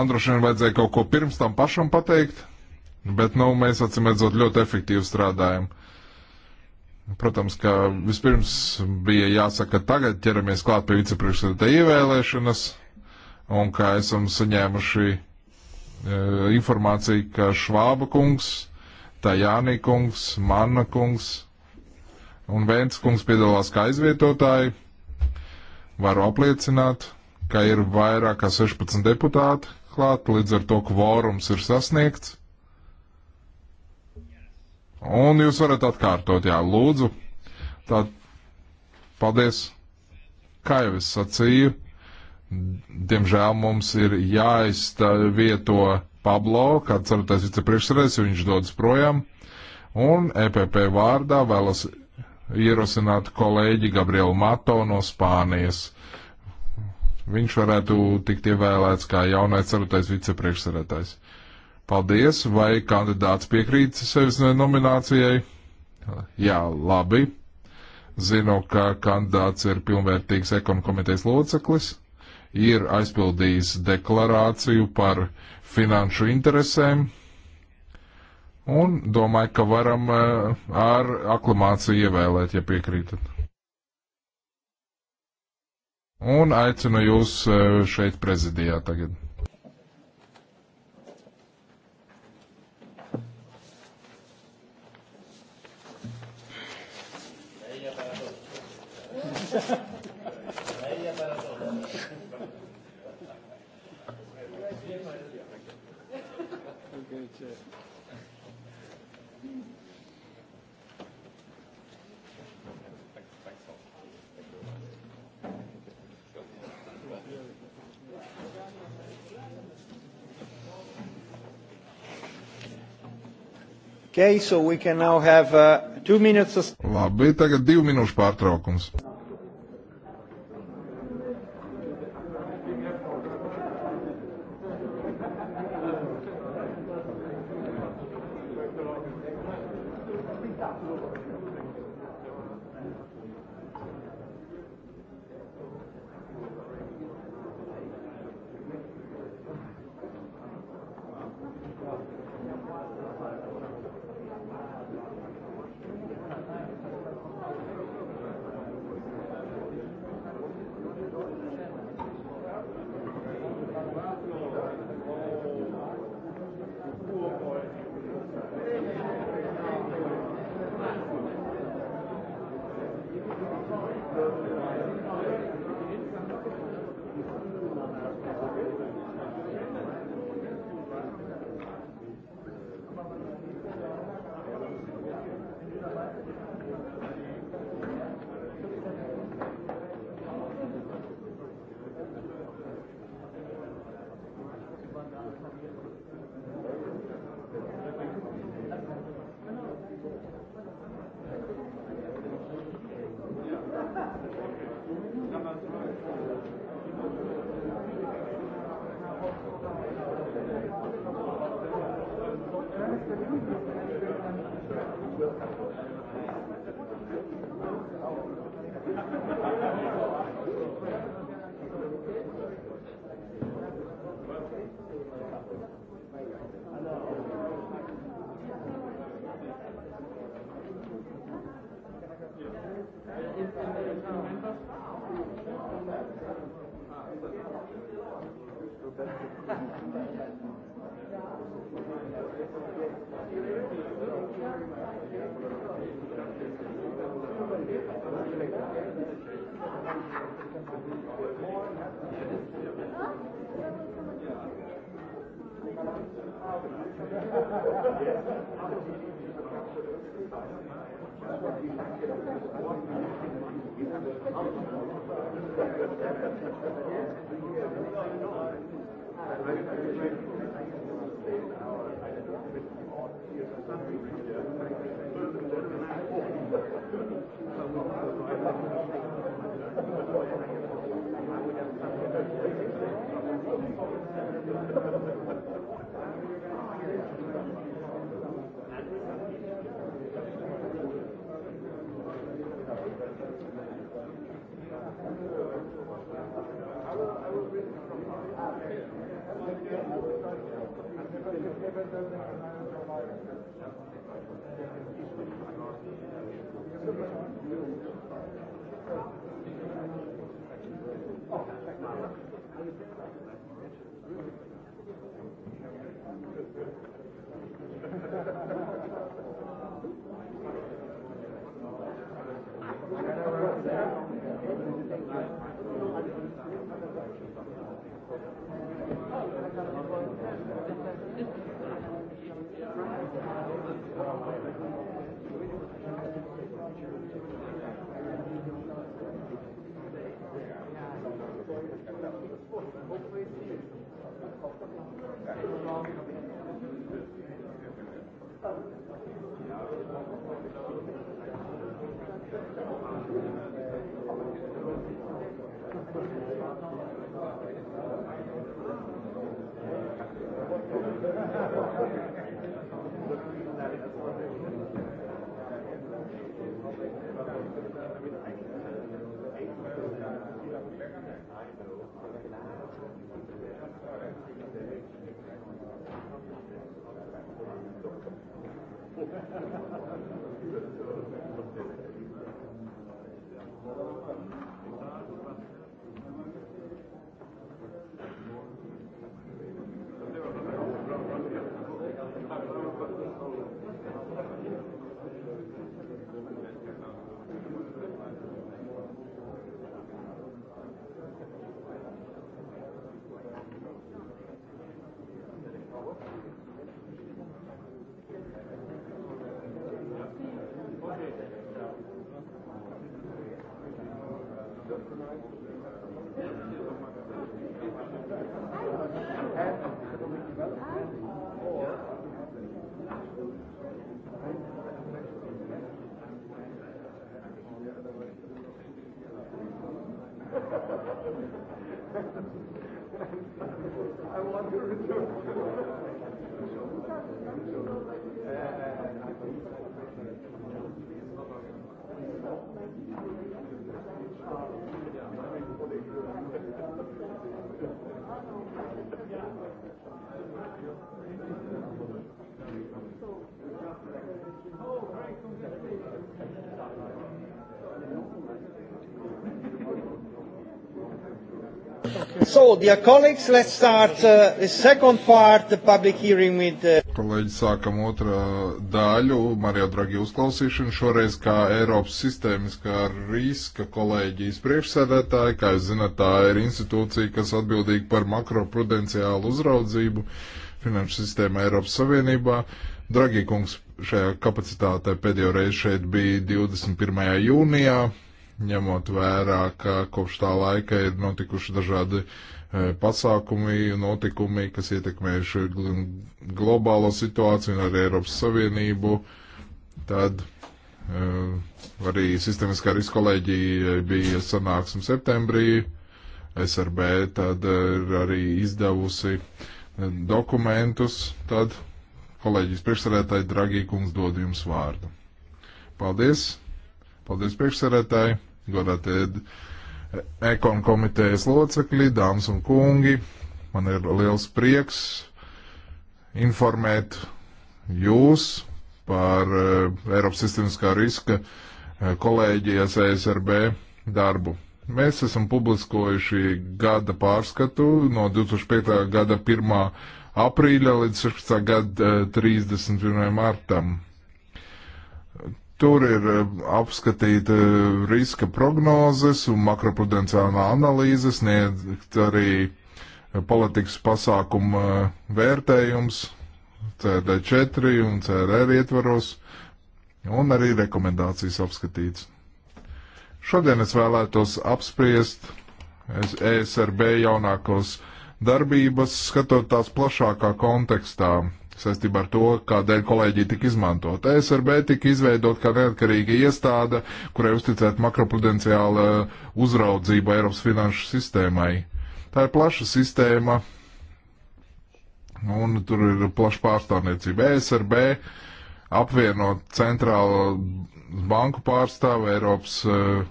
Man droši vien vajadzēja kaut ko pirms tam pašam pateikt, bet nu, mēs atcīmredzot ļoti efektīvi strādājam. Protams, ka vispirms bija jāsaka, tagad ķeramies klāt pie vicepriekšsēdētāja ievēlēšanas, un kā esam saņēmuši Eh, informāciju, ka Švāba kungs, Tajānī kungs, Manna kungs un Vēns kungs piedalās kā aizvietotāji. Varu apliecināt, ka ir vairāk kā 16 deputāti klāt, līdz ar to kvorums ir sasniegts. Un jūs varat atkārtot, jā, lūdzu. Tad, paldies. Kā jau es sacīju, Diemžēl mums ir jāizvieto Pablo, kā ceturtais vicepriekšsēdētājs, viņš dodas projām. Un EPP vārdā vēlas ierosināt kolēģi Gabrielu Mato no Spānijas. Viņš varētu tikt ievēlēts kā jaunais ceturtais vicepriekšsēdētājs. Paldies, vai kandidāts piekrīt sevis nominācijai? Jā, labi. Zinu, ka kandidāts ir pilnvērtīgs ekonomikas komitejas loceklis ir aizpildījis deklarāciju par finanšu interesēm, un domāju, ka varam eh, ar aklamāciju ievēlēt, ja piekrītat. Un aicinu jūs eh, šeit prezidijā tagad. Ha ha ha. Okay, so we can now have uh, two minutes. Labi, tagad divu minūšu pārtraukums. So, dear colleagues, let's start uh, the second part, the public hearing with... Uh... Kolēģi, sākam otrā daļu, Mario Dragi uzklausīšanu, šoreiz kā Eiropas sistēmiskā riska kolēģijas priekšsēdētāji, kā jūs zināt, tā ir institūcija, kas atbildīga par makroprudenciālu uzraudzību finanšu sistēmā Eiropas Savienībā. Dragi kungs šajā kapacitātē pēdējo reizi šeit bija 21. jūnijā ņemot vērā, ka kopš tā laika ir notikuši dažādi e, pasākumi, notikumi, kas ietekmējuši globālo situāciju un arī Eiropas Savienību, tad e, arī sistemiskā riska kolēģija e, bija sanāksme septembrī, SRB tad ir arī izdevusi dokumentus, tad kolēģis priekšsarētāji Dragī kungs dod jums vārdu. Paldies! Paldies priekšsarētāji! godātie ekon komitejas locekļi, dāmas un kungi. Man ir liels prieks informēt jūs par eh, Eiropas sistēmiskā riska eh, kolēģijas ESRB darbu. Mēs esam publiskojuši gada pārskatu no 2005. gada 1. aprīļa līdz 16. gada 31. Eh, martam. Tur ir eh, apskatīta eh, riska prognozes un makroprudenciālā analīze, sniegt arī eh, politikas pasākuma vērtējums CD4 un CRR ietvaros, un arī rekomendācijas apskatīts. Šodien es vēlētos apspriest ESRB e jaunākos darbības, skatot tās plašākā kontekstā, saistībā ar to, kādēļ kolēģija tika izmantota. SRB tika izveidot kā neatkarīga iestāde, kurai uzticēt makroprudenciāla uzraudzība Eiropas finanšu sistēmai. Tā ir plaša sistēma, un tur ir plaša pārstāvniecība. ESRB apvienot centrālo banku pārstāvu, Eiropas uh,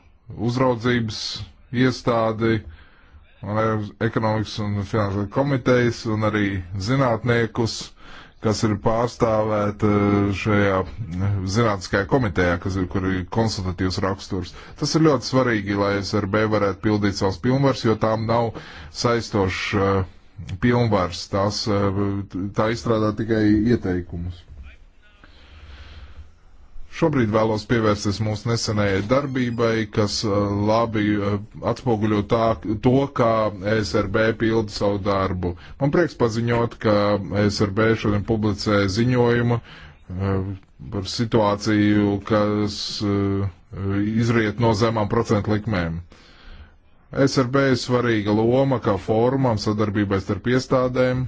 uzraudzības iestādi, uh, un eh, ekonomikas un finanšu komitejas un arī zinātniekus kas ir pārstāvēta eh, šajā eh, zinātniskajā komitejā, kas ir, kur ir konsultatīvs raksturs. Tas ir ļoti svarīgi, lai SRB varētu pildīt savus pilnvars, jo tām nav saistošs eh, pilnvars. Tās, tā izstrādā tikai ieteikumus. Šobrīd vēlos pievērsties mūsu nesenajai darbībai, kas uh, labi uh, atspoguļo tā, to, kā e SRB pilda savu darbu. Man prieks paziņot, ka e SRB šodien publicē ziņojumu uh, par situāciju, kas izriet no zemām procentu likmēm. E SRB ir svarīga loma kā fórumam sadarbībai starp iestādēm,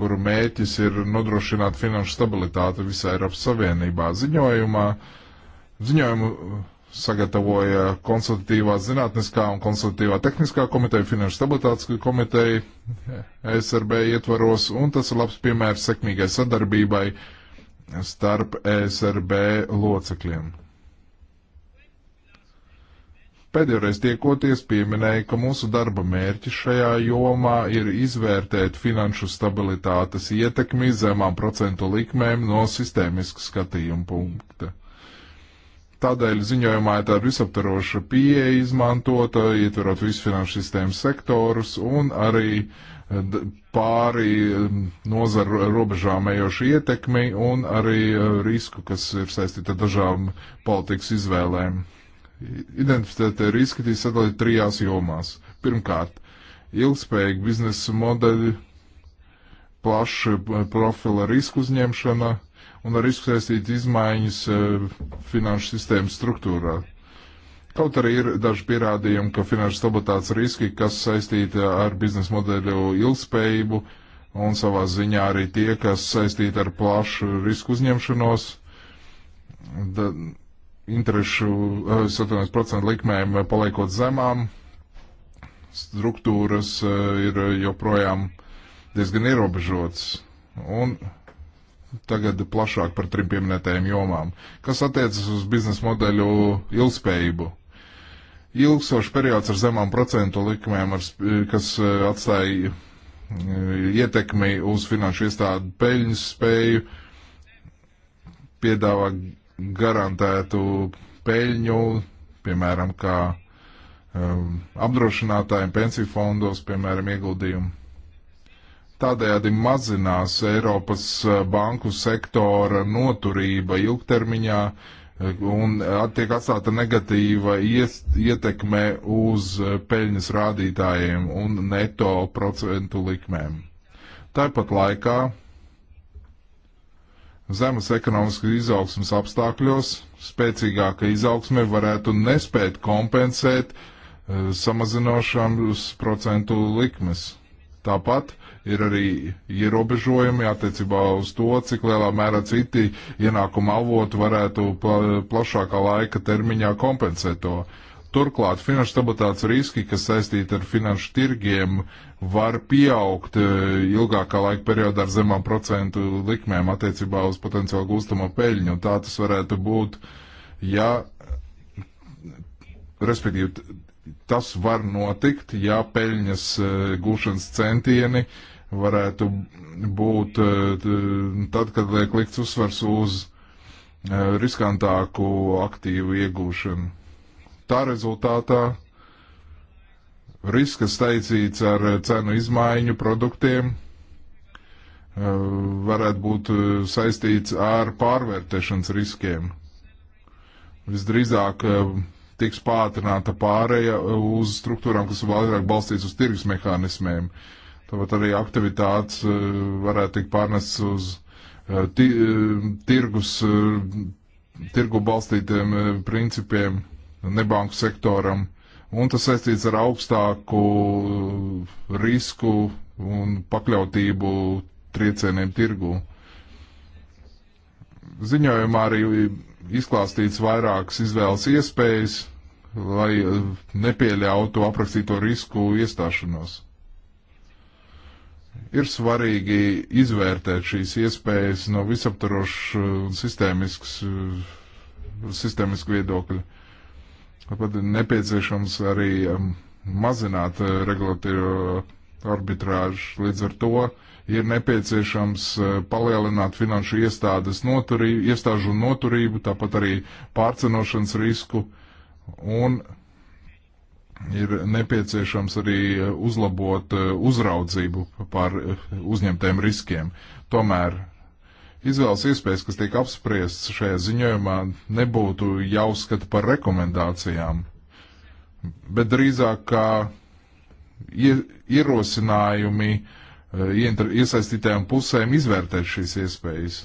kuru mēķis ir nodrošināt finanšu stabilitāti visā Eiropas Savienībā. Ziņojumā, ziņojumu uh, sagatavoja konsultatīvā zinātniskā un konsultatīvā tehniskā komiteja, finanšu stabilitātes komiteja, ESRB ietvaros, un tas ir labs piemērs sekmīgai sadarbībai starp ESRB locekļiem. Pēdējoreiz tiekoties pieminēja, ka mūsu darba mērķis šajā jomā ir izvērtēt finanšu stabilitātes ietekmi zemām procentu likmēm no sistēmiska skatījuma punkta. Tādēļ ziņojumā ir tāda visaptaroša pieeja izmantota, ietverot visu finanšu sistēmas sektorus un arī eh, pāri eh, nozaru robežām ejošu ietekmi un arī eh, risku, kas ir saistīta ar dažām politikas izvēlēm identificētie riski tiek sadalīti trijās jomās. Pirmkārt, ilgspējīgi biznesa modeļi, plaša profila risku uzņemšana un ar risku saistītas izmaiņas eh, finanšu sistēmas struktūrā. Kaut arī ir daži pierādījumi, ka finanšu stabilitātes riski, kas saistīti ar biznesa modeļu ilgspējību un savā ziņā arī tie, kas saistīti ar plašu risku uzņemšanos, interešu, es eh, atvainojos, procentu likmēm paliekot zemām, struktūras eh, ir joprojām diezgan ierobežotas. Un tagad plašāk par trim pieminētajām jomām. Kas attiecas uz biznesa modeļu ilgspējību? Ilgsošs periods ar zemām procentu likmēm, ar, eh, kas atstāja ietekmi uz finanšu iestādu peļņas spēju, piedāvā garantētu peļņu, piemēram, kā um, apdrošinātājiem pensiju fondos, piemēram, ieguldījumu. Tādējādi mazinās Eiropas uh, banku sektora noturība ilgtermiņā uh, un uh, tiek atstāta negatīva ietekme uz peļņas rādītājiem un neto procentu likmēm. Tāpat laikā Zemes ekonomiskas izaugsmas apstākļos spēcīgāka izaugsme varētu nespēt kompensēt uh, eh, samazinošām procentu likmes. Tāpat ir arī ierobežojumi attiecībā uz to, cik lielā mērā citi ienākuma avoti varētu pla plašākā laika termiņā kompensēt to. Uh, Turklāt finanšu stabilitātes riski, kas saistīti ar finanšu tirgiem, var pieaugt e, ilgākā laika periodā ar zemām procentu likmēm attiecībā uz potenciāli gūstamo peļņu. Un tā tas varētu būt, ja, respektīvi, tas var notikt, ja peļņas e, gūšanas centieni varētu būt e, tad, kad liek likts uzsvars uz riskantāku aktīvu iegūšanu. Tā rezultātā risks, kas saistīts ar cenu izmaiņu produktiem, eh, varētu būt eh, saistīts ar pārvērtēšanas riskiem. Visdrīzāk eh, tiks pātrināta pāreja uz struktūrām, kas vairāk balstīts uz tirgus mehānismiem. Tāpat arī aktivitātes varētu tikt pārnests uz tirgus, tirgu balstītiem principiem nebanku sektoram, un tas saistīts ar augstāku risku un pakļautību triecieniem tirgū. Ziņojumā arī izklāstīts vairākas izvēles iespējas, lai eh, nepieļautu aprakstīto risku iestāšanos ir svarīgi izvērtēt šīs iespējas no visaptarošas un eh, sistēmiskas, eh, sistēmiska viedokļa. Tāpat nepieciešams arī um, mazināt uh, regulatīvo arbitrāžu. Līdz ar to ir nepieciešams uh, palielināt finanšu iestādes noturību, iestāžu noturību, tāpat arī pārcenošanas risku un ir nepieciešams arī uh, uzlabot uzraudzību par uzņemtiem riskiem. Tomēr izvēles iespējas, kas tiek apspriestas šajā ziņojumā, nebūtu jāuzskata par rekomendācijām, bet drīzāk kā ierosinājumi e, iesaistītajām pusēm izvērtēt šīs iespējas.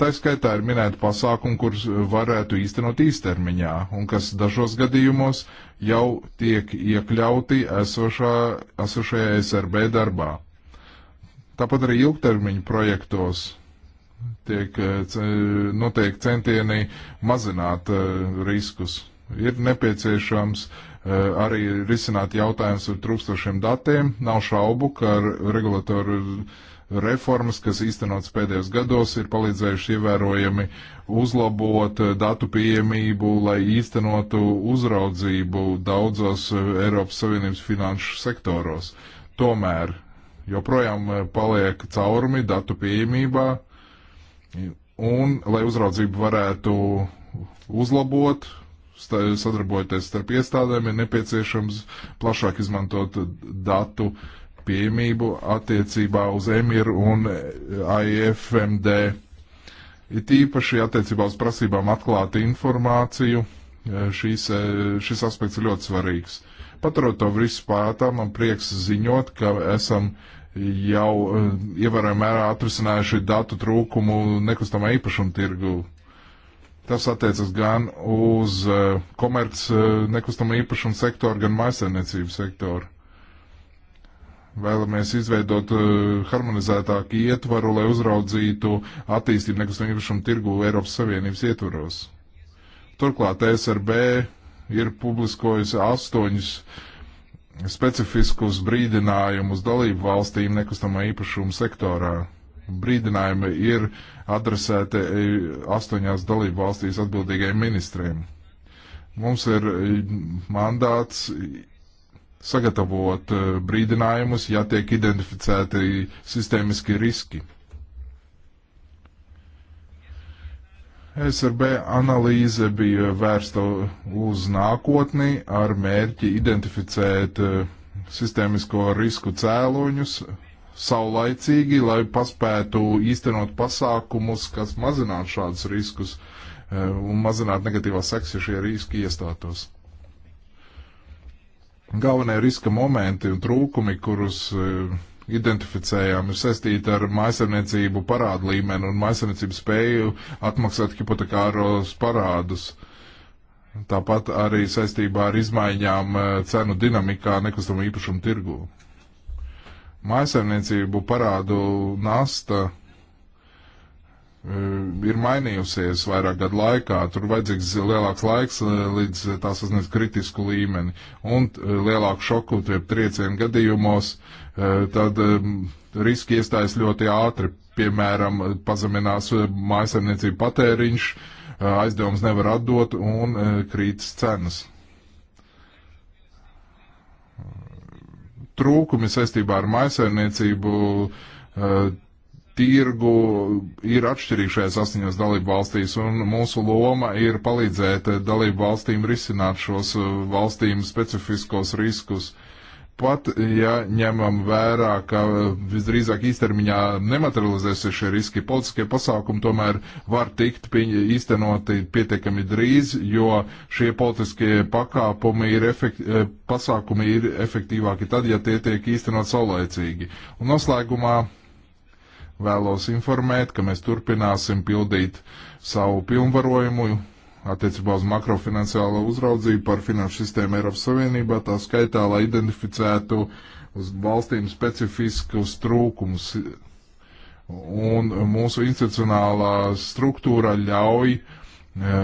Tā skaitā ir minēta pasākuma, kurus varētu īstenot īstermiņā, un kas dažos gadījumos jau tiek iekļauti esošā, esošajā SRB darbā. Tāpat arī ilgtermiņa projektos tiek eh, notiek centieni mazināt eh, riskus. Ir nepieciešams eh, arī risināt jautājums ar trūkstošiem datiem. Nav šaubu, ka regulatoru reformas, kas īstenots pēdējos gados, ir palīdzējuši ievērojami uzlabot datu pieejamību, lai īstenotu uzraudzību daudzos Eiropas Savienības finanšu sektoros. Tomēr joprojām paliek caurumi datu pieejamībā, uh, Un, lai uzraudzību varētu uzlabot, sadarbojoties starp iestādēm, ir nepieciešams plašāk izmantot datu pieejamību attiecībā uz EMIR un AIFMD. It īpaši attiecībā uz prasībām atklāt informāciju, šīs, šis aspekts ir ļoti svarīgs. Paturot to visu pētā, man prieks ziņot, ka esam jau e, ievērojami mērā atrisinājuši datu trūkumu nekustamā īpašuma tirgu. Tas attiecas gan uz e, komerc e, nekustamā īpašuma sektoru, gan maisainiecību sektoru. Vēlamies izveidot harmonizētāku ietvaru, lai uzraudzītu attīstību nekustamā īpašuma tirgu Eiropas Savienības ietvaros. Turklāt SRB ir publiskojusi astoņus uh, specifiskus brīdinājumus dalību valstīm nekustamā īpašuma sektorā. Brīdinājumi ir adresēti astoņās dalību valstīs atbildīgajiem ministriem. Mums ir eh, mandāts sagatavot eh, brīdinājumus, ja tiek identificēti sistēmiski riski. SRB analīze bija vērsta uz nākotni ar mērķi identificēt eh, sistēmisko risku cēloņus saulaicīgi, lai paspētu īstenot pasākumus, kas mazinātu šādus riskus eh, un mazinātu negatīvās seks, ja šie riski iestātos galvenie riska momenti un trūkumi, kurus eh, identificējām, ir saistīta ar maisaimniecību parādu līmeni un maisaimniecību spēju atmaksāt hipotekāros parādus. Tāpat arī saistībā ar izmaiņām eh, cenu dinamikā nekustamo īpašumu tirgu. Maisaimniecību parādu nasta Eh, ir mainījusies vairāk gadu laikā. Tur vajadzīgs lielāks laiks eh, līdz tā sasniedz kritisku līmeni. Un eh, lielāku šoku ir triecienu gadījumos, tad riski iestājas ļoti ātri. Piemēram, pazeminās mājasemniecību patēriņš, aizdevums nevar atdot un krītas cenas. Trūkumi saistībā ar mājasemniecību tirgu ir atšķirīgi šajās astoņās dalību valstīs, un mūsu loma ir palīdzēt dalību valstīm risināt šos uh, valstīm specifiskos riskus. Pat ja ņemam vērā, ka uh, visdrīzāk īstermiņā nematerializēsies šie riski, politiskie pasākumi tomēr var tikt īstenoti pietiekami drīz, jo šie politiskie pakāpumi ir efekt, uh, pasākumi ir efektīvāki tad, ja tie tiek īstenot saulēcīgi. Un noslēgumā vēlos informēt, ka mēs turpināsim pildīt savu pilnvarojumu attiecībā uz makrofinanciālo uzraudzību par finanšu sistēmu Eiropas Savienībā, tā skaitā, lai identificētu uz valstīm specifiskus trūkumus. Un mūsu institucionālā struktūra ļauj e,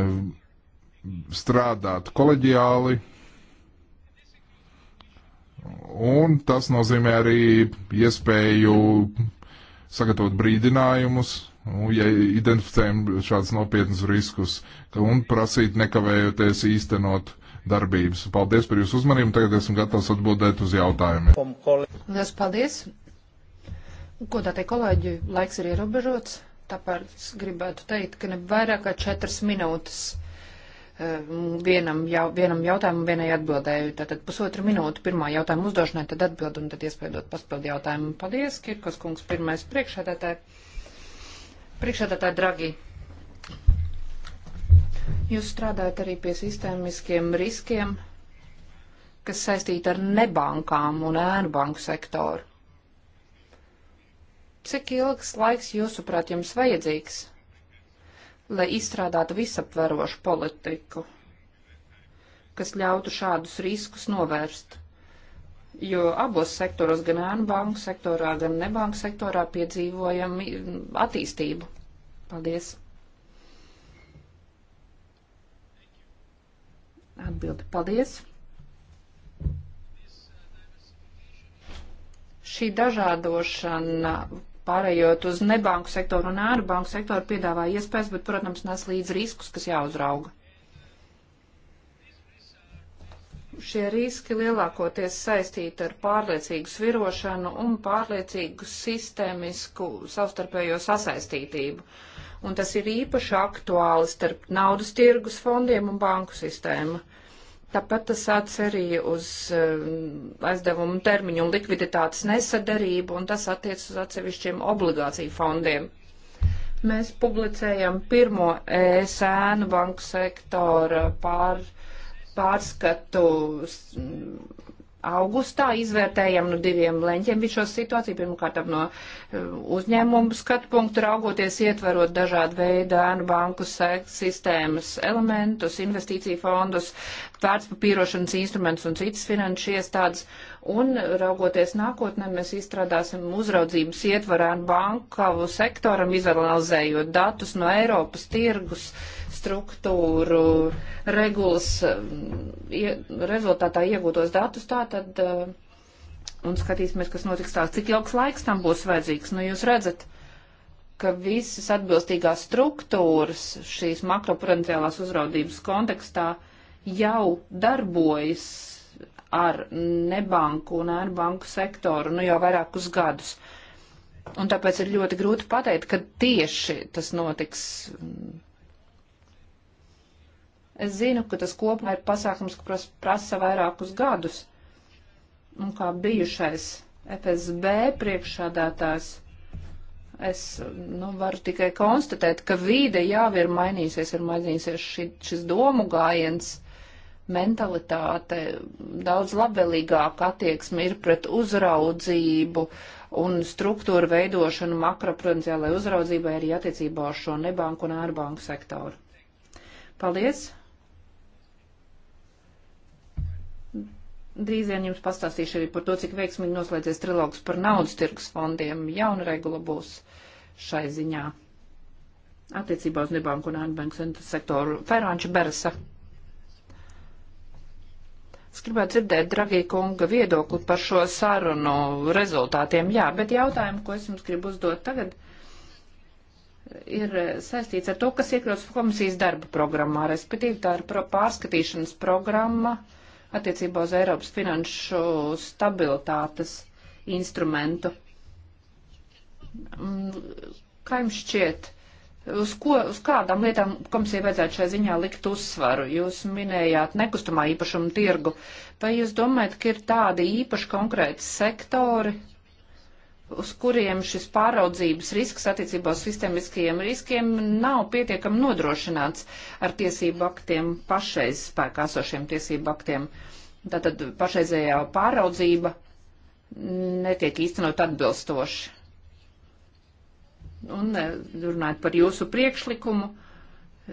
strādāt koleģiāli, un tas nozīmē arī iespēju sagatavot brīdinājumus, nu, ja identificējam šādus nopietnus riskus, un prasīt nekavējoties īstenot darbības. Paldies par jūsu uzmanību, tagad esmu gatavs atbildēt uz jautājumiem. Lielas paldies! Ko tā te kolēģi, laiks ir ierobežots, tāpēc gribētu teikt, ka ne vairāk kā četras minūtes Ehm, vienam, jau, vienam jautājumam, vienai atbildēju. Tātad pusotru minūtu pirmā jautājuma uzdošanai, tad atbild un tad iespējot paspildu jautājumu. Paldies, Kirkos kungs, pirmais priekšādātāji. Priekšādātāji, dragi. Jūs strādājat arī pie sistēmiskiem riskiem, kas saistīti ar nebankām un ēnbanku sektoru. Cik ilgs laiks, jūsuprāt, jums vajadzīgs, lai izstrādātu visaptverošu politiku, kas ļautu šādus riskus novērst. Jo abos sektoros, gan ēnu banku sektorā, gan nebanku sektorā piedzīvojam attīstību. Paldies! Atbildi paldies! Šī dažādošana pārējot uz nebanku sektoru un ārbanku sektoru, piedāvā iespējas, bet, protams, nes līdz riskus, kas jāuzrauga. Šie riski lielākoties saistīti ar pārliecīgu svirošanu un pārliecīgu sistēmisku savstarpējo sasaistītību. Un tas ir īpaši aktuāli starp naudas tirgus fondiem un banku sistēmu. Uh, Tāpat tas atsauc arī uz eh, aizdevumu termiņu un likviditātes nesadarību, un tas attiec uz atsevišķiem obligāciju fondiem. Mēs publicējam pirmo ēsēnu banku sektora pār, pārskatu augustā izvērtējam no nu, diviem leņķiem šo situāciju. Pirmkārt, no eh, uzņēmumu skatu punktu raugoties, ietverot dažādu veidu ēnu banku sistēmas elementus, investīciju fondus, vērtspapīrošanas instrumentus un citas finanšu iestādes. Un raugoties nākotnē, mēs izstrādāsim uzraudzības ietvaru ēnu banku sektoram, izanalizējot datus no Eiropas tirgus. Uh, struktūru regulas um, ie, rezultātā iegūtos datus, tā tad uh, un skatīsimies, kas notiks tā, cik ilgs laiks tam būs vajadzīgs. Nu, jūs redzat, ka visas atbilstīgās struktūras šīs makroprudenciālās uzraudzības kontekstā jau darbojas ar nebanku un ar banku sektoru nu, jau vairākus gadus. Un tāpēc ir ļoti grūti pateikt, kad tieši tas notiks Es zinu, ka tas kopumā ir pasākums, kas prasa vairākus gadus. Un kā bijušais FSB priekšādātājs, es nu, varu tikai konstatēt, ka vīde jau ir mainīsies, ir mainīsies ši, šis domu gājiens, mentalitāte, daudz labvēlīgāka attieksme ir pret uzraudzību un struktūru veidošanu makroprudenciālajai uzraudzībai arī attiecībā uz šo nebanku un ārbanku sektoru. Paldies! drīz vien jums pastāstīšu arī par to, cik veiksmīgi noslēdzies trilogs par naudas tirgus fondiem. Jauna regula būs šai ziņā attiecībā uz nebanku un ārbanku sektoru. Fērāņš Beresa. Es gribētu dzirdēt, dragī kunga, viedokli par šo sarunu rezultātiem. Jā, bet jautājumu, ko es jums gribu uzdot tagad, ir saistīts ar to, kas iekļauts komisijas darba programmā, respektīvi tā ir pro pārskatīšanas programma. Uh, attiecībā uz Eiropas finanšu stabilitātes instrumentu. Mm, kā jums šķiet, uz, ko, uz kādām lietām komisija vajadzētu šai ziņā likt uzsvaru? Jūs minējāt nekustamā īpašuma tirgu. Vai jūs domājat, ka ir tādi īpaši konkrēti sektori, uz kuriem šis pāraudzības risks attiecībā uz sistemiskajiem riskiem nav pietiekami nodrošināts ar tiesību aktiem pašreiz spēkā esošiem tiesību aktiem. Tātad pašreizējā pāraudzība netiek īstenot atbilstoši. Un eh, runājot par jūsu priekšlikumu, uh,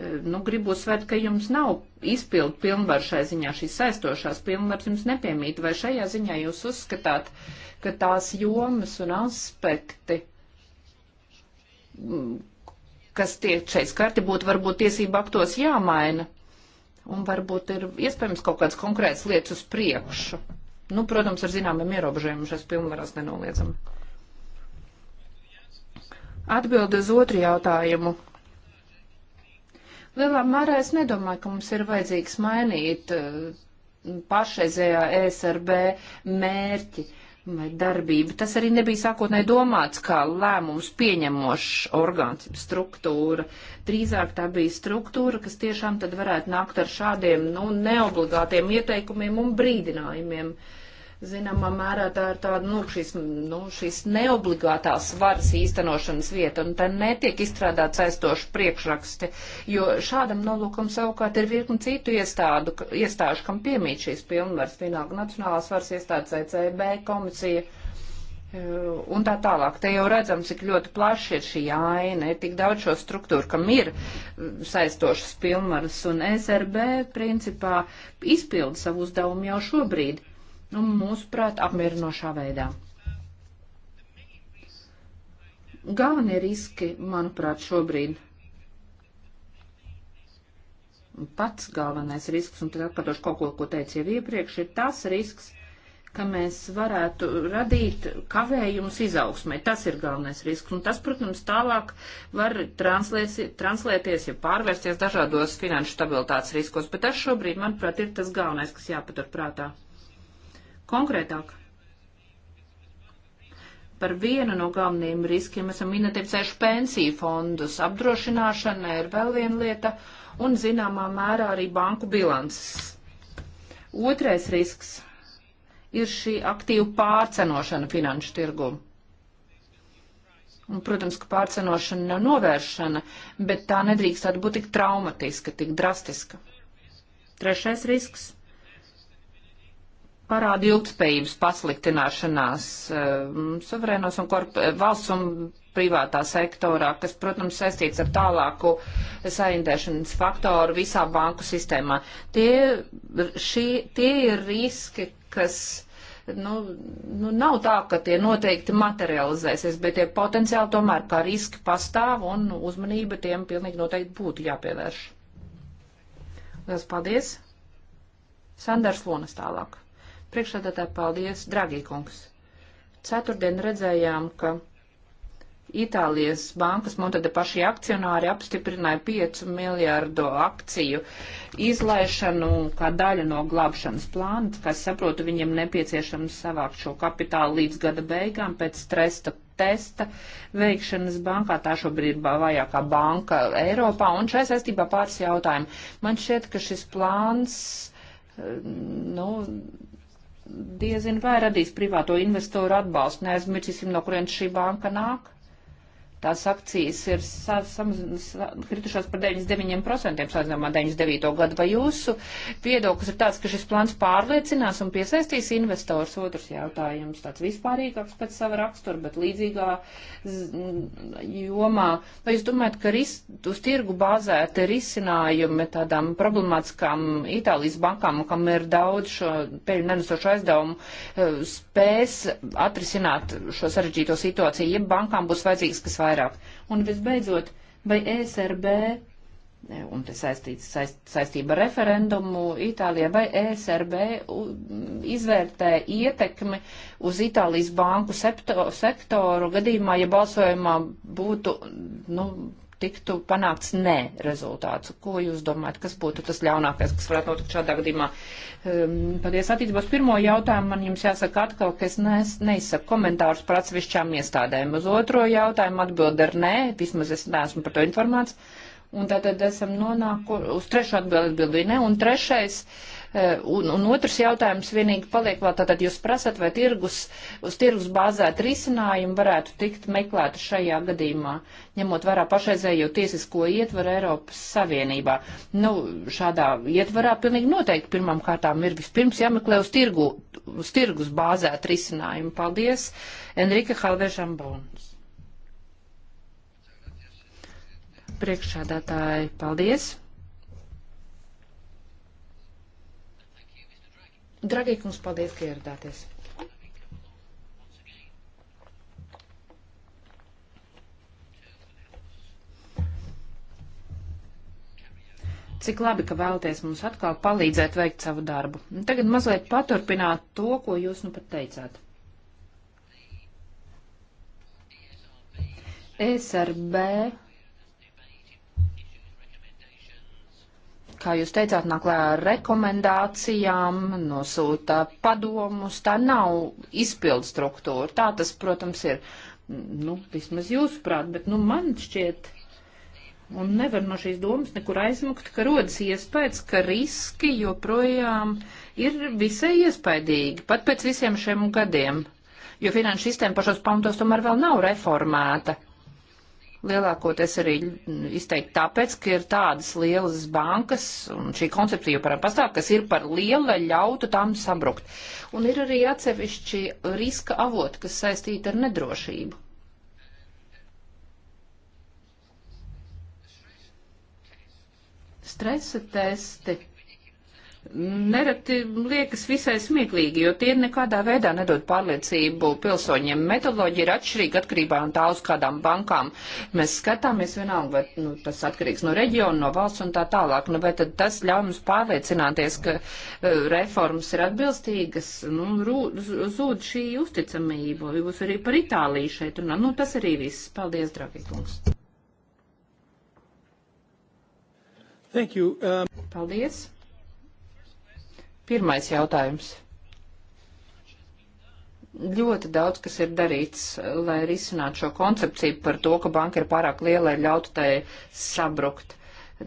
Eh, nu, gribu uzsvērt, ka jums nav izpildu pilnvaru šai ziņā, šīs saistošās pilnvaras jums nepiemīt, vai šajā ziņā jūs uzskatāt, ka tās jomas un aspekti, mm, kas tiek šeit skarti, būtu varbūt tiesība aktos jāmaina, un varbūt ir iespējams kaut kāds konkrēts lietas uz priekšu. Nu, protams, ar zināmiem ierobežojumiem šās pilnvarās nenoliedzam. Atbildi uz otru jautājumu Lielā mērā es nedomāju, ka mums ir vajadzīgs mainīt uh, pašreizējā ESRB mērķi vai darbību. Tas arī nebija sākotnēji domāts kā lēmums pieņemošs orgāns struktūra. Drīzāk tā bija struktūra, kas tiešām tad varētu nākt ar šādiem nu, neobligātiem ieteikumiem un brīdinājumiem. Uh, zināmā mērā tā ir tāda, nu, šīs, nu, šīs neobligātās varas īstenošanas vieta, un tā netiek izstrādāt saistoši priekšraksti, jo šādam nolūkam savukārt ir virkni citu iestādu, iestāžu, kam piemīt šīs pilnvaras, vienalga Nacionālās varas iestādes, ECB komisija. E, un tā tālāk. Te jau redzam, cik ļoti plaši ir šī aina, ir tik daudz šo struktūru, kam ir saistošas pilnvaras, un SRB e principā izpilda savu uzdevumu jau šobrīd nu, mūsuprāt, apmierinošā veidā. Galvenie riski, manuprāt, šobrīd pats galvenais risks, un tad atkārtošu kaut ko, ko teicu jau iepriekš, ir tas risks, ka mēs varētu radīt kavējumus izaugsmē. Tas ir galvenais risks. Un tas, protams, tālāk var translēties, ja pārvērsties dažādos finanšu stabilitātes riskos. Bet tas šobrīd, manuprāt, ir tas galvenais, kas jāpatur prātā. Konkrētāk, par vienu no galvenajiem riskiem esam identificējuši pensiju fondus. Apdrošināšana ir vēl viena lieta un zināmā mērā arī banku bilances. Otrais risks ir šī aktīva pārcenošana finanšu tirgu. Un, protams, ka pārcenošana nav novēršana, bet tā nedrīkst būt tik traumatiska, tik drastiska. Trešais risks parāda ilgspējības pasliktināšanās eh, suverēnos un korp, eh, valsts un privātā sektorā, kas, protams, saistīts ar tālāku saindēšanas faktoru visā banku sistēmā. Tie, šī, tie ir riski, kas nu, nu, nav tā, ka tie noteikti materializēsies, bet tie potenciāli tomēr kā riski pastāv un uzmanība tiem pilnīgi noteikti būtu jāpievērš. Lielas paldies! Sanders Lonas tālāk. Priekšādātāji, paldies, Dragī kungs. Ceturtdien redzējām, ka Itālijas bankas Montade pašie akcionāri apstiprināja 5 miljārdu akciju izlaišanu kā daļu no glābšanas plāna, kas saprotu viņiem nepieciešams savākt šo kapitālu līdz gada beigām pēc stresa testa veikšanas bankā. Tā šobrīd ir vajākā banka Eiropā. Un šai saistībā pāris jautājumu. Man šķiet, ka šis plāns. Eh, nu, diezin vai radīs privāto investoru atbalstu. Neaizmirsīsim, no kurienes šī banka nāk tās akcijas ir sa, samaz, sa, kritušās par 99% salīdzinājumā 99. gadu. Vai jūsu viedoklis ir tāds, ka šis plāns pārliecinās un piesaistīs investors? Otrs jautājums tāds vispārīgāks pēc sava rakstura, bet līdzīgā jomā. Vai jūs domājat, ka ris, uz tirgu bāzēta risinājumi tādām problemātiskām Itālijas bankām, kam ir daudz šo peļņu nenesošu aizdevumu, eh, spēs atrisināt šo sarežģīto situāciju, ja bankām būs vajadzīgs, kas vēl vairāk. Un visbeidzot, vai ESRB, e, un te saistīts saist, saistība ar referendumu Itālijā, vai ESRB izvērtē ietekmi uz Itālijas banku septo, sektoru gadījumā, ja balsojumā būtu, nu, tiktu panākts nē rezultāts. Ko jūs domājat, kas būtu tas ļaunākais, kas varētu notikt šādā gadījumā? Um, paldies attiecībās. Pirmo jautājumu man jums jāsaka atkal, ka es nes, neizsaku komentārus par atsevišķām iestādēm. Uz otro jautājumu atbild ar nē, vismaz es neesmu par to informēts. Un tātad esam nonākuši uz trešo atbildi atbildī, ne? Un trešais. Uh, Eh, un, un otrs jautājums vienīgi paliek vēl tātad, jūs prasat, vai tirgus, uz tirgus bāzēt risinājumu varētu tikt meklēta šajā gadījumā, ņemot vērā pašreizējo tiesisko ietvaru Eiropas Savienībā. Nu, šādā ietvarā pilnīgi noteikti pirmām kārtām ir vispirms jāmeklē uz, tirgu, uz tirgus bāzēt risinājumu. Paldies, Enrika Halvežam Bons. priekšādātāji, paldies! Dragīgi, mums paldies, ka ieradāties. Cik labi, ka vēlaties mums atkal palīdzēt veikt savu darbu. Un tagad mazliet paturpināt to, ko jūs nu pat teicāt. SRB kā jūs teicāt, nāk lēā ar rekomendācijām, nosūta padomus. Tā nav izpildu struktūra. Tā tas, protams, ir, nu, vismaz jūsuprāt, bet, nu, man šķiet, un nevar no šīs domas nekur aizmukt, ka rodas iespējas, ka riski joprojām ir visai iespaidīgi, pat pēc visiem šiem gadiem, jo finanšu sistēma pašos pamatos tomēr vēl nav reformēta. Lielākoties arī izteikti tāpēc, ka ir tādas lielas bankas, un šī koncepcija joprojām pastāv, kas ir par lielu, lai ļautu tām sabrukt. Un ir arī atsevišķi riska avoti, kas saistīti ar nedrošību. Stresa testi nereti liekas visai smieklīgi, jo tie nekādā veidā nedod pārliecību pilsoņiem. Metoloģija ir atšķirīga atkarībā no tā, uz kādām bankām mēs skatāmies vienalga, vai nu, tas atkarīgs no reģiona, no valsts un tā tālāk. Nu, vai tad tas ļauj mums pārliecināties, ka uh, reformas ir atbilstīgas, nu, rū, zūd šī uzticamība. Jūs arī par Itāliju šeit runājat. Nu, tas arī viss. Paldies, draugīgums. Thank you. Um... Paldies. Pirmais jautājums. Ļoti daudz, kas ir darīts, lai risinātu šo koncepciju par to, ka banka ir pārāk liela, lai ļautu tai sabrukt.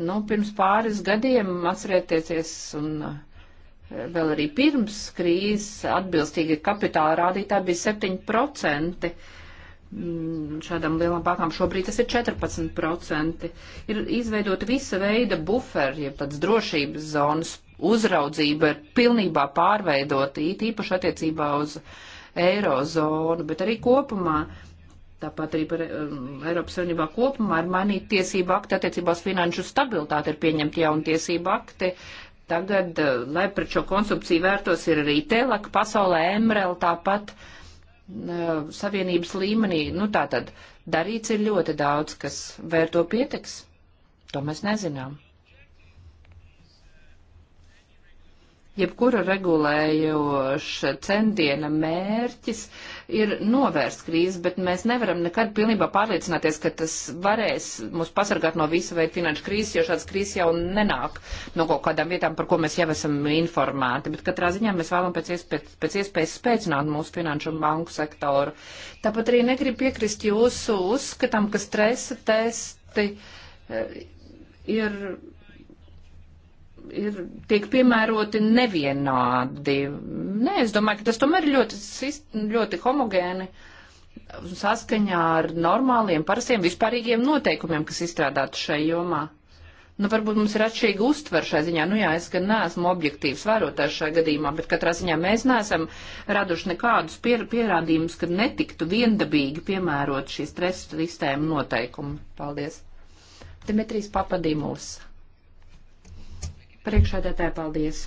Nu, pirms pāris gadiem atcerieties un eh, vēl arī pirms krīzes atbilstīgi kapitāla rādītāji bija 7% mm, šādām lielām bankām. Šobrīd tas ir 14%. Ir izveidota visa veida buferi, jeb tāds drošības zonas uzraudzība ir pilnībā pārveidota, it īpaši attiecībā uz eirozonu, bet arī kopumā. Tāpat arī par um, Eiropas Savienībā kopumā ir mainīta tiesība akti attiecībās finanšu stabilitāti, ir pieņemti jauni tiesība akti. Tagad, uh, lai pret šo konsumpciju vērtos, ir arī telak, pasaulē emrel tāpat uh, savienības līmenī. Nu tā tad darīts ir ļoti daudz, kas vēr to pietiks. To mēs nezinām. jebkura regulējoša centiena mērķis ir novērst krīzi, bet mēs nevaram nekad pilnībā pārliecināties, ka tas varēs mūs pasargāt no visa veida finanšu krīzes, jo šāds krīzes jau nenāk no kaut kādām vietām, par ko mēs jau esam informēti. Bet katrā ziņā mēs vēlam pēc iespējas, pēc iespējas spēcināt mūsu finanšu un banku sektoru. Tāpat arī negribu piekrist jūsu uzskatam, ka stresa testi eh, ir ir, tiek piemēroti nevienādi. Nē, es domāju, ka tas tomēr ir ļoti, ļoti homogēni saskaņā ar normāliem, parastiem, vispārīgiem noteikumiem, kas izstrādāti šai jomā. Nu, varbūt mums ir atšķirīga uztver šai ziņā. Nu, jā, es gan neesmu objektīvs vērotājs šajā gadījumā, bet katrā ziņā mēs neesam raduši nekādus pier pierādījumus, ka netiktu viendabīgi piemērot šīs stresa sistēma noteikumi. Paldies. Dimitrijs Papadīmuls. Priekšādētāji, paldies!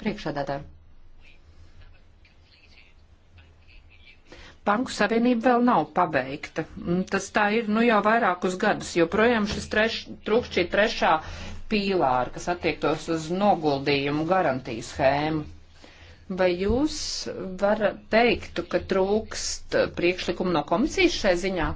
Priekšādētāji. Banku savienība vēl nav pabeigta. Mm, tas tā ir nu jau vairākus gadus, jo projām šis treš, trūkst šī trešā pīlāra, kas attiektos uz noguldījumu garantiju schēmu. Vai jūs varat teikt, ka trūkst priekšlikumu no komisijas šai ziņā?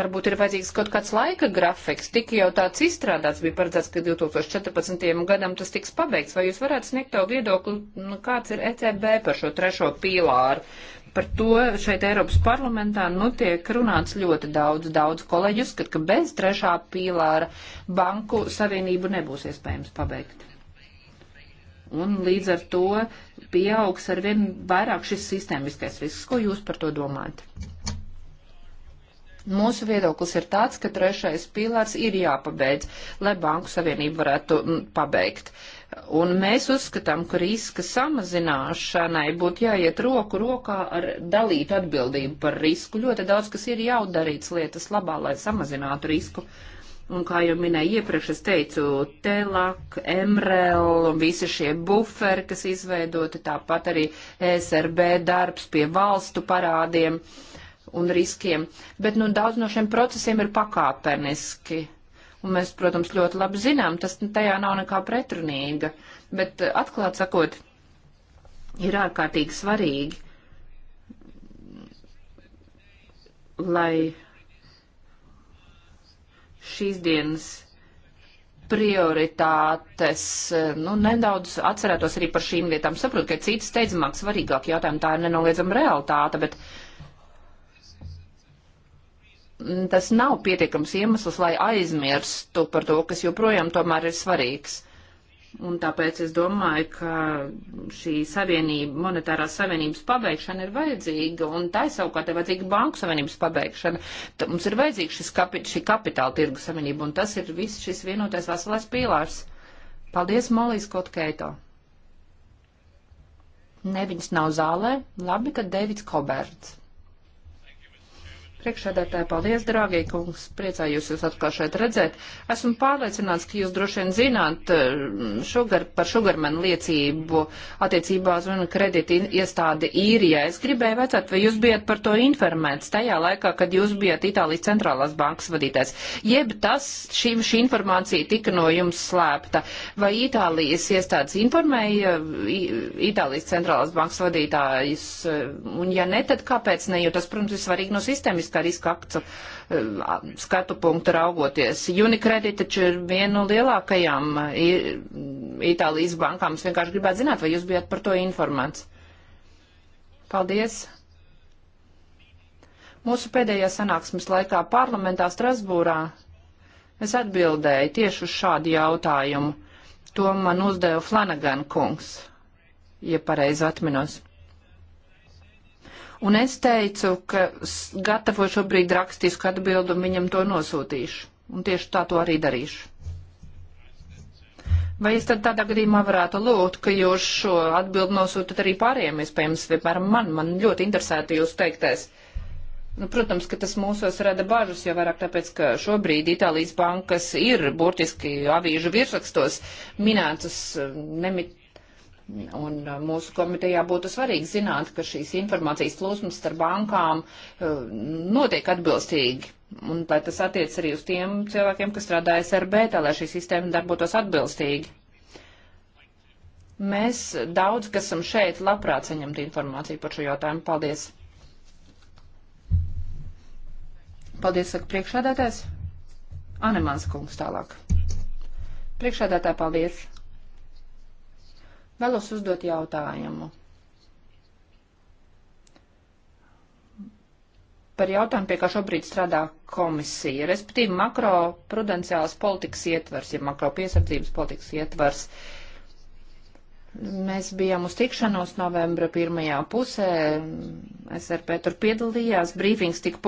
Varbūt ir vajadzīgs kaut kāds laika grafiks, tik jau tāds izstrādāts bija paredzēts, ka 2014. gadam tas tiks pabeigts. Vai jūs varētu sniegt to viedokli, nu, kāds ir ECB par šo trešo pīlāru? Par to šeit Eiropas parlamentā nu tiek runāts ļoti daudz, daudz kolēģi uzskat, ka bez trešā pīlāra banku savienību nebūs iespējams pabeigt un līdz ar to pieaugs ar vien vairāk šis sistēmiskais risks. Ko jūs par to domājat? Mūsu viedoklis ir tāds, ka trešais pīlārs ir jāpabeidz, lai Banku Savienību varētu pabeigt. Un mēs uzskatām, ka riska samazināšanai būtu jāiet roku rokā ar dalītu atbildību par risku. Ļoti daudz, kas ir jau darīts lietas labā, lai samazinātu risku. Uh, Un, kā jau minēju iepriekš, es teicu, TELAK, MREL un visi šie buferi, kas izveidoti, tāpat arī SRB darbs pie valstu parādiem un riskiem. Bet, nu, daudz no šiem procesiem ir pakāpeniski. Un mēs, protams, ļoti labi zinām, tas tajā nav nekā pretrunīga. Bet, atklāt sakot, ir ārkārtīgi svarīgi, lai šīs dienas prioritātes, nu, nedaudz atcerētos arī par šīm lietām. Saprotu, ka cits steidzamāk svarīgāk jautājumi, tā ir nenoliedzama realitāte, bet tas nav pietiekams iemesls, lai aizmirstu par to, kas joprojām tomēr ir svarīgs. Un tāpēc es domāju, ka šī savienība, monetārā savienības pabeigšana ir vajadzīga, un tā ir savukārt ir vajadzīga banku savienības pabeigšana. Tā mums ir vajadzīga šis kapi, šī kapitāla tirgu savienība, un tas ir viss šis vienotais veselais pīlārs. Paldies, Molijas Kotkeito. Ne, viņas nav zālē. Labi, tad Deivids Koberts. Priekšādātāji, paldies, dārgie kungs, priecājos jūs atkal šeit redzēt. Esmu pārliecināts, ka jūs droši vien zināt mm, šugar, par šugarmenu liecību attiecībā uz vienu kredīti iestādi īrijā. Es gribēju vecāt, vai jūs bijat par to informēts tajā laikā, kad jūs bijat Itālijas centrālās bankas vadītājs. Jeb tas, šī, šī informācija tika no jums slēpta. Vai Itālijas iestādes informēja Itālijas centrālās bankas vadītājus? Un ja ne, tad kāpēc ne? Jo tas, protams, ir svarīgi no sistēmas sistēmiskā riska aktu eh, skatu punktu raugoties. Unicredit taču ir viena no lielākajām eh, Itālijas bankām. Es vienkārši gribētu zināt, vai jūs bijat par to informēts. Paldies! Mūsu pēdējā sanāksmes laikā parlamentā Strasbūrā es atbildēju tieši uz šādu jautājumu. To man uzdeva Flanagan kungs, ja pareizi atminos un es teicu, ka gatavoju šobrīd rakstisku atbildu un viņam to nosūtīšu. Un tieši tā to arī darīšu. Vai es tad tādā gadījumā varētu lūgt, ka jūs šo atbildi nosūtat arī pārējiem, iespējams, piemēram, man, man ļoti interesēti jūs teiktais. Nu, protams, ka tas mūsos rada bažas, jo vairāk tāpēc, ka šobrīd Itālijas bankas ir burtiski avīžu virsrakstos minētas eh, nemit, Un uh, mūsu komitejā būtu svarīgi zināt, ka šīs informācijas plūsmas starp bankām uh, notiek atbilstīgi. Un lai tas attiec arī uz tiem cilvēkiem, kas strādā SRB, tā lai šī sistēma darbotos atbilstīgi. Mēs daudz, kas esam šeit, labprāt saņemt informāciju par šo jautājumu. Paldies! Paldies, saka priekšādātājs. Anemans kungs tālāk. Priekšādātāji, paldies! Vēlos uzdot jautājumu. Par jautājumu, pie kā šobrīd strādā komisija, respektīvi makroprudenciālas politikas ietvers, ja makropiesardzības politikas ietvers. Mēs bijām uz tikšanos novembra pirmajā pusē, SRP tur piedalījās, brīfings tika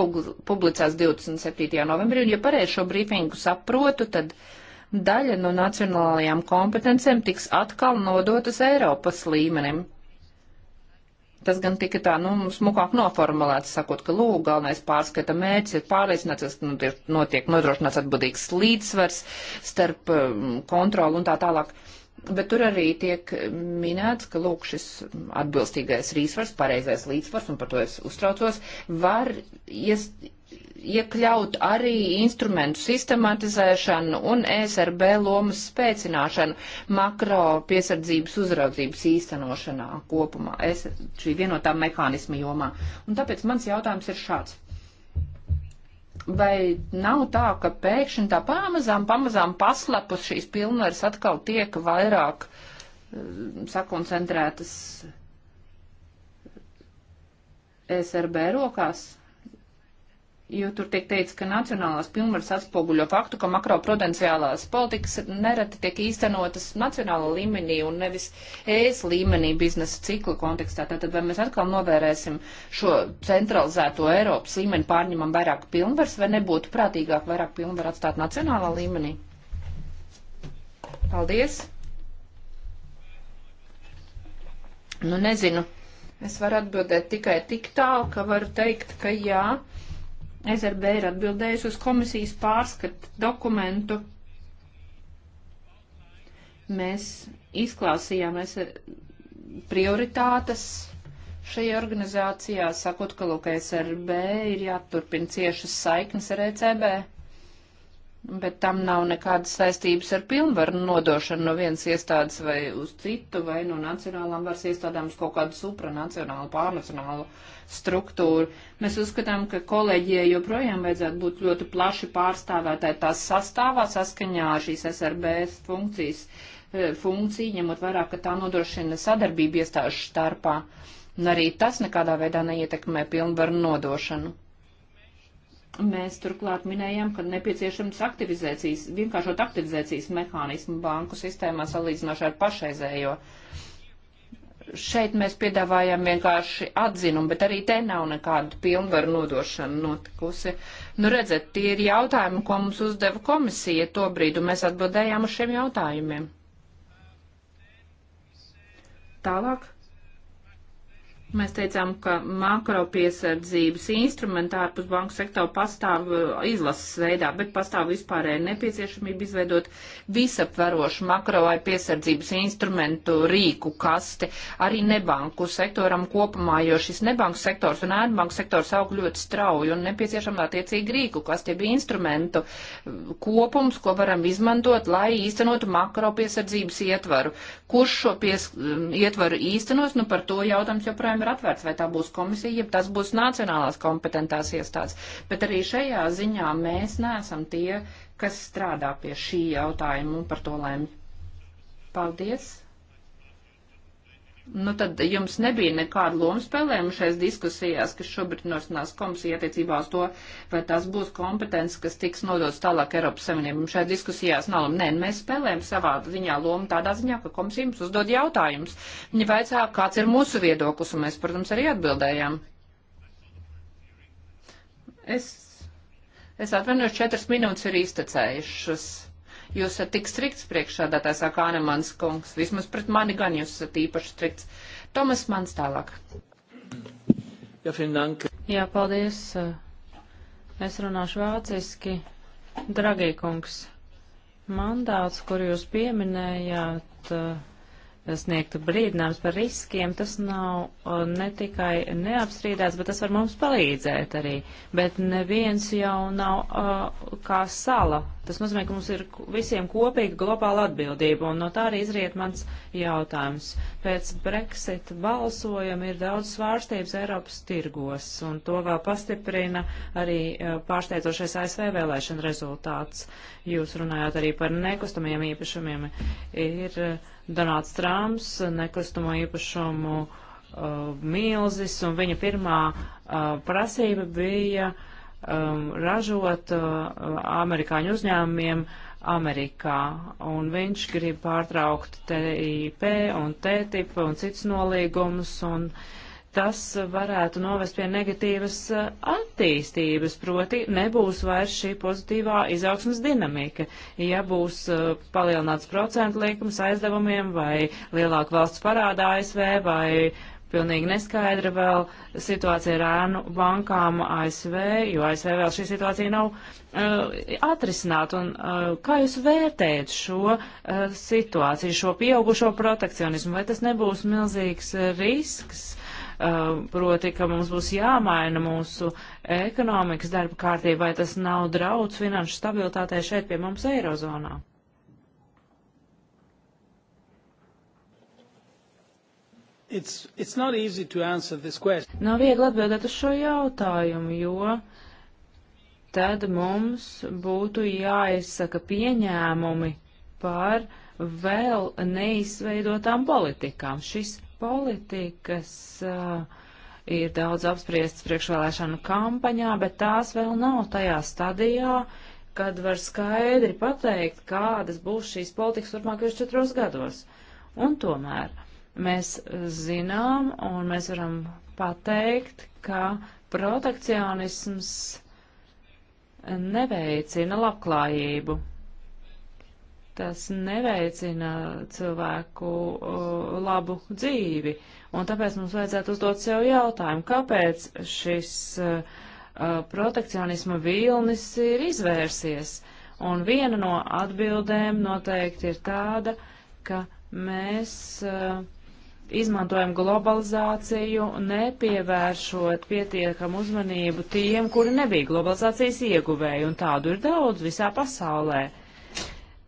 publicēts 27. novembrī, un ja pareizi šo brīfingu saprotu, tad uh, daļa no nacionālajām kompetencēm tiks atkal nodotas Eiropas līmenim. Tas gan tika tā, nu, smukāk noformulēts, sakot, ka lūk, galvenais pārskata mērķis ir pārliecināties, ka nu, notiek nodrošināts atbildīgs līdzsvars starp um, kontroli un tā tālāk. Bet tur arī tiek minēts, ka lūk, šis atbilstīgais rīsvars, pareizais līdzsvars, un par to es uztraucos, var iest, iekļaut arī instrumentu sistematizēšanu un ESRB lomas spēcināšanu makro piesardzības uzraudzības īstenošanā kopumā, es, šī vienotā mehānisma jomā. Un tāpēc mans jautājums ir šāds. Vai nav tā, ka pēkšņi tā pamazām, pamazām paslepus šīs pilnvaras atkal tiek vairāk eh, sakoncentrētas ESRB rokās? jo tur tiek teikts, ka nacionālās pilnvaras atspoguļo faktu, ka makroprudenciālās politikas nereti tiek īstenotas nacionāla līmenī un nevis ES līmenī biznesa cikla kontekstā. Tātad vai mēs atkal novērēsim šo centralizēto Eiropas līmeni, pārņemam vairāk pilnvaras, vai nebūtu prātīgāk vairāk pilnvaru atstāt nacionālā līmenī? Paldies! Nu, nezinu. Es varu atbildēt tikai tik tālu, ka varu teikt, ka jā. Ja SRB ir atbildējusi uz komisijas pārskatu dokumentu. Mēs izklāsījāmies prioritātes šajā organizācijā, sakot, ka Lūk, SRB ir jāturpina ciešas saiknes ar ECB bet tam nav nekādas saistības ar pilnvaru nodošanu no vienas iestādes vai uz citu, vai no nacionālām varas iestādēm uz kaut kādu supranacionālu, pārnacionālu struktūru. Mēs uzskatām, ka kolēģijai joprojām vajadzētu būt ļoti plaši pārstāvētāji tās sastāvā saskaņā ar šīs SRBS funkcijas, e, funkciju, ņemot vairāk, ka tā nodrošina sadarbību iestāžu starpā. Un arī tas nekādā veidā neietekmē pilnvaru nodošanu. Mēs turklāt minējām, ka nepieciešams aktivizācijas, vienkāršot aktivizācijas mehānismu banku sistēmā salīdzinoši ar pašreizējo. Šeit mēs piedāvājam vienkārši atzinumu, bet arī te nav nekādu pilnvaru nodošanu notikusi. Nu, redzat, tie ir jautājumi, ko mums uzdeva komisija to brīdi, un mēs atbildējām uz šiem jautājumiem. Tālāk. Mēs teicām, ka makropiesardzības instrumenti ārpus banku sektora pastāv eh, izlases veidā, bet pastāv vispārēja nepieciešamība izveidot visaptverošu makro vai piesardzības instrumentu rīku kasti arī nebanku sektoram kopumā, jo šis nebanku sektors un ārbanku sektors aug ļoti strauji un nepieciešama attiecīgi rīku kasti, bija instrumentu eh, kopums, ko varam izmantot, lai īstenotu makropiesardzības ietvaru. Kurš šo pies, mm, ietvaru īstenos, nu par to jautājums joprojām jautājums ir atvērts, vai tā būs komisija, ja tas būs nacionālās kompetentās iestādes. Bet arī šajā ziņā mēs neesam tie, kas strādā pie šī jautājuma un par to lēmj. Paldies! nu tad jums nebija nekāda loma spēlējuma šajās diskusijās, kas šobrīd norisinās komisija attiecībā uz to, vai tās būs kompetences, kas tiks nodots tālāk Eiropas Savienībam. Šajās diskusijās nav loma. Nē, nu, mēs spēlējam savā ziņā lomu tādā ziņā, ka komisija jums uzdod jautājumus. Viņi vaicā, kāds ir mūsu viedoklis, un mēs, protams, arī atbildējām. Es, es atvainojos, četras minūtes ir iztecējušas. Jūs esat tik strikts priekšādātājs, saka Ānemans kungs. Vismaz pret mani gan jūs esat īpaši strikts. Tomas Mans tālāk. Jā, Jā paldies. Es runāšu vāciski. Dragie kungs, mandāts, kur jūs pieminējāt, uh, sniegtu brīdinājums par riskiem, tas nav uh, ne tikai neapstrīdēts, bet tas var mums palīdzēt arī. Bet neviens jau nav uh, kā sala. Tas nozīmē, ka mums ir visiem kopīga globāla atbildība, un no tā arī izriet mans jautājums. Pēc Brexit balsojuma ir daudz svārstības Eiropas tirgos, un to vēl pastiprina arī uh, pārsteidzošais ASV vēlēšana rezultāts. Jūs runājāt arī par nekustamiem īpašumiem. Ir, uh, Donalds Trumps, nekustamo īpašumu uh, mīlzis, un viņa pirmā uh, prasība bija um, ražot uh, amerikāņu uzņēmumiem Amerikā, un viņš grib pārtraukt TIP un TTIP un cits nolīgumus, un uh, tas varētu novest pie negatīvas eh, attīstības, proti nebūs vairs šī pozitīvā izaugsmas dinamika. Ja būs eh, palielināts procentu likums aizdevumiem vai lielāka valsts parāda ASV vai pilnīgi neskaidra vēl situācija ar ēnu bankām ASV, jo ASV vēl šī situācija nav uh, atrisināta. Un, uh, kā jūs vērtējat šo uh, situāciju, šo pieaugušo protekcionismu? Vai tas nebūs milzīgs risks Uh, proti, ka mums būs jāmaina mūsu ekonomikas darba kārtība, vai tas nav draudz finanšu stabilitātei šeit pie mums Eirozonā? It's, it's not easy to answer this question. Nav viegli atbildēt uz šo jautājumu, jo tad mums būtu jāizsaka pieņēmumi par vēl neizveidotām politikām. Šis politikas uh, ir daudz apspriestas priekšvēlēšanu kampaņā, bet tās vēl nav tajā stadijā, kad var skaidri pateikt, kādas būs šīs politikas turpmākajos četros gados. Un tomēr mēs zinām un mēs varam pateikt, ka protekcionisms neveicina labklājību tas neveicina cilvēku uh, labu dzīvi. Un tāpēc mums vajadzētu uzdot sev jautājumu, kāpēc šis uh, uh, protekcionisma vilnis ir izvērsies. Un viena no atbildēm noteikti ir tāda, ka mēs uh, izmantojam globalizāciju, nepievēršot pietiekamu uzmanību tiem, kuri nebija globalizācijas ieguvēji, un tādu ir daudz visā pasaulē. Uh,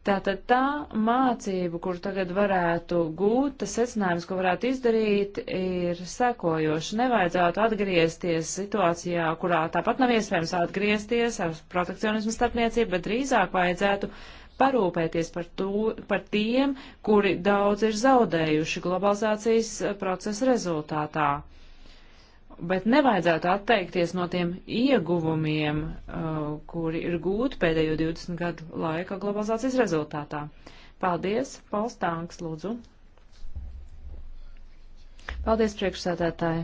Tātad tā mācība, kur tagad varētu gūt, tas secinājums, ko varētu izdarīt, ir sekojoši. Nevajadzētu atgriezties situācijā, kurā tāpat nav iespējams atgriezties ar protekcionismu starpniecību, bet drīzāk vajadzētu parūpēties par, tū, par tiem, kuri daudz ir zaudējuši globalizācijas procesa rezultātā. Uh, bet nevajadzētu atteikties no tiem ieguvumiem, uh, kuri ir gūti pēdējo 20 gadu laika globalizācijas rezultātā. Paldies, Pauls Tānks, lūdzu. Paldies, priekšsēdētāji.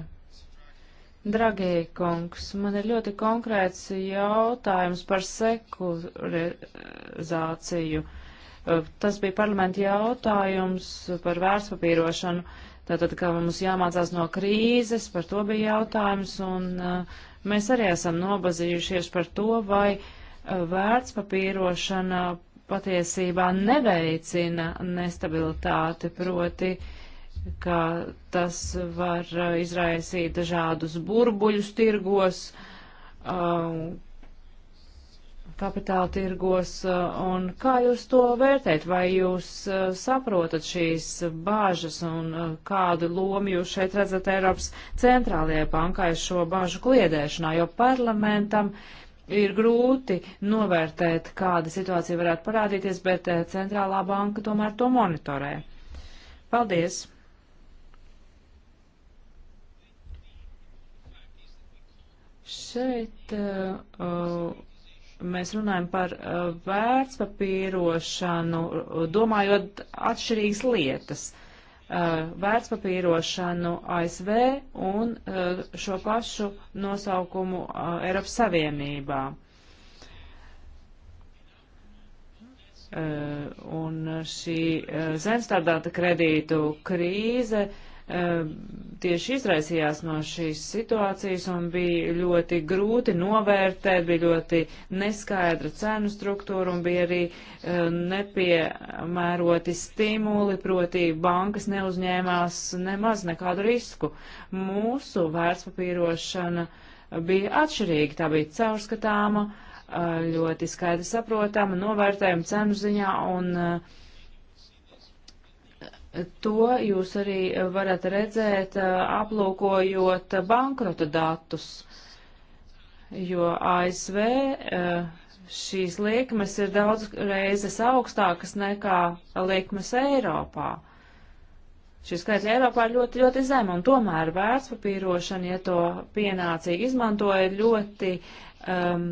Dragie kungs, man ir ļoti konkrēts jautājums par sekurizāciju. Uh, tas bija parlamenta jautājums par vērtspapīrošanu. Uh, Tātad, ka mums jāmācās no krīzes, par to bija jautājums, un uh, mēs arī esam nobazījušies par to, vai uh, vērtspapīrošana patiesībā neveicina nestabilitāti, proti, ka tas var uh, izraisīt dažādus burbuļus tirgos, uh, kapitāla tirgos, uh, un kā jūs to vērtēt, vai jūs uh, saprotat šīs bāžas un uh, kādu lomu jūs šeit redzat Eiropas centrālajai bankai šo bāžu kliedēšanā, jo parlamentam ir grūti novērtēt, kāda situācija varētu parādīties, bet centrālā banka tomēr to monitorē. Paldies! Šeit uh, mēs runājam par uh, vērtspapīrošanu, domājot atšķirīgas lietas. Uh, vērtspapīrošanu ASV un uh, šo pašu nosaukumu Eiropas Savienībā. Un šī zemstādāta kredītu krīze uh, tieši izraisījās no šīs situācijas un bija ļoti grūti novērtēt, bija ļoti neskaidra cenu struktūra un bija arī nepiemēroti stimuli, proti bankas neuzņēmās nemaz nekādu risku. Mūsu vērtspapīrošana bija atšķirīga, tā bija caurskatāma, ļoti skaidri saprotama, novērtējuma cenu ziņā un uh, To jūs arī varat redzēt, aplūkojot bankrota datus, jo ASV šīs likmes ir daudz reizes augstākas nekā likmes Eiropā. Šī skaita Eiropā ir ļoti, ļoti zema, un tomēr vērtspapīrošana, ja to pienācīgi izmantoja, ir ļoti um,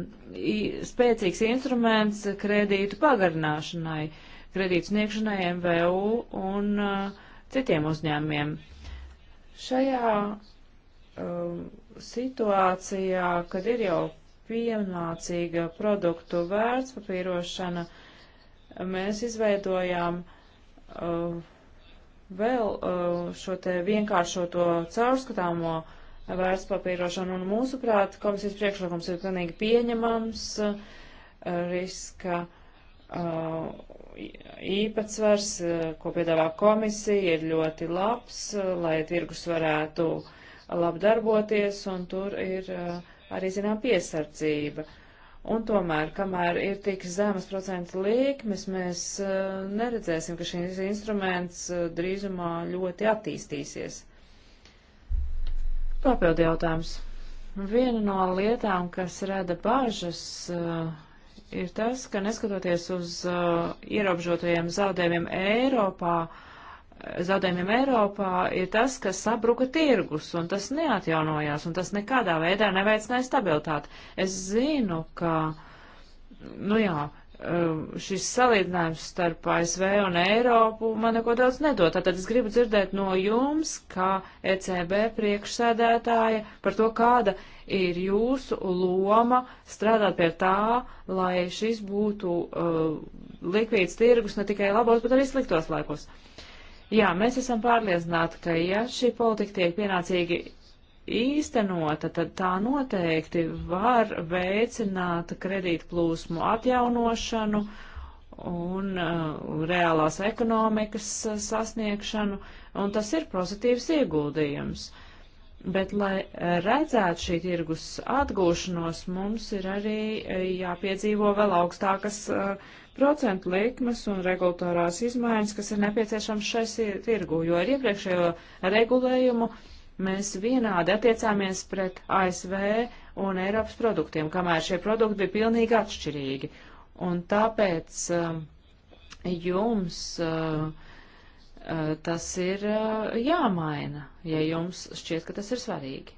spēcīgs instruments kredītu pagarināšanai. Uh, kredītu sniegšanai, MVU un uh, citiem uzņēmiem. Šajā um, situācijā, kad ir jau pienācīga produktu vērtspapīrošana, mēs izveidojām uh, vēl uh, šo te vienkāršoto caurskatāmo vērtspapīrošanu, un mūsuprāt, komisijas priekšlikums ir pilnīgi pieņemams, uh, riska uh, Uh, īpatsvars, uh, ko piedāvā komisija, ir ļoti labs, uh, lai tirgus varētu labdarboties, un tur ir arī, zinām, piesardzība. Un tomēr, kamēr ir tik zemas procentu līkmes, mēs neredzēsim, ka šis instruments drīzumā ļoti attīstīsies. Papildu jautājums. Viena no lietām, kas rada bažas, uh, ir tas, ka neskatoties uz uh, ierobežotajiem zaudējumiem Eiropā, zaudējumiem Eiropā ir tas, ka sabruka tirgus, un tas neatjaunojās, un tas nekādā veidā neveicināja stabilitāti. Es zinu, ka, nu jā, Um, šis salīdzinājums starp ASV un Eiropu man neko daudz nedod. Tātad es gribu dzirdēt no jums, kā ECB priekšsēdētāja, par to, kāda ir jūsu loma strādāt pie tā, lai šis būtu uh, likvīds tirgus ne tikai labos, bet arī sliktos laikos. Jā, mēs esam pārliecināti, ka ja šī politika tiek pienācīgi īstenota, tad tā noteikti var veicināt kredītu plūsmu atjaunošanu un uh, reālās ekonomikas uh, sasniegšanu, un tas ir pozitīvs ieguldījums. Bet, lai redzētu šī tirgus atgūšanos, mums ir arī uh, jāpiedzīvo vēl augstākas uh, procentu likmes un regulatorās izmaiņas, kas ir nepieciešams šai tirgu, jo ar iepriekšējo regulējumu uh, mēs vienādi attiecāmies pret ASV un Eiropas produktiem, kamēr šie produkti bija pilnīgi atšķirīgi. Un tāpēc um, jums uh, uh, tas ir uh, jāmaina, ja jums šķiet, ka tas ir svarīgi.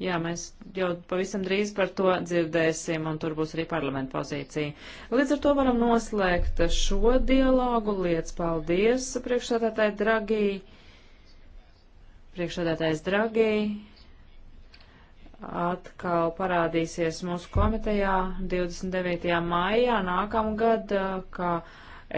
Jā, mēs jau pavisam drīz par to dzirdēsim, un tur būs arī parlamenta pozīcija. Līdz ar to varam noslēgt šo dialogu. Liec paldies priekšsādātāji Dragī priekšsēdētājs Dragī atkal parādīsies mūsu komitejā 29. maijā nākamgad, kā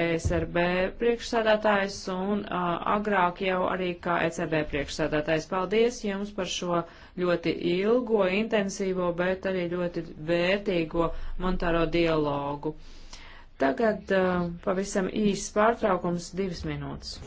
ESRB priekšsēdētājs un uh, agrāk jau arī kā ECB priekšsēdētājs. Paldies jums par šo ļoti ilgo, intensīvo, bet arī ļoti vērtīgo monetāro dialogu. Tagad uh, pavisam īsts pārtraukums divas minūtes.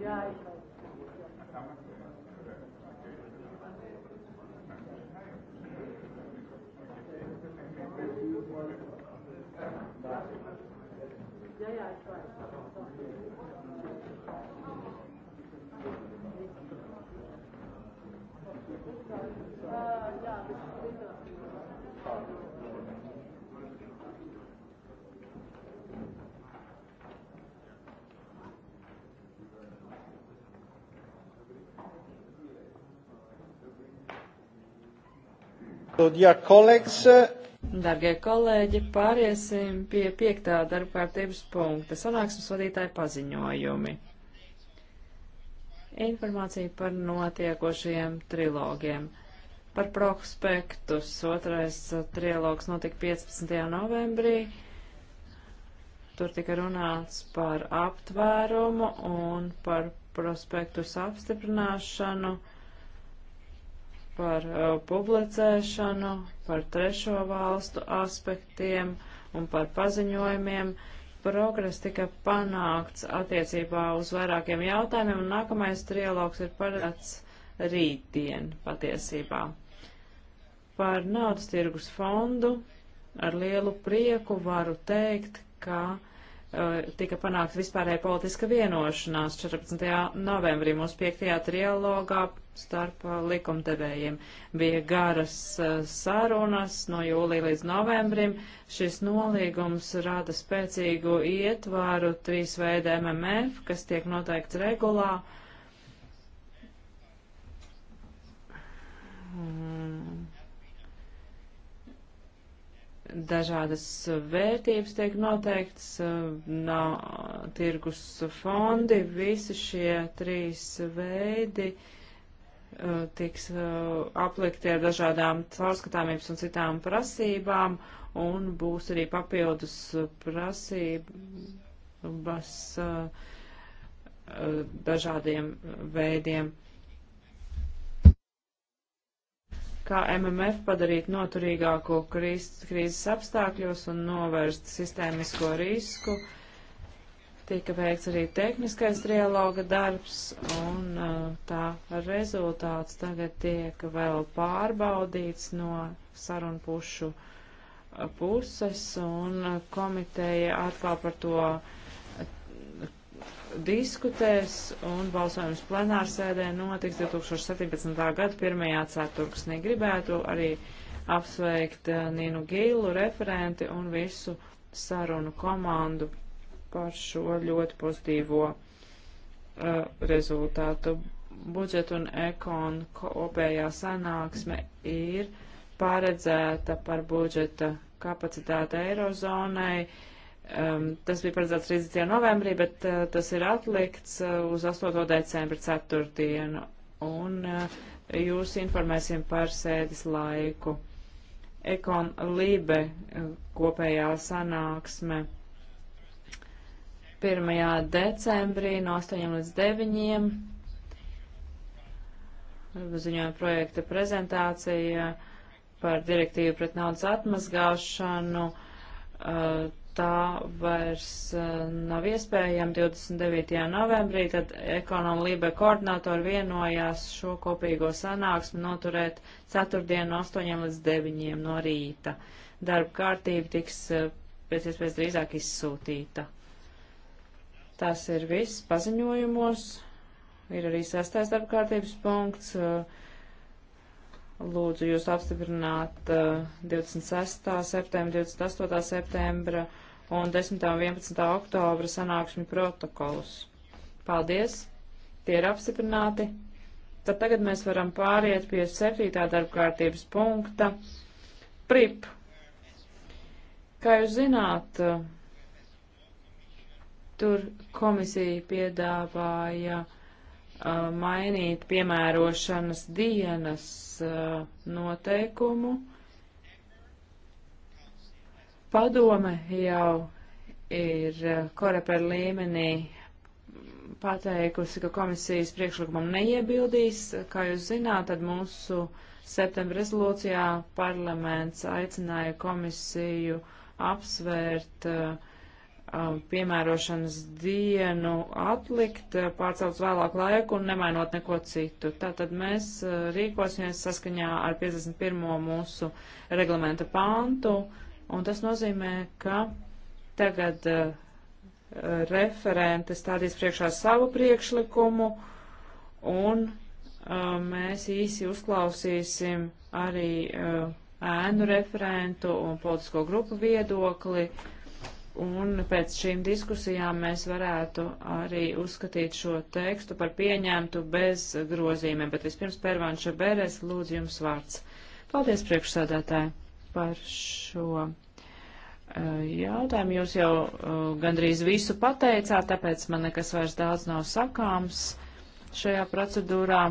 Ja, ich weiß. Ja, ja, ich weiß. Uh, ja, das ist Uh, Dargie kolēģi, pāriesim pie piektā darba kārtības punkta - sanāksmes vadītāja paziņojumi. Informācija par notiekošajiem trilogiem. Par prospektus otrais trilogs notika 15. novembrī. Tur tika runāts par aptvērumu un par prospektus apstiprināšanu. Uh, par uh, publicēšanu, par trešo valstu aspektiem un par paziņojumiem. Progress tika panākts attiecībā uz vairākiem jautājumiem, un nākamais trialogs ir paredzēts rītdien patiesībā. Par naudas tirgus fondu ar lielu prieku varu teikt, ka uh, tika panākt vispārēja politiska vienošanās 14. novembrī mūsu 5. trialogā starp uh, likumdevējiem. Bija garas uh, sarunas no jūlija līdz novembrim. Šis nolīgums rada spēcīgu ietvaru trīs veidu MMF, kas tiek noteikts regulā. Mm. Dažādas vērtības tiek noteikts, uh, nav tirgus fondi, visi šie trīs veidi uh, Eh, tiks eh, aplikti ar dažādām caurskatāmības un citām prasībām, un būs arī papildus eh, prasības dažādiem veidiem. Kā MMF padarīt noturīgāku krīzes apstākļos un novērst sistēmisko risku, uh, Tika veikts arī tehniskais trialoga darbs, un uh, tā rezultāts tagad tiek vēl pārbaudīts no sarunpušu uh, puses, un uh, komiteja atkal par to diskutēs, un balsojums plenārsēdē notiks 2017. gada 1. ceturksnī. Gribētu arī apsveikt Ninu Gīlu, referenti un visu sarunu komandu par šo ļoti pozitīvo uh, rezultātu. Budžet un ekon kopējā sanāksme ir paredzēta par budžeta kapacitāti Eirozonai. Um, tas bija paredzēts 30. novembrī, bet uh, tas ir atlikts uh, uz 8. decembra 4. dienu. Un uh, jūs informēsim par sēdes laiku. Ekon Libe kopējā sanāksme 1. decembrī no 8 līdz 9. Ziņojuma projekta prezentācija par direktīvu pret naudas atmazgāšanu. Eh, tā vairs eh, nav iespējama 29. novembrī, tad ekonomu Lībe koordinātori vienojās šo kopīgo sanāksmi noturēt ceturtdienu no 8 līdz 9 no rīta. Darba kārtība tiks eh, pēc iespējas drīzāk izsūtīta. Tas ir viss paziņojumos. Ir arī sastais darba kārtības punkts. Lūdzu jūs apstiprināt 26. Eh, septembra, 28. septembra un 10. un 11. oktobra sanāksmi protokolus. Paldies! Tie ir apstiprināti. Tad tagad mēs varam pāriet pie 7. darba kārtības punkta. PRIP. Kā jūs zināt, uh, Tur komisija piedāvāja uh, mainīt piemērošanas dienas uh, noteikumu. Padome jau ir uh, koreper līmenī pateikusi, ka komisijas priekšlikumam neiebildīs. Kā jūs zināt, tad mūsu septembra rezolūcijā parlaments aicināja komisiju apsvērt uh, Um, piemērošanas dienu atlikt, uh, pārcelt uz vēlāku laiku un nemainot neko citu. Tātad mēs uh, rīkosimies saskaņā ar 51. mūsu reglamenta pāntu, un tas nozīmē, ka tagad uh, referente stādīs priekšā savu priekšlikumu, un uh, mēs īsi uzklausīsim arī uh, ēnu referentu un politisko grupu viedokli Un pēc šīm diskusijām mēs varētu arī uzskatīt šo tekstu par pieņemtu bez grozīmiem, bet vispirms Pervanša Beres lūdzu jums vārds. Paldies priekšsādātāji par šo uh, jautājumu. Jūs jau uh, gandrīz visu pateicāt, tāpēc man nekas vairs daudz nav sakāms šajā procedūrā.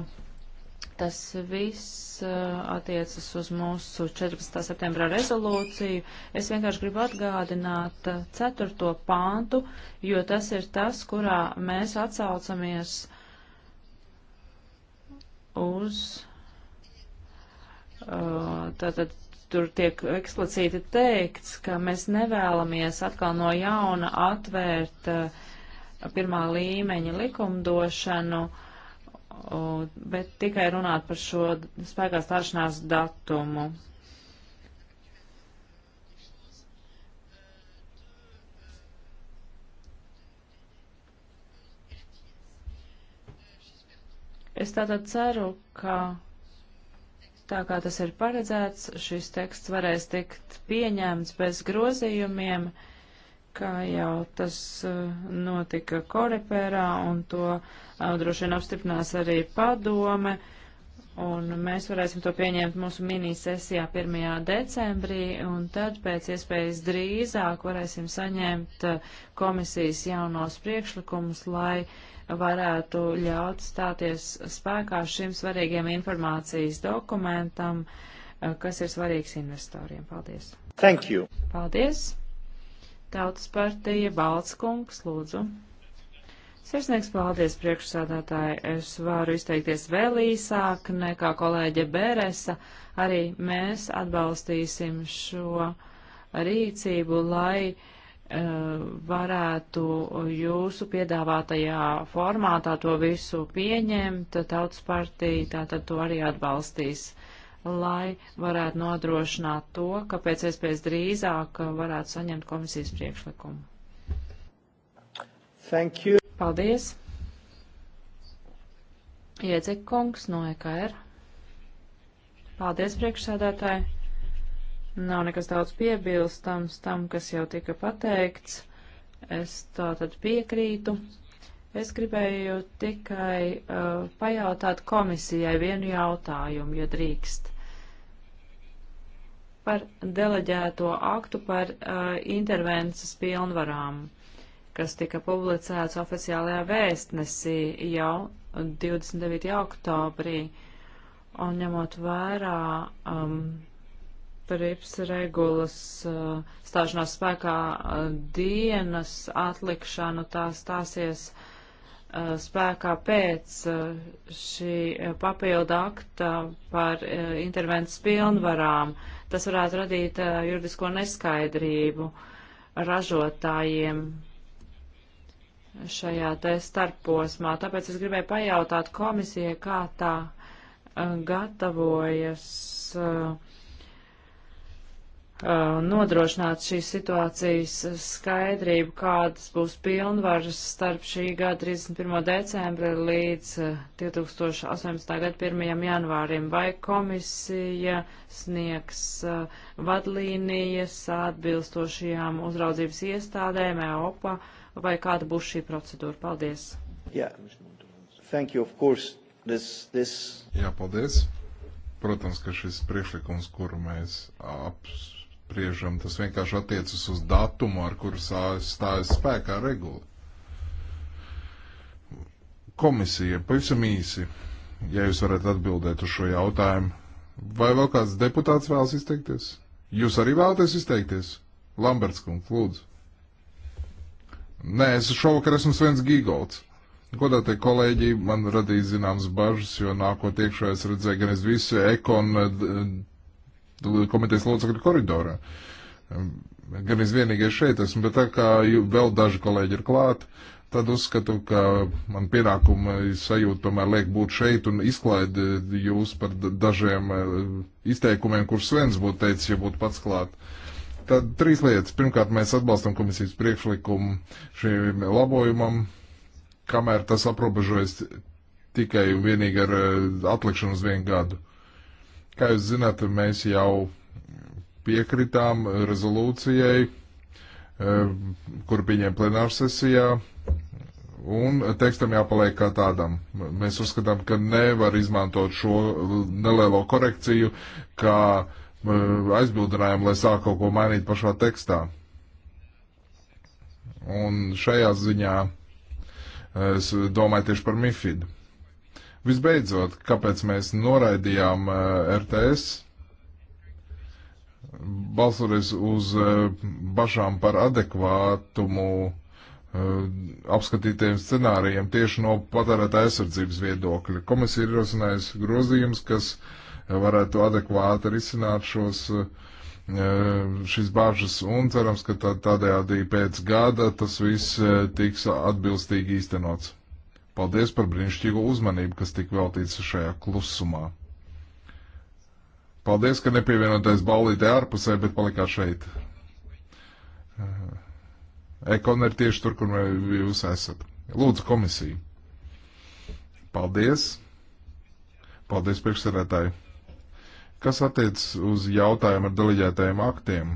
Tas viss uh, attiecas uz mūsu 14. septembra rezolūciju. Es vienkārši gribu atgādināt 4. Uh, pāntu, jo tas ir tas, kurā mēs atsaucamies uz. Uh, tātad tur tiek eksplicīti teikts, ka mēs nevēlamies atkal no jauna atvērt pirmā līmeņa likumdošanu. Uh, bet tikai runāt par šo spēkā stāšanās datumu. Es tātad ceru, ka tā kā tas ir paredzēts, šis teksts varēs tikt pieņemts bez grozījumiem. Uh, kā jau tas eh, notika Korepērā, un to eh, droši vien apstiprinās arī padome, un mēs varēsim to pieņemt mūsu minisesijā 1. decembrī, un tad pēc iespējas drīzāk varēsim saņemt eh, komisijas jaunos priekšlikumus, lai varētu ļaut stāties spēkā šim svarīgiem informācijas dokumentam, kas ir svarīgs investoriem. Paldies! Thank you! Paldies! Tautas partija Baltskungs, lūdzu. Sirsnieks paldies priekšsādātāji. Es varu izteikties vēl īsāk nekā kolēģe Bēresa. Arī mēs atbalstīsim šo rīcību, lai uh, varētu jūsu piedāvātajā formātā to visu pieņemt. Tautas partija tātad to arī atbalstīs lai varētu nodrošināt to, ka pēc iespējas drīzāk varētu saņemt komisijas priekšlikumu. Thank you. Paldies. Iedzek kungs no EKR. Paldies, priekšsēdētāji. Nav nekas daudz piebilstams tam, kas jau tika pateikts. Es tā tad piekrītu. Es gribēju tikai uh, pajautāt komisijai vienu jautājumu, ja drīkst par deleģēto aktu par uh, intervences pilnvarām, kas tika publicēts oficiālajā vēstnesī jau 29. oktobrī. Un ņemot vērā um, prips regulas uh, stāšanās spēkā uh, dienas atlikšanu, tā stāsies uh, spēkā pēc uh, šī papildu akta par uh, intervences pilnvarām. Mm Tas varētu radīt uh, juridisko neskaidrību ražotājiem šajā te starposmā. Tāpēc es gribēju pajautāt komisijai, kā tā uh, gatavojas. Uh, Uh, nodrošināt šīs situācijas skaidrību, kādas būs pilnvaras starp šī gada 31. decembra līdz 2018. Uh, gada 1. janvārim, vai komisija sniegs uh, vadlīnijas atbilstošajām uzraudzības iestādēm, EOPA, vai kāda būs šī procedūra? Paldies! Yeah. Thank you, of course. This, this... Jā, paldies. Protams, ka šis priekšlikums, kuru mēs aps, apspriežam. Tas vienkārši attiecas uz datumu, ar kuru stājas spēkā regula. Komisija, pavisam īsi, ja jūs varat atbildēt uz šo jautājumu, vai vēl kāds deputāts vēlas izteikties? Jūs arī vēlaties izteikties? Lamberts kungs, lūdzu. Nē, es šovakar esmu Svens Gīgolds. Godātie kolēģi, man radīja zināmas bažas, jo nākot iekšā es redzēju gan es visu ekonu komitejas locekļu koridorā. Gan es vienīgais šeit esmu, bet tā kā vēl daži kolēģi ir klāt, tad uzskatu, ka man pienākuma sajūta tomēr liek būt šeit un izklaid jūs par dažiem e, izteikumiem, kurus Svens būtu teicis, ja būtu pats klāt. Tad trīs lietas. Pirmkārt, mēs atbalstam komisijas priekšlikumu šim labojumam, kamēr tas aprobežojas tikai un vienīgi ar e, atlikšanu uz vienu gadu. Kā jūs zināt, mēs jau piekritām rezolūcijai, eh, kur pieņēma plenārsesijā, un tekstam jāpaliek kā tādam. Mēs uzskatām, ka nevar izmantot šo nelielo korekciju kā eh, aizbildinājumu, lai sāk kaut ko mainīt pašā tekstā. Un šajā ziņā eh, es domāju tieši par Mifidu. Visbeidzot, kāpēc mēs noraidījām eh, RTS, balsoties uz eh, bažām par adekvātumu eh, apskatītajiem scenārijiem tieši no patērētāja aizsardzības viedokļa. Komisija ir ierosinājusi grozījums, kas varētu adekvāti risināt šos, šīs bāžas un cerams, ka tādējādi pēc gada tas viss tiks atbilstīgi īstenots. Paldies par brīnišķīgo uzmanību, kas tika veltīts šajā klusumā. Paldies, ka nepievienoties ballītē ārpusē, bet palikāt šeit. Eh, Ekon ir tieši tur, kur jūs esat. Lūdzu, komisija. Paldies. Paldies, priekšsēdētāji. Kas attiec uz jautājumu ar deleģētajiem aktiem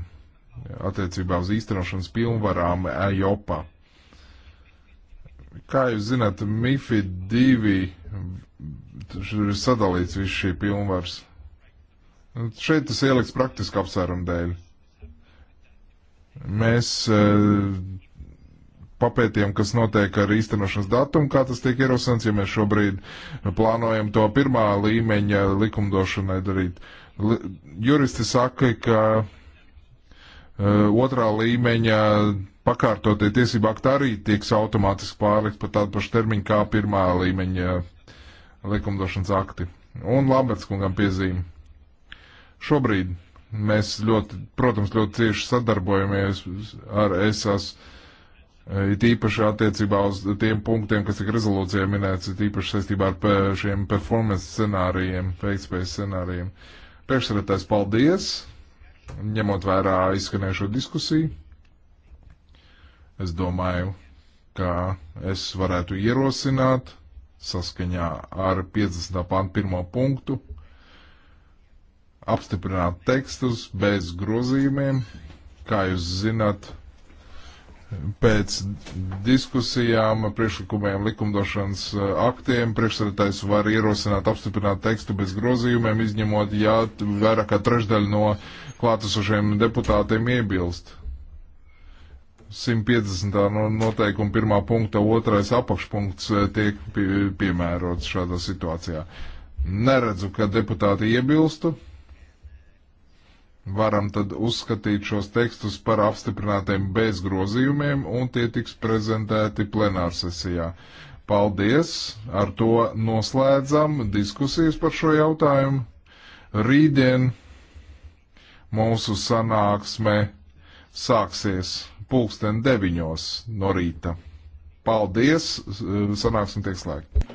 attiecībā uz īstenošanas pilnvarām EIOPA? E Kā jūs zināt, MIFID 2 ir sadalīts viss šī pilnvars. Nu, šeit tas ieliks praktiski apsvērumu dēļ. Mēs e, papētījām, kas notiek ar īstenošanas datumu, kā tas tiek ierosināts, ja mēs šobrīd plānojam to pirmā līmeņa likumdošanai darīt. Juristi saka, ka e, otrā līmeņa pakārtotie tiesību akti arī tiks automātiski pārlikt pa tādu pašu termiņu kā pirmā līmeņa eh, likumdošanas akti. Un Lamberts kungam piezīme. Šobrīd mēs ļoti, protams, ļoti cieši sadarbojamies ar ESAS, eh, it īpaši attiecībā uz tiem punktiem, kas tik rezolūcijā minēts, it īpaši saistībā ar šiem performance scenārijiem, veiktspējas scenārijiem. Priekšsarētājs, paldies, ņemot vērā izskanējušo diskusiju. Es domāju, ka es varētu ierosināt saskaņā ar 50. pantu 1. punktu apstiprināt tekstus bez grozījumiem. Kā jūs zināt, pēc diskusijām, priekšlikumiem, likumdošanas eh, aktiem priekšsēdētājs var ierosināt apstiprināt tekstu bez grozījumiem, izņemot, ja vairāk kā trešdaļa no klātesošiem deputātiem iebilst. 150. noteikuma pirmā punkta otrais apakšpunkts eh, tiek piemērots šādā situācijā. Neredzu, ka deputāti iebilstu. Varam tad uzskatīt šos tekstus par apstiprinātiem bez grozījumiem, un tie tiks prezentēti plenārsesijā. Paldies! Ar to noslēdzam diskusijas par šo jautājumu. Rītdien mūsu sanāksme sāksies pulksten deviņos no rīta. Paldies, sanāksim tiek slēgt.